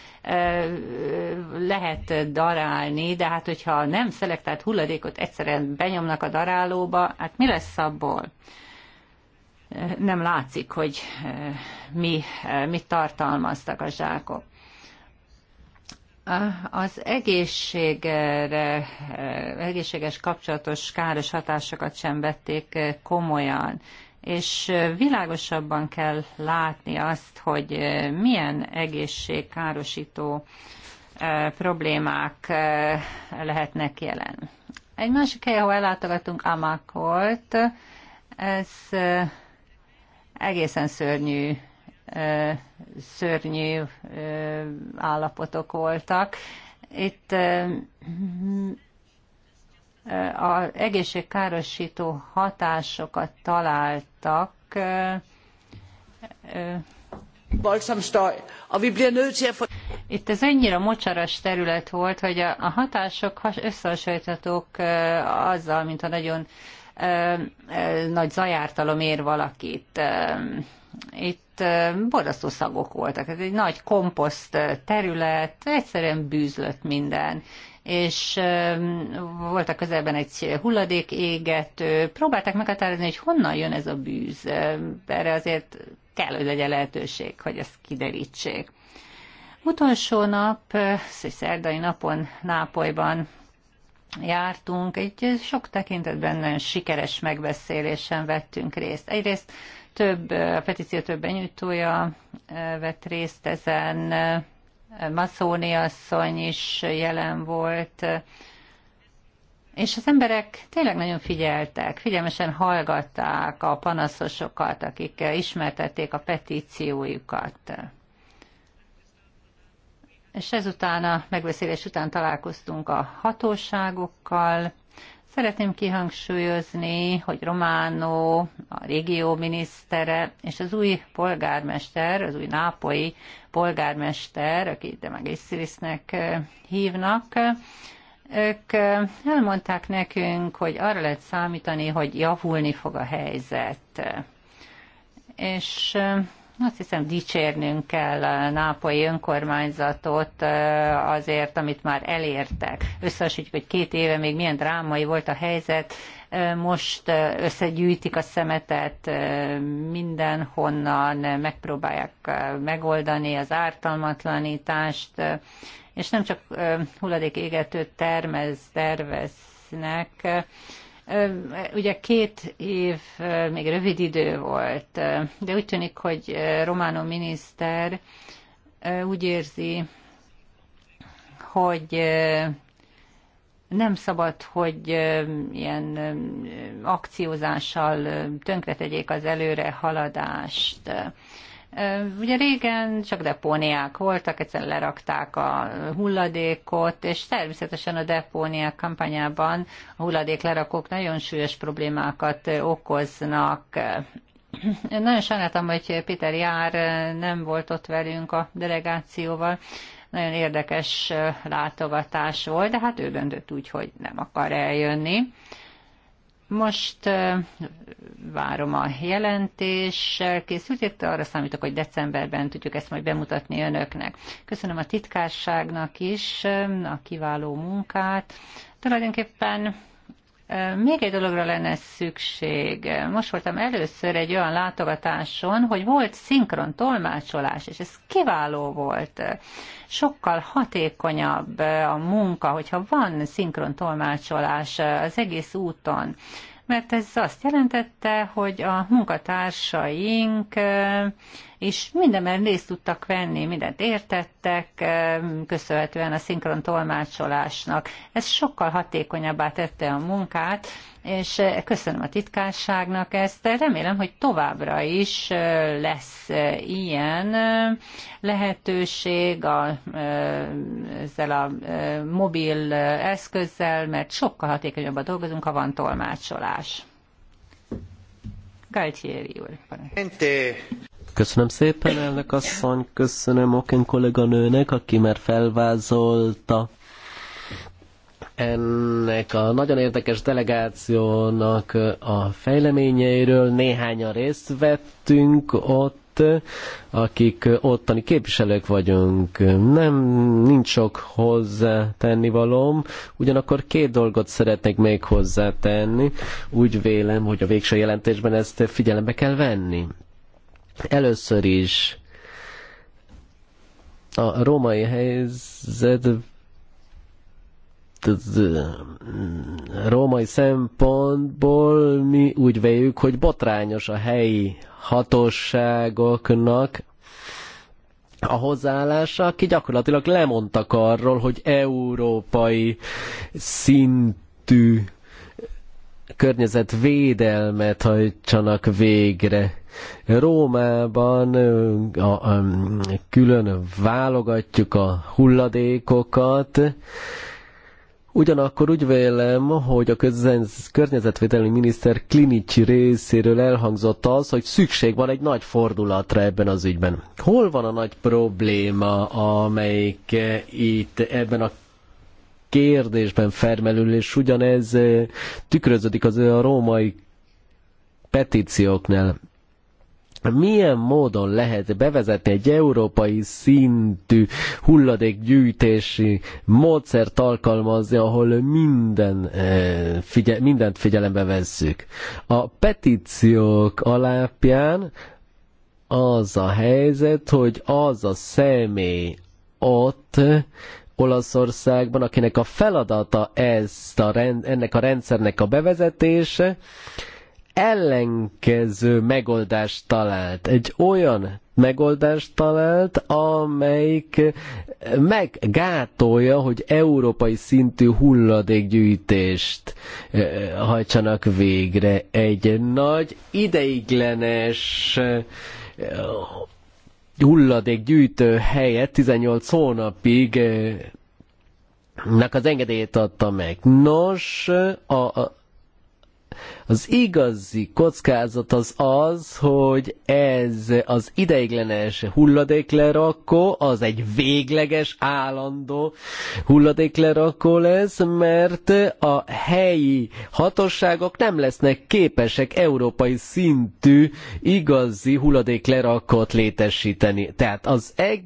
S4: lehet darálni, de hát hogyha nem szelektált hulladékot egyszerűen benyomnak a darálóba, hát mi lesz abból? Nem látszik, hogy mi, mit tartalmaztak a zsákok. Eh, az egészségre, eh, egészséges kapcsolatos káros hatásokat sem vették eh, komolyan, és világosabban kell látni azt, hogy milyen egészségkárosító problémák lehetnek jelen. Egy másik hely, ahol ellátogatunk, Amakolt, ez egészen szörnyű szörnyű állapotok voltak. Itt az egészségkárosító hatásokat találtak. Itt ez annyira mocsaras terület volt, hogy a hatások összehasonlíthatók azzal, mintha nagyon nagy zajártalom ér valakit itt borzasztó szagok voltak. Ez egy nagy komposzt terület, egyszerűen bűzlött minden és volt a közelben egy hulladék égető. Próbálták meghatározni, hogy honnan jön ez a bűz. Erre azért kell, hogy legyen lehetőség, hogy ezt kiderítsék. Utolsó nap, szerdai napon Nápolyban jártunk, egy sok tekintetben nagyon sikeres megbeszélésen vettünk részt. Egyrészt több, a petíció több benyújtója vett részt ezen, Maszóni asszony is jelen volt, és az emberek tényleg nagyon figyeltek, figyelmesen hallgatták a panaszosokat, akik ismertették a petíciójukat. És ezután a megbeszélés után találkoztunk a hatóságokkal, Szeretném kihangsúlyozni, hogy Románó, a régió minisztere és az új polgármester, az új nápoi polgármester, akit de meg hívnak, ők elmondták nekünk, hogy arra lehet számítani, hogy javulni fog a helyzet. És azt hiszem dicsérnünk kell a nápolyi önkormányzatot azért, amit már elértek. Összehasonlítjuk, hogy két éve még milyen drámai volt a helyzet, most összegyűjtik a szemetet mindenhonnan, megpróbálják megoldani az ártalmatlanítást, és nem csak égetőt termez, terveznek, Ugye két év még rövid idő volt, de úgy tűnik, hogy Románó miniszter úgy érzi, hogy nem szabad, hogy ilyen akciózással tönkretegyék az előre haladást. Ugye régen csak depóniák voltak, egyszerűen lerakták a hulladékot, és természetesen a depóniák kampányában a hulladéklerakók nagyon súlyos problémákat okoznak. Én nagyon sajnáltam, hogy Péter Jár nem volt ott velünk a delegációval. Nagyon érdekes látogatás volt, de hát ő döntött úgy, hogy nem akar eljönni. Most várom a jelentés érte arra számítok, hogy decemberben tudjuk ezt majd bemutatni önöknek. Köszönöm a titkárságnak is a kiváló munkát. Tulajdonképpen még egy dologra lenne szükség. Most voltam először egy olyan látogatáson, hogy volt szinkron tolmácsolás, és ez kiváló volt. Sokkal hatékonyabb a munka, hogyha van szinkron tolmácsolás az egész úton. Mert ez azt jelentette, hogy a munkatársaink és mert részt tudtak venni, mindent értettek, köszönhetően a szinkron tolmácsolásnak. Ez sokkal hatékonyabbá tette a munkát, és köszönöm a titkárságnak ezt. Remélem, hogy továbbra is lesz ilyen lehetőség a, ezzel a mobil eszközzel, mert sokkal hatékonyabban dolgozunk, ha van tolmácsolás. Galtieri úr.
S3: Köszönöm szépen, elnök asszony, köszönöm Oken kolléganőnek, aki már felvázolta ennek a nagyon érdekes delegációnak a fejleményeiről. Néhányan részt vettünk ott, akik ottani képviselők vagyunk. Nem, nincs sok hozzá tennivalom, ugyanakkor két dolgot szeretnék még hozzátenni. Úgy vélem, hogy a végső jelentésben ezt figyelembe kell venni. Először is a római helyzet római szempontból mi úgy véljük, hogy botrányos a helyi hatóságoknak a hozzáállása, aki gyakorlatilag lemondtak arról, hogy európai szintű környezetvédelmet hajtsanak végre. Rómában a, a, külön válogatjuk a hulladékokat, Ugyanakkor úgy vélem, hogy a környezetvédelmi miniszter Klinicsi részéről elhangzott az, hogy szükség van egy nagy fordulatra ebben az ügyben. Hol van a nagy probléma, amelyik eh, itt ebben a kérdésben felmerül, és ugyanez tükröződik az a római petícióknál. Milyen módon lehet bevezetni egy európai szintű hulladékgyűjtési módszert alkalmazni, ahol minden, figye, mindent figyelembe vesszük? A petíciók alapján az a helyzet, hogy az a személy ott, Olaszországban, akinek a feladata ezt a rend, ennek a rendszernek a bevezetése, ellenkező megoldást talált. Egy olyan megoldást talált, amelyik meggátolja, hogy európai szintű hulladékgyűjtést hajtsanak végre. Egy nagy ideiglenes hulladékgyűjtő helyet 18 hónapig eh, nek az engedélyét adta meg. Nos, a, a az igazi kockázat az az, hogy ez az ideiglenes hulladéklerakó, az egy végleges, állandó hulladéklerakó lesz, mert a helyi hatóságok nem lesznek képesek európai szintű igazi hulladéklerakót létesíteni. Tehát az egy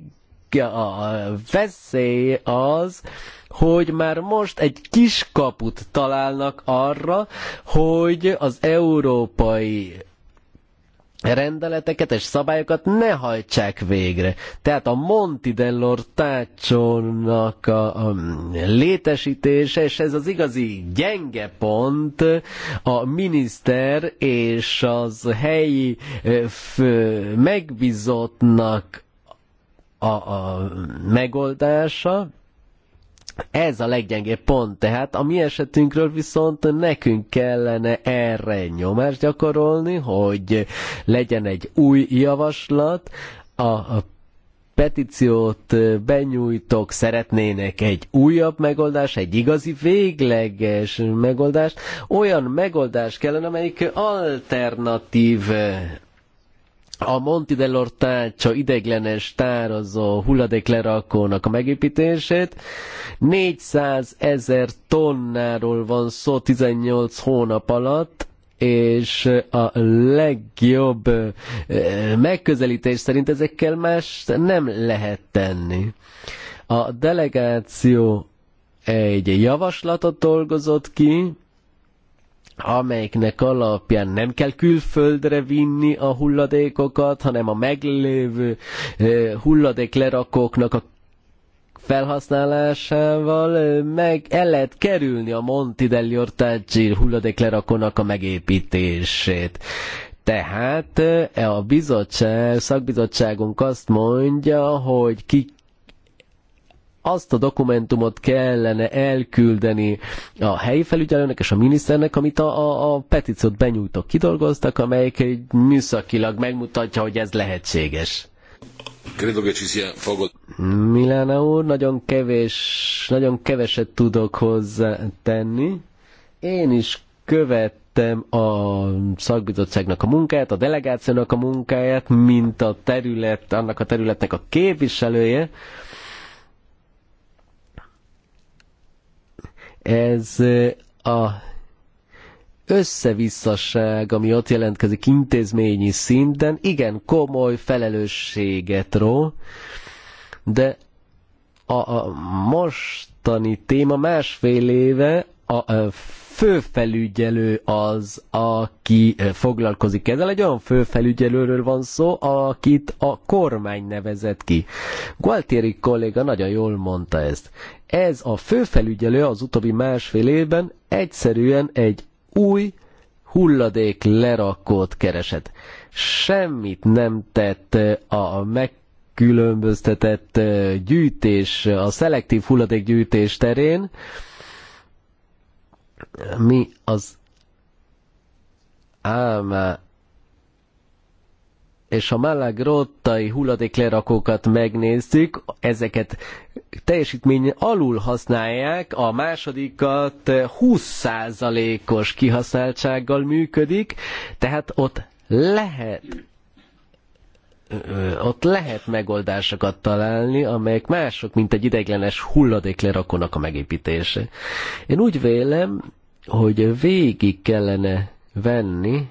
S3: a veszély az, hogy már most egy kis kaput találnak arra, hogy az európai rendeleteket és szabályokat ne hajtsák végre. Tehát a Monti Dellor a, a létesítése, és ez az igazi gyenge pont a miniszter és az helyi megbizottnak a, a megoldása, ez a leggyengébb pont, tehát a mi esetünkről viszont nekünk kellene erre nyomást gyakorolni, hogy legyen egy új javaslat, a petíciót benyújtók szeretnének egy újabb megoldás, egy igazi végleges megoldást, olyan megoldás kellene, amelyik alternatív a Monti dell'Ortaccio ideiglenes tározó hulladéklerakónak a megépítését. 400 ezer tonnáról van szó 18 hónap alatt, és a legjobb megközelítés szerint ezekkel más nem lehet tenni. A delegáció egy javaslatot dolgozott ki, amelyiknek alapján nem kell külföldre vinni a hulladékokat, hanem a meglévő eh, hulladéklerakóknak a felhasználásával eh, meg el lehet kerülni a Monti del Ortaggi hulladéklerakónak a megépítését. Tehát eh, a bizottság, szakbizottságunk azt mondja, hogy ki azt a dokumentumot kellene elküldeni a helyi felügyelőnek és a miniszternek, amit a, a, a petíciót benyújtok, kidolgoztak, amelyik egy műszakilag megmutatja, hogy ez lehetséges. Milána úr, nagyon kevés, nagyon keveset tudok hozzá tenni. Én is követtem a szakbizottságnak a munkáját, a delegációnak a munkáját, mint a terület, annak a területnek a képviselője. ez a összevisszaság, ami ott jelentkezik intézményi szinten, igen komoly felelősséget ró, de a, a mostani téma másfél éve a, a főfelügyelő az, aki foglalkozik ezzel. Egy olyan főfelügyelőről van szó, akit a kormány nevezett ki. Gualtieri kolléga nagyon jól mondta ezt ez a főfelügyelő az utóbbi másfél évben egyszerűen egy új hulladék lerakót keresett. Semmit nem tett a meg különböztetett gyűjtés, a szelektív hulladékgyűjtés terén, mi az álmá és a Malagrottai hulladéklerakókat megnézzük, ezeket teljesítmény alul használják, a másodikat 20%-os kihasználtsággal működik, tehát ott lehet ott lehet megoldásokat találni, amelyek mások, mint egy ideiglenes hulladéklerakónak a megépítése. Én úgy vélem, hogy végig kellene venni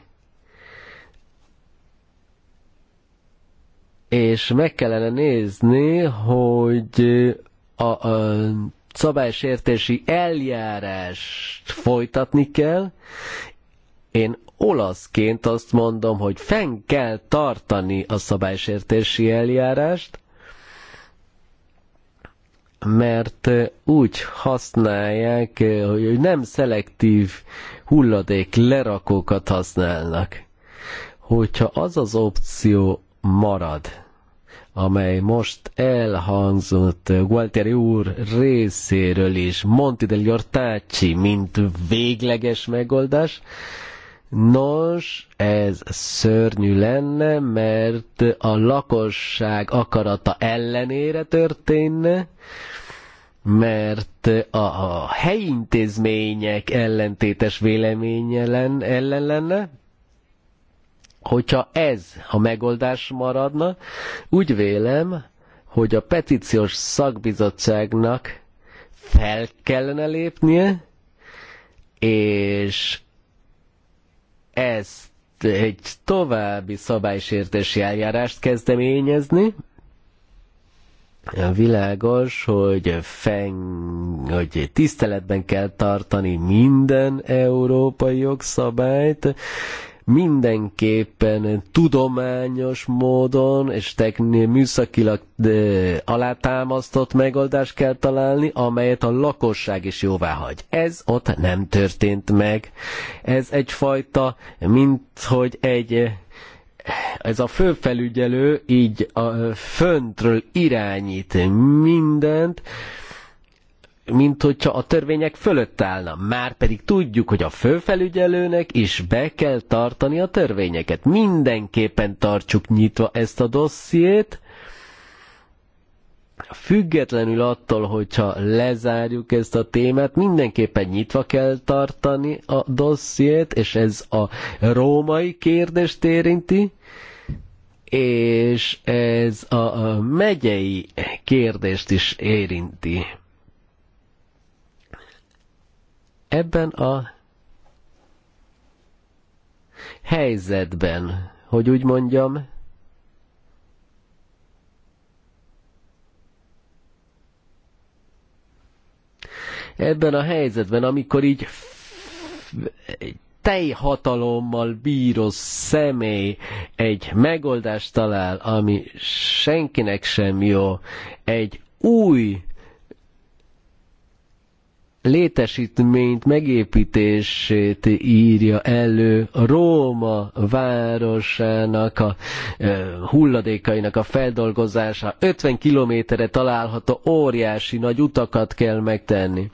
S3: és meg kellene nézni, hogy a, a szabálysértési eljárást folytatni kell. Én olaszként azt mondom, hogy fenn kell tartani a szabálysértési eljárást, mert úgy használják, hogy nem szelektív hulladék lerakókat használnak. Hogyha az az opció marad, amely most elhangzott Gualtieri úr részéről is, Monti del Jortácsi, mint végleges megoldás, Nos, ez szörnyű lenne, mert a lakosság akarata ellenére történne, mert a, a helyi intézmények ellentétes véleménye ellen, ellen lenne, Hogyha ez a megoldás maradna, úgy vélem, hogy a petíciós szakbizottságnak fel kellene lépnie, és ezt egy további szabálysértési eljárást kezdeményezni. Világos, hogy, fenn, hogy tiszteletben kell tartani minden európai jogszabályt, mindenképpen tudományos módon és techni, műszakilag de, alátámasztott megoldást kell találni, amelyet a lakosság is jóvá hagy. Ez ott nem történt meg. Ez egyfajta, mint hogy egy ez a főfelügyelő így a föntről irányít mindent, mint hogyha a törvények fölött állna. Már pedig tudjuk, hogy a főfelügyelőnek is be kell tartani a törvényeket. Mindenképpen tartsuk nyitva ezt a dossziét, függetlenül attól, hogyha lezárjuk ezt a témát, mindenképpen nyitva kell tartani a dossziét, és ez a római kérdést érinti, és ez a megyei kérdést is érinti. Ebben a helyzetben, hogy úgy mondjam, ebben a helyzetben, amikor így teljhatalommal bíró személy egy megoldást talál, ami senkinek sem jó, egy új létesítményt megépítését írja elő Róma városának a hulladékainak a feldolgozása. 50 kilométerre található óriási nagy utakat kell megtenni.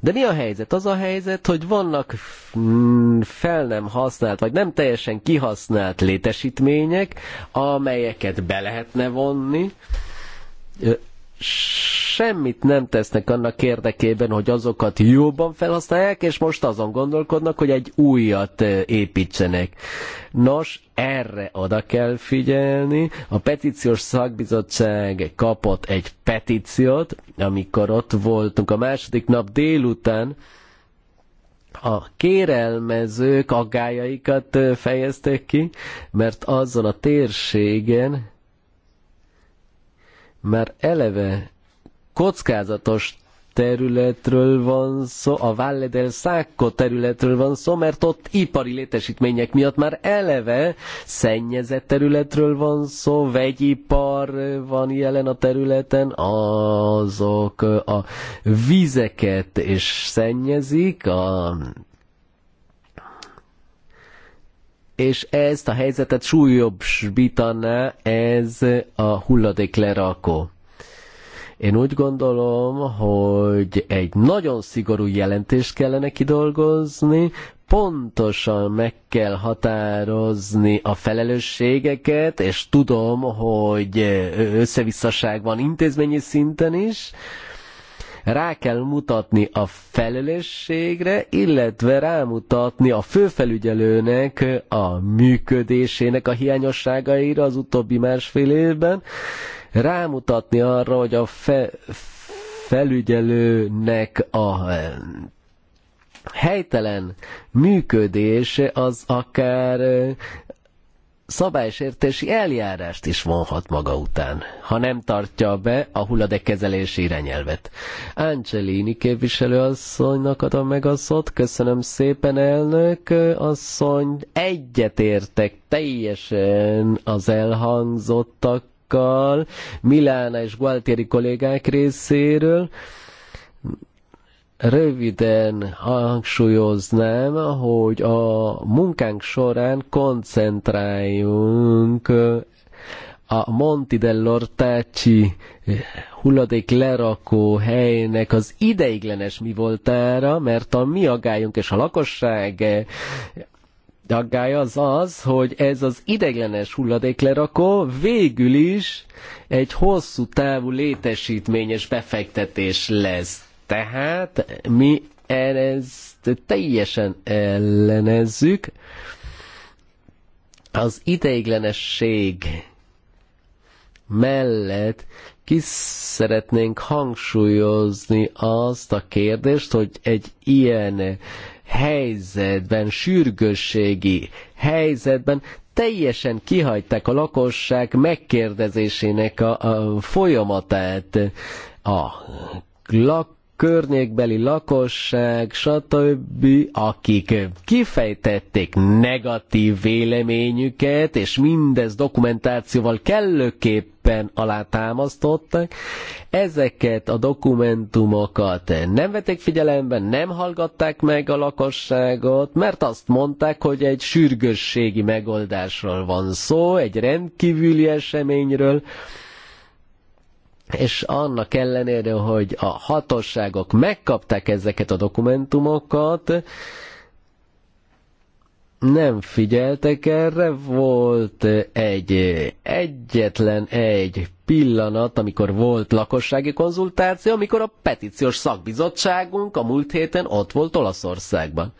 S3: De mi a helyzet? Az a helyzet, hogy vannak mm, fel nem használt, vagy nem teljesen kihasznált létesítmények, amelyeket be lehetne vonni, semmit nem tesznek annak érdekében, hogy azokat jobban felhasználják, és most azon gondolkodnak, hogy egy újat eh, építsenek. Nos, erre oda kell figyelni. A petíciós szakbizottság kapott egy petíciót, amikor ott voltunk a második nap délután, a kérelmezők aggájaikat eh, fejezték ki, mert azon a térségen már eleve kockázatos területről van szó, a Valle del Sacco területről van szó, mert ott ipari létesítmények miatt már eleve szennyezett területről van szó, vegyipar van jelen a területen, azok a vizeket és szennyezik, a és ezt a helyzetet súlyosbítaná ez a hulladék lerakó. Én úgy gondolom, hogy egy nagyon szigorú jelentést kellene kidolgozni, pontosan meg kell határozni a felelősségeket, és tudom, hogy összevisszaság van intézményi szinten is, rá kell mutatni a felelősségre, illetve rámutatni a főfelügyelőnek a működésének a hiányosságaira az utóbbi másfél évben, rámutatni arra, hogy a fe, felügyelőnek a helytelen működése az akár szabálysértési eljárást is vonhat maga után, ha nem tartja be a hulladékkezelési irányelvet. Angelini képviselőasszonynak adom meg a szót. Köszönöm szépen, elnök asszony. Egyetértek teljesen az elhangzottakkal, Milána és Gualtieri kollégák részéről röviden hangsúlyoznám, hogy a munkánk során koncentráljunk a Monti dell'Ortácsi hulladék lerakó helynek az ideiglenes mi voltára, mert a mi agályunk és a lakosság aggály az az, hogy ez az ideiglenes hulladék lerakó végül is egy hosszú távú létesítményes befektetés lesz tehát mi ezt teljesen ellenezzük. Az ideiglenesség mellett ki szeretnénk hangsúlyozni azt a kérdést, hogy egy ilyen helyzetben, sürgősségi helyzetben teljesen kihagyták a lakosság megkérdezésének a, a folyamatát. A lak környékbeli lakosság, stb., akik kifejtették negatív véleményüket, és mindez dokumentációval kellőképpen alátámasztották, ezeket a dokumentumokat nem vették figyelembe, nem hallgatták meg a lakosságot, mert azt mondták, hogy egy sürgősségi megoldásról van szó, egy rendkívüli eseményről, és annak ellenére, hogy a hatóságok megkapták ezeket a dokumentumokat, nem figyeltek erre, volt egy egyetlen egy pillanat, amikor volt lakossági konzultáció, amikor a petíciós szakbizottságunk a múlt héten ott volt Olaszországban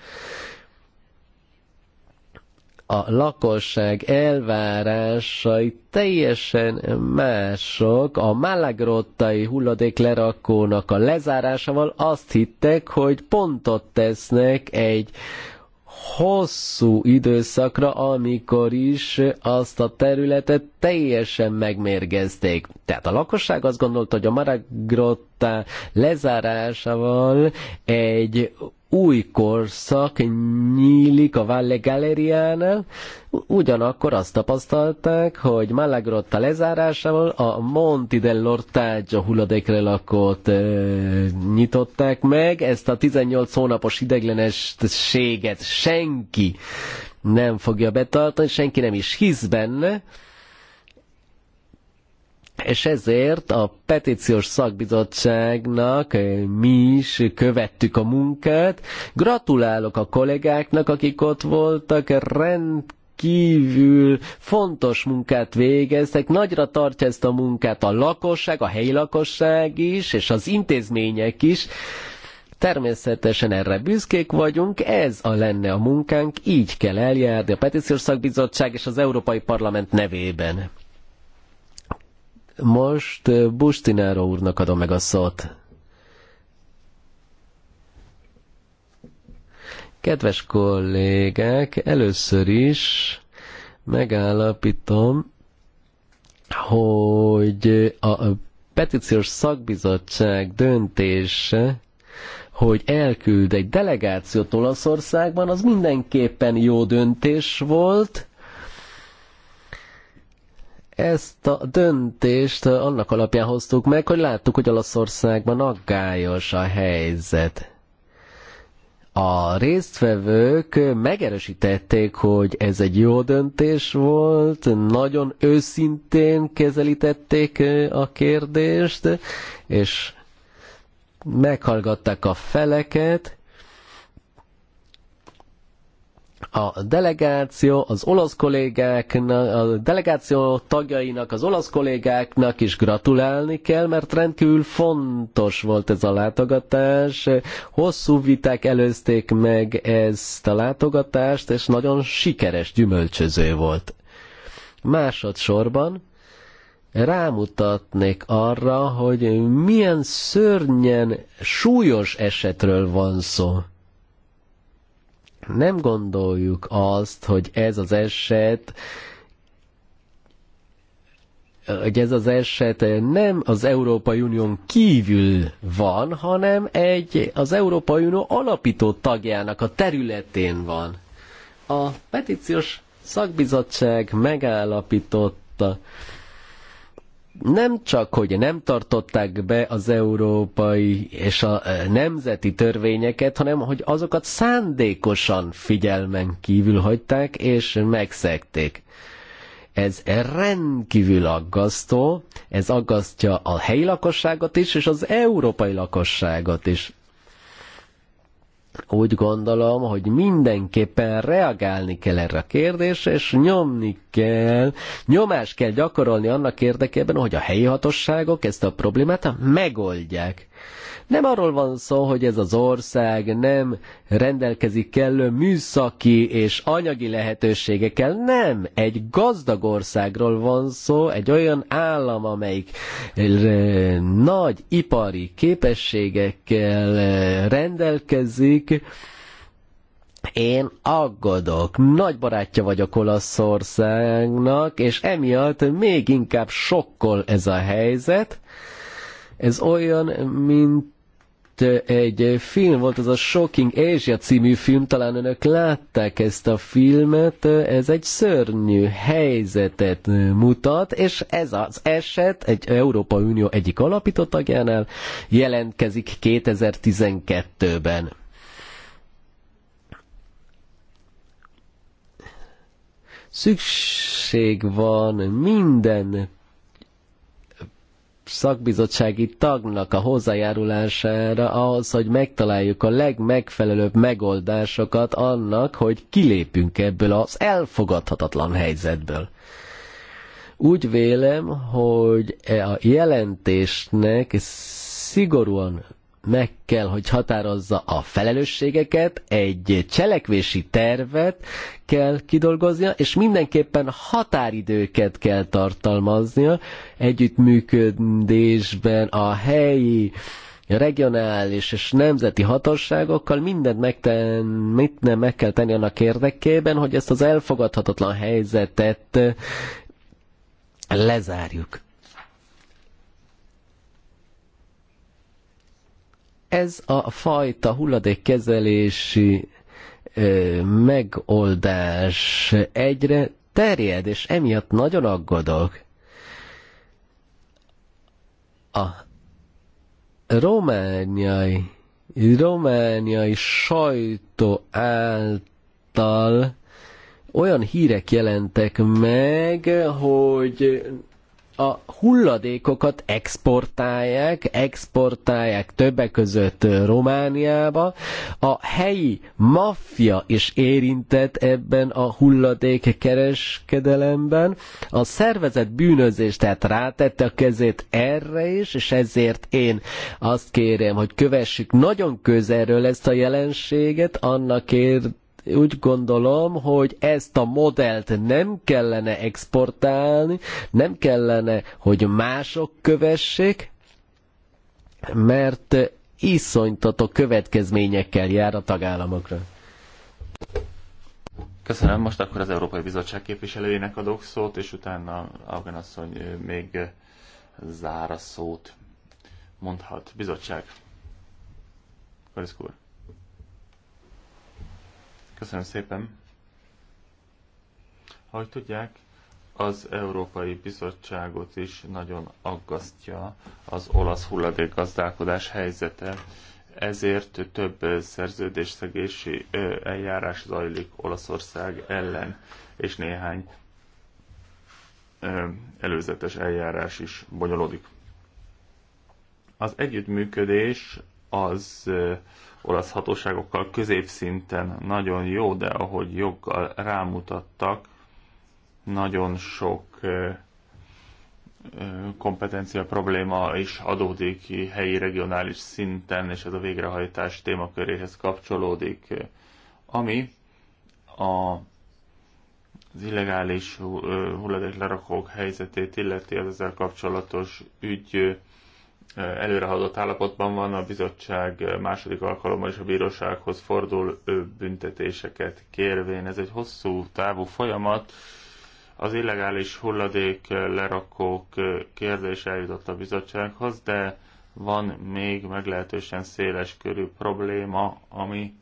S3: a lakosság elvárásai teljesen mások. A Malagrottai hulladéklerakónak a lezárásával azt hittek, hogy pontot tesznek egy hosszú időszakra, amikor is azt a területet teljesen megmérgezték. Tehát a lakosság azt gondolta, hogy a Maragrotta lezárásával egy új korszak nyílik a Valle Galeriánál, ugyanakkor azt tapasztalták, hogy Malagrotta lezárásával a Monti del dell'Ortaggia hulladékre lakott e, nyitották meg, ezt a 18 hónapos ideglenességet senki nem fogja betartani, senki nem is hisz benne, és ezért a petíciós szakbizottságnak eh, mi is követtük a munkát. Gratulálok a kollégáknak, akik ott voltak, rendkívül kívül fontos munkát végeztek, nagyra tartja ezt a munkát a lakosság, a helyi lakosság is, és az intézmények is. Természetesen erre büszkék vagyunk, ez a lenne a munkánk, így kell eljárni a Petíciós Szakbizottság és az Európai Parlament nevében. Most eh, Bustinára úrnak adom meg a szót. Kedves kollégák, először is megállapítom, hogy a petíciós szakbizottság döntése, hogy elküld egy delegációt Olaszországban, az mindenképpen jó döntés volt, ezt a döntést annak alapján hoztuk meg, hogy láttuk, hogy Olaszországban aggályos a helyzet. A résztvevők megerősítették, hogy ez egy jó döntés volt, nagyon őszintén kezelítették a kérdést, és meghallgatták a feleket, a delegáció, az olasz kollégáknak, a delegáció tagjainak, az olasz kollégáknak is gratulálni kell, mert rendkívül fontos volt ez a látogatás. Hosszú viták előzték meg ezt a látogatást, és nagyon sikeres, gyümölcsöző volt. Másodszorban rámutatnék arra, hogy milyen szörnyen súlyos esetről van szó nem gondoljuk azt, hogy ez az eset hogy ez az eset nem az Európai Unión kívül van, hanem egy az Európai Unió alapító tagjának a területén van. A petíciós szakbizottság megállapította, nem csak, hogy nem tartották be az európai és a eh, nemzeti törvényeket, hanem hogy azokat szándékosan figyelmen kívül hagyták és megszegték. Ez rendkívül aggasztó, ez aggasztja a helyi lakosságot is, és az európai lakosságot is úgy gondolom, hogy mindenképpen reagálni kell erre a kérdésre, és nyomni kell, nyomást kell gyakorolni annak érdekében, hogy a helyi hatosságok ezt a problémát megoldják. Nem arról van szó, hogy ez az ország nem rendelkezik kellő műszaki és anyagi lehetőségekkel, nem. Egy gazdag országról van szó, egy olyan állam, amelyik eh, nagy ipari képességekkel eh, rendelkezik, én aggodok. Nagy barátja vagyok Olaszországnak, és emiatt még inkább sokkol ez a helyzet. Ez olyan, mint egy film volt, az a Shocking Asia című film, talán önök látták ezt a filmet, ez egy szörnyű helyzetet mutat, és ez az eset egy Európa Unió egyik alapító tagjánál jelentkezik 2012-ben. Szükség van minden szakbizottsági tagnak a hozzájárulására ahhoz, hogy megtaláljuk a legmegfelelőbb megoldásokat annak, hogy kilépünk ebből az elfogadhatatlan helyzetből. Úgy vélem, hogy e a jelentésnek szigorúan meg kell, hogy határozza a felelősségeket, egy cselekvési tervet kell kidolgoznia, és mindenképpen határidőket kell tartalmaznia együttműködésben a helyi regionális és nemzeti hatóságokkal mindent megten, mit nem meg kell tenni annak érdekében, hogy ezt az elfogadhatatlan helyzetet lezárjuk. Ez a fajta hulladékkezelési megoldás egyre terjed, és emiatt nagyon aggodok. A romániai, romániai sajtó által olyan hírek jelentek meg, hogy a hulladékokat exportálják, exportálják többek között Romániába. A helyi maffia is érintett ebben a hulladék kereskedelemben. A szervezet bűnözés tehát rátette a kezét erre is, és ezért én azt kérem, hogy kövessük nagyon közelről ezt a jelenséget, annak érdekében, úgy gondolom, hogy ezt a modellt nem kellene exportálni, nem kellene, hogy mások kövessék, mert iszonytató következményekkel jár a tagállamokra.
S2: Köszönöm, most akkor az Európai Bizottság képviselőjének adok szót, és utána Algan asszony még zára szót mondhat. Bizottság. Kariszkúr. Köszönöm szépen. Ahogy tudják, az Európai Bizottságot is nagyon aggasztja az olasz hulladékgazdálkodás helyzete, ezért több szerződésszegési eljárás zajlik Olaszország ellen, és néhány előzetes eljárás is bonyolódik. Az együttműködés az olasz hatóságokkal középszinten nagyon jó, de ahogy joggal rámutattak, nagyon sok kompetencia probléma is adódik helyi, regionális szinten, és ez a végrehajtás témaköréhez kapcsolódik, ami a az illegális hulladéklerakók helyzetét illeti az ezzel kapcsolatos ügy előrehozott állapotban van, a bizottság második alkalommal is a bírósághoz fordul ő büntetéseket kérvén. Ez egy hosszú távú folyamat. Az illegális hulladék lerakók kérdés eljutott a bizottsághoz, de van még meglehetősen széles körű probléma, ami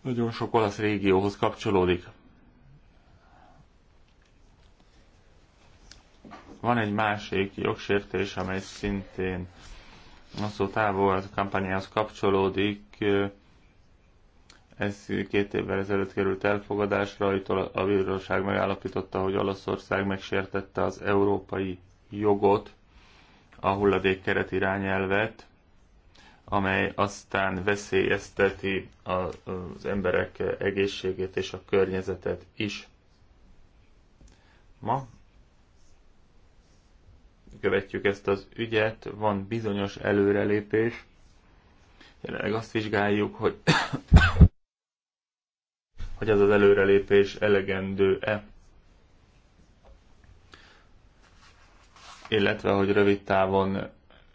S2: nagyon sok olasz régióhoz kapcsolódik. Van egy másik jogsértés, amely szintén hosszú távol a kampányához kapcsolódik. Ez két évvel ezelőtt került elfogadásra, itt a bíróság megállapította, hogy Olaszország megsértette az európai jogot, a hulladékkeret irányelvet, amely aztán veszélyezteti az emberek egészségét és a környezetet is. Ma követjük ezt az ügyet, van bizonyos előrelépés. Jelenleg azt vizsgáljuk, hogy, hogy az az előrelépés elegendő-e, illetve hogy rövid távon,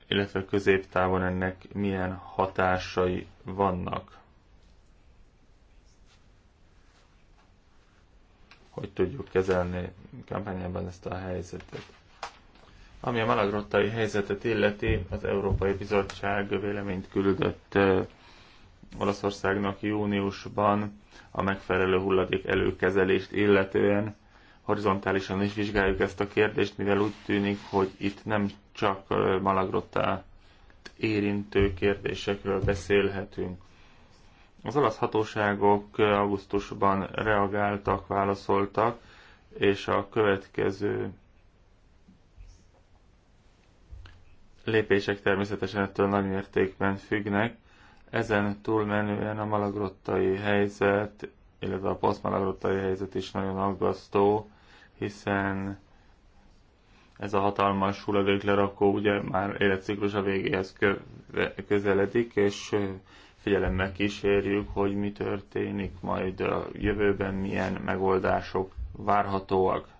S2: illetve középtávon ennek milyen hatásai vannak. Hogy tudjuk kezelni kampányában ezt a helyzetet. Ami a malagrottai helyzetet illeti, az Európai Bizottság véleményt küldött Olaszországnak júniusban a megfelelő hulladék előkezelést illetően. Horizontálisan is vizsgáljuk ezt a kérdést, mivel úgy tűnik, hogy itt nem csak malagrottá érintő kérdésekről beszélhetünk. Az olasz hatóságok augusztusban reagáltak, válaszoltak, és a következő lépések természetesen ettől nagy mértékben függnek. Ezen túlmenően a malagrottai helyzet, illetve a posztmalagrottai helyzet is nagyon aggasztó, hiszen ez a hatalmas hulladéklerakó ugye már életciklus a végéhez közeledik, és figyelemmel kísérjük, hogy mi történik majd a jövőben, milyen megoldások várhatóak.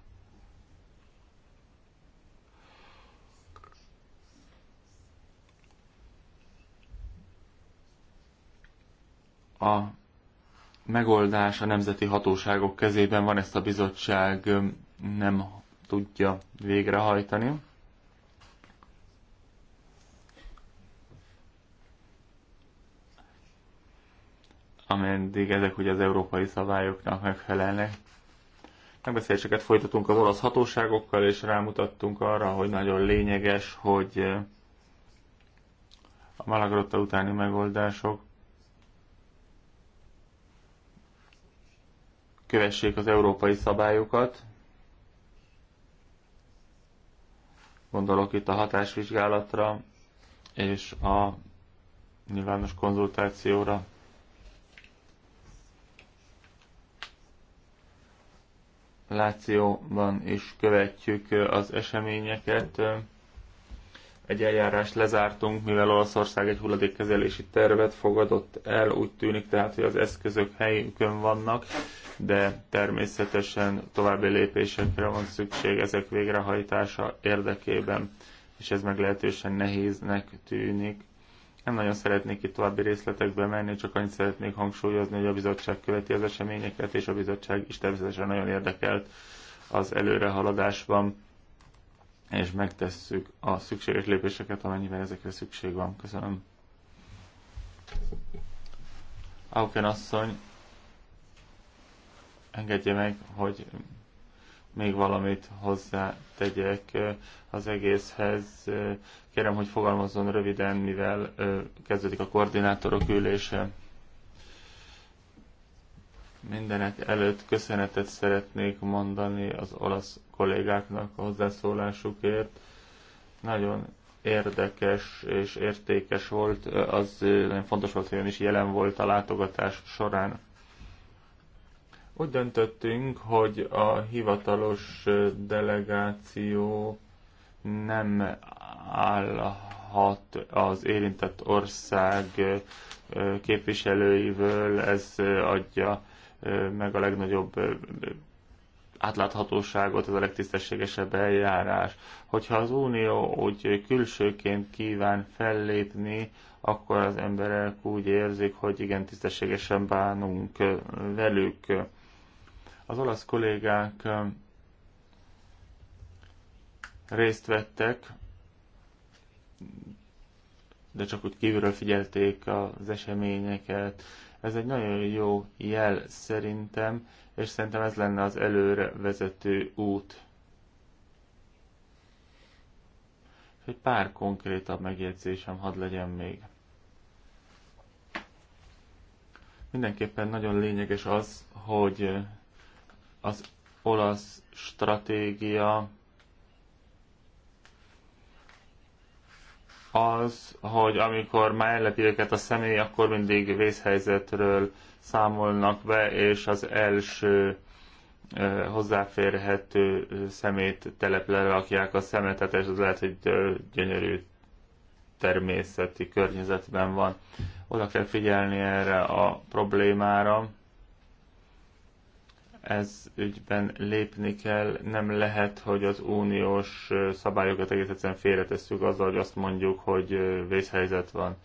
S2: a megoldás a nemzeti hatóságok kezében van, ezt a bizottság nem tudja végrehajtani. ameddig ezek ugye az európai szabályoknak megfelelnek. Megbeszéléseket folytatunk az olasz hatóságokkal, és rámutattunk arra, hogy nagyon lényeges, hogy a Malagrotta utáni megoldások kövessék az európai szabályokat. Gondolok itt a hatásvizsgálatra és a nyilvános konzultációra. Lációban is követjük az eseményeket egy eljárást lezártunk, mivel Olaszország egy hulladékkezelési tervet fogadott el, úgy tűnik tehát, hogy az eszközök helyükön vannak, de természetesen további lépésekre van szükség ezek végrehajtása érdekében, és ez meglehetősen nehéznek tűnik. Nem nagyon szeretnék itt további részletekbe menni, csak annyit szeretnék hangsúlyozni, hogy a bizottság követi az eseményeket, és a bizottság is természetesen nagyon érdekelt az előrehaladásban és megtesszük a szükséges lépéseket, amennyivel ezekre szükség van. Köszönöm. Auken asszony, engedje meg, hogy még valamit hozzá tegyek az egészhez. Kérem, hogy fogalmazzon röviden, mivel kezdődik a koordinátorok ülése. Mindenek előtt köszönetet szeretnék mondani az olasz kollégáknak a hozzászólásukért. Nagyon érdekes és értékes volt, az nagyon fontos volt, hogy ön is jelen volt a látogatás során. Úgy döntöttünk, hogy a hivatalos delegáció nem állhat az érintett ország képviselőivől, ez adja meg a legnagyobb átláthatóságot, ez a legtisztességesebb eljárás. Hogyha az Unió úgy külsőként kíván fellépni, akkor az emberek úgy érzik, hogy igen, tisztességesen bánunk velük. Az olasz kollégák részt vettek, de csak úgy kívülről figyelték az eseményeket, ez egy nagyon jó jel szerintem, és szerintem ez lenne az előre vezető út. egy pár konkrétabb megjegyzésem hadd legyen még. Mindenképpen nagyon lényeges az, hogy az olasz stratégia az, hogy amikor már ellepi őket a személy, akkor mindig vészhelyzetről számolnak be, és az első hozzáférhető szemét teleple rakják a szemetet, és az lehet, hogy gyönyörű természeti környezetben van. Oda kell figyelni erre a problémára ez ügyben lépni kell, nem lehet, hogy az uniós szabályokat egész egyszerűen félretesszük azzal, hogy azt mondjuk, hogy vészhelyzet van.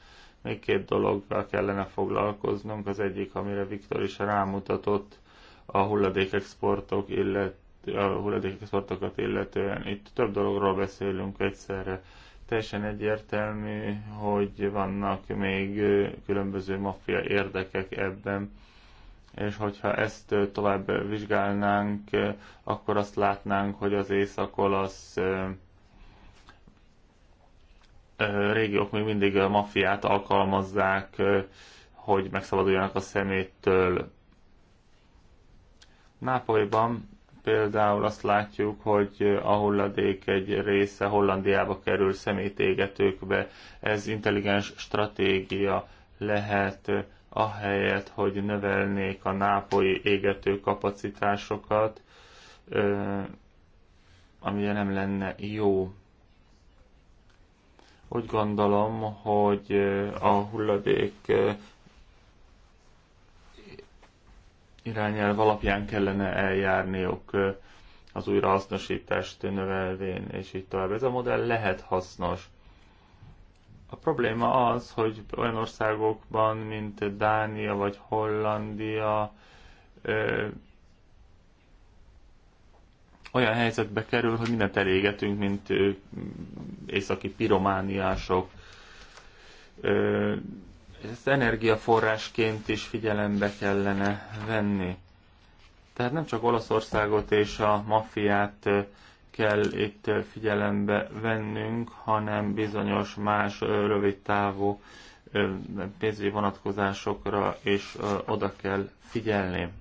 S2: Még két dologgal kellene foglalkoznunk, az egyik, amire Viktor is rámutatott, a hulladékexportok, illet, a hulladékexportokat illetően. Itt több dologról beszélünk egyszerre. Teljesen egyértelmű, hogy vannak még különböző maffia érdekek ebben, és hogyha ezt tovább vizsgálnánk, akkor azt látnánk, hogy az észak az régiók még mindig a mafiát alkalmazzák, hogy megszabaduljanak a szeméttől. Nápolyban például azt látjuk, hogy a hulladék egy része Hollandiába kerül szemétégetőkbe. Ez intelligens stratégia lehet ahelyett, hogy növelnék a nápolyi égető kapacitásokat, ami nem lenne jó. Úgy gondolom, hogy a hulladék irányelv alapján kellene eljárniuk az újrahasznosítást növelvén, és így tovább. Ez a modell lehet hasznos. A probléma az, hogy olyan országokban, mint Dánia vagy Hollandia, ö, olyan helyzetbe kerül, hogy mindent elégetünk, mint ö, északi piromániások. Ö, ezt energiaforrásként is figyelembe kellene venni. Tehát nem csak Olaszországot és a maffiát kell itt figyelembe vennünk, hanem bizonyos más rövidtávú pénzügyi vonatkozásokra is oda kell figyelni.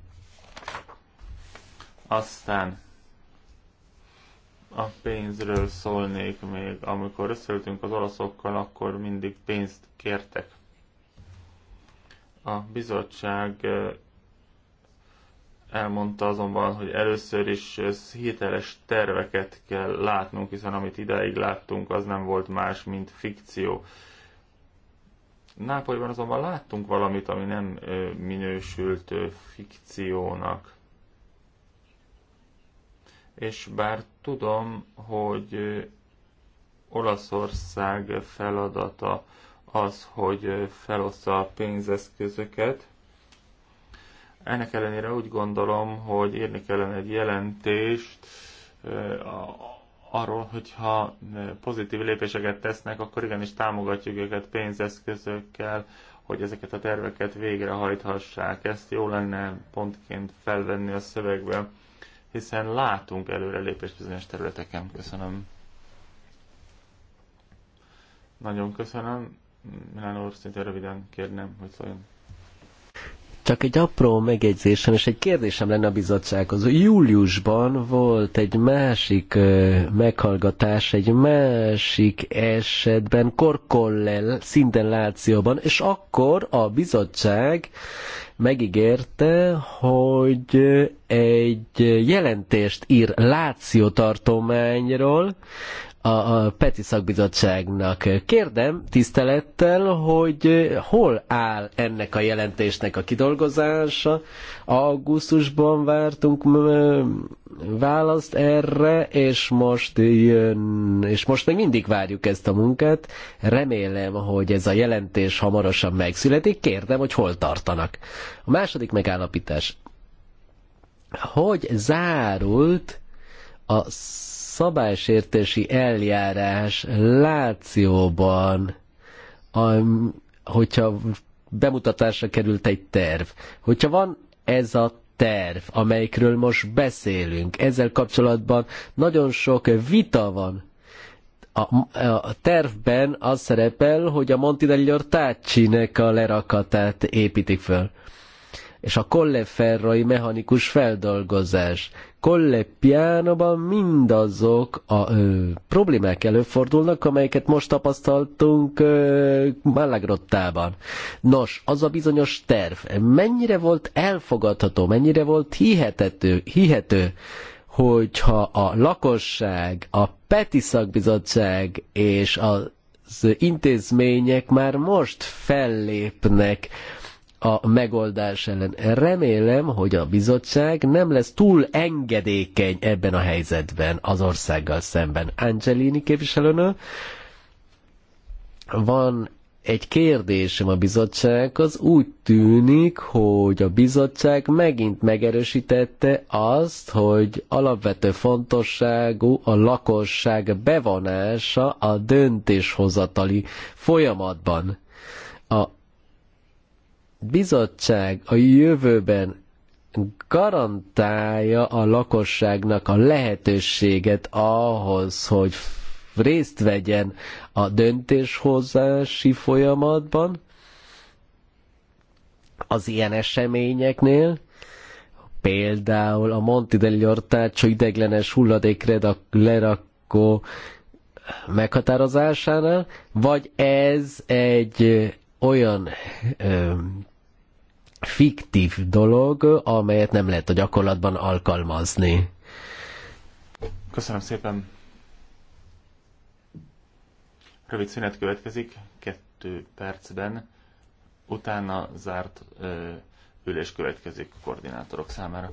S2: Aztán a pénzről szólnék még. Amikor összeültünk az olaszokkal, akkor mindig pénzt kértek. A bizottság elmondta azonban, hogy először is hiteles terveket kell látnunk, hiszen amit idáig láttunk, az nem volt más, mint fikció. Nápolyban azonban láttunk valamit, ami nem minősült fikciónak. És bár tudom, hogy Olaszország feladata az, hogy felossza a pénzeszközöket, ennek ellenére úgy gondolom, hogy írni kellene egy jelentést arról, hogyha pozitív lépéseket tesznek, akkor igenis támogatjuk őket pénzeszközökkel, hogy ezeket a terveket végrehajthassák. Ezt jó lenne pontként felvenni a szövegbe, hiszen látunk előrelépést bizonyos területeken. Köszönöm. Nagyon köszönöm. Milán úr, szinte röviden kérném, hogy szóljon.
S3: Csak egy apró megjegyzésem és egy kérdésem lenne a bizottsághoz. Júliusban volt egy másik ö, meghallgatás, egy másik esetben, Korkollel, szinten Lációban, és akkor a bizottság megígérte, hogy egy jelentést ír Láció tartományról, a, a Peti Szakbizottságnak. Kérdem tisztelettel, hogy hol áll ennek a jelentésnek a kidolgozása. Augusztusban vártunk választ erre, és most jön, és most még mindig várjuk ezt a munkát. Remélem, hogy ez a jelentés hamarosan megszületik. Kérdem, hogy hol tartanak. A második megállapítás. Hogy zárult a szabálysértési eljárás lációban, a, hogyha bemutatásra került egy terv, hogyha van ez a terv, amelyikről most beszélünk, ezzel kapcsolatban nagyon sok vita van. A, a tervben az szerepel, hogy a Monti del a lerakatát építik föl és a Colleferroi mechanikus feldolgozás. Kollepiánban mindazok a ö, problémák előfordulnak, amelyeket most tapasztaltunk ö, Nos, az a bizonyos terv mennyire volt elfogadható, mennyire volt hihetető, hihető, hogyha a lakosság, a Peti Szakbizottság és az intézmények már most fellépnek a megoldás ellen. Remélem, hogy a bizottság nem lesz túl engedékeny ebben a helyzetben az országgal szemben. Angelini képviselőnő, van egy kérdésem a bizottsághoz. Úgy tűnik, hogy a bizottság megint megerősítette azt, hogy alapvető fontosságú a lakosság bevonása a döntéshozatali folyamatban bizottság a jövőben garantálja a lakosságnak a lehetőséget ahhoz, hogy részt vegyen a döntéshozási folyamatban, az ilyen eseményeknél, például a Monti del Jortácsó ideglenes hulladék lerakó meghatározásánál, vagy ez egy olyan fiktív dolog, amelyet nem lehet a gyakorlatban alkalmazni. Köszönöm szépen.
S2: Rövid szünet következik, kettő percben. Utána zárt ö, ülés következik a koordinátorok számára.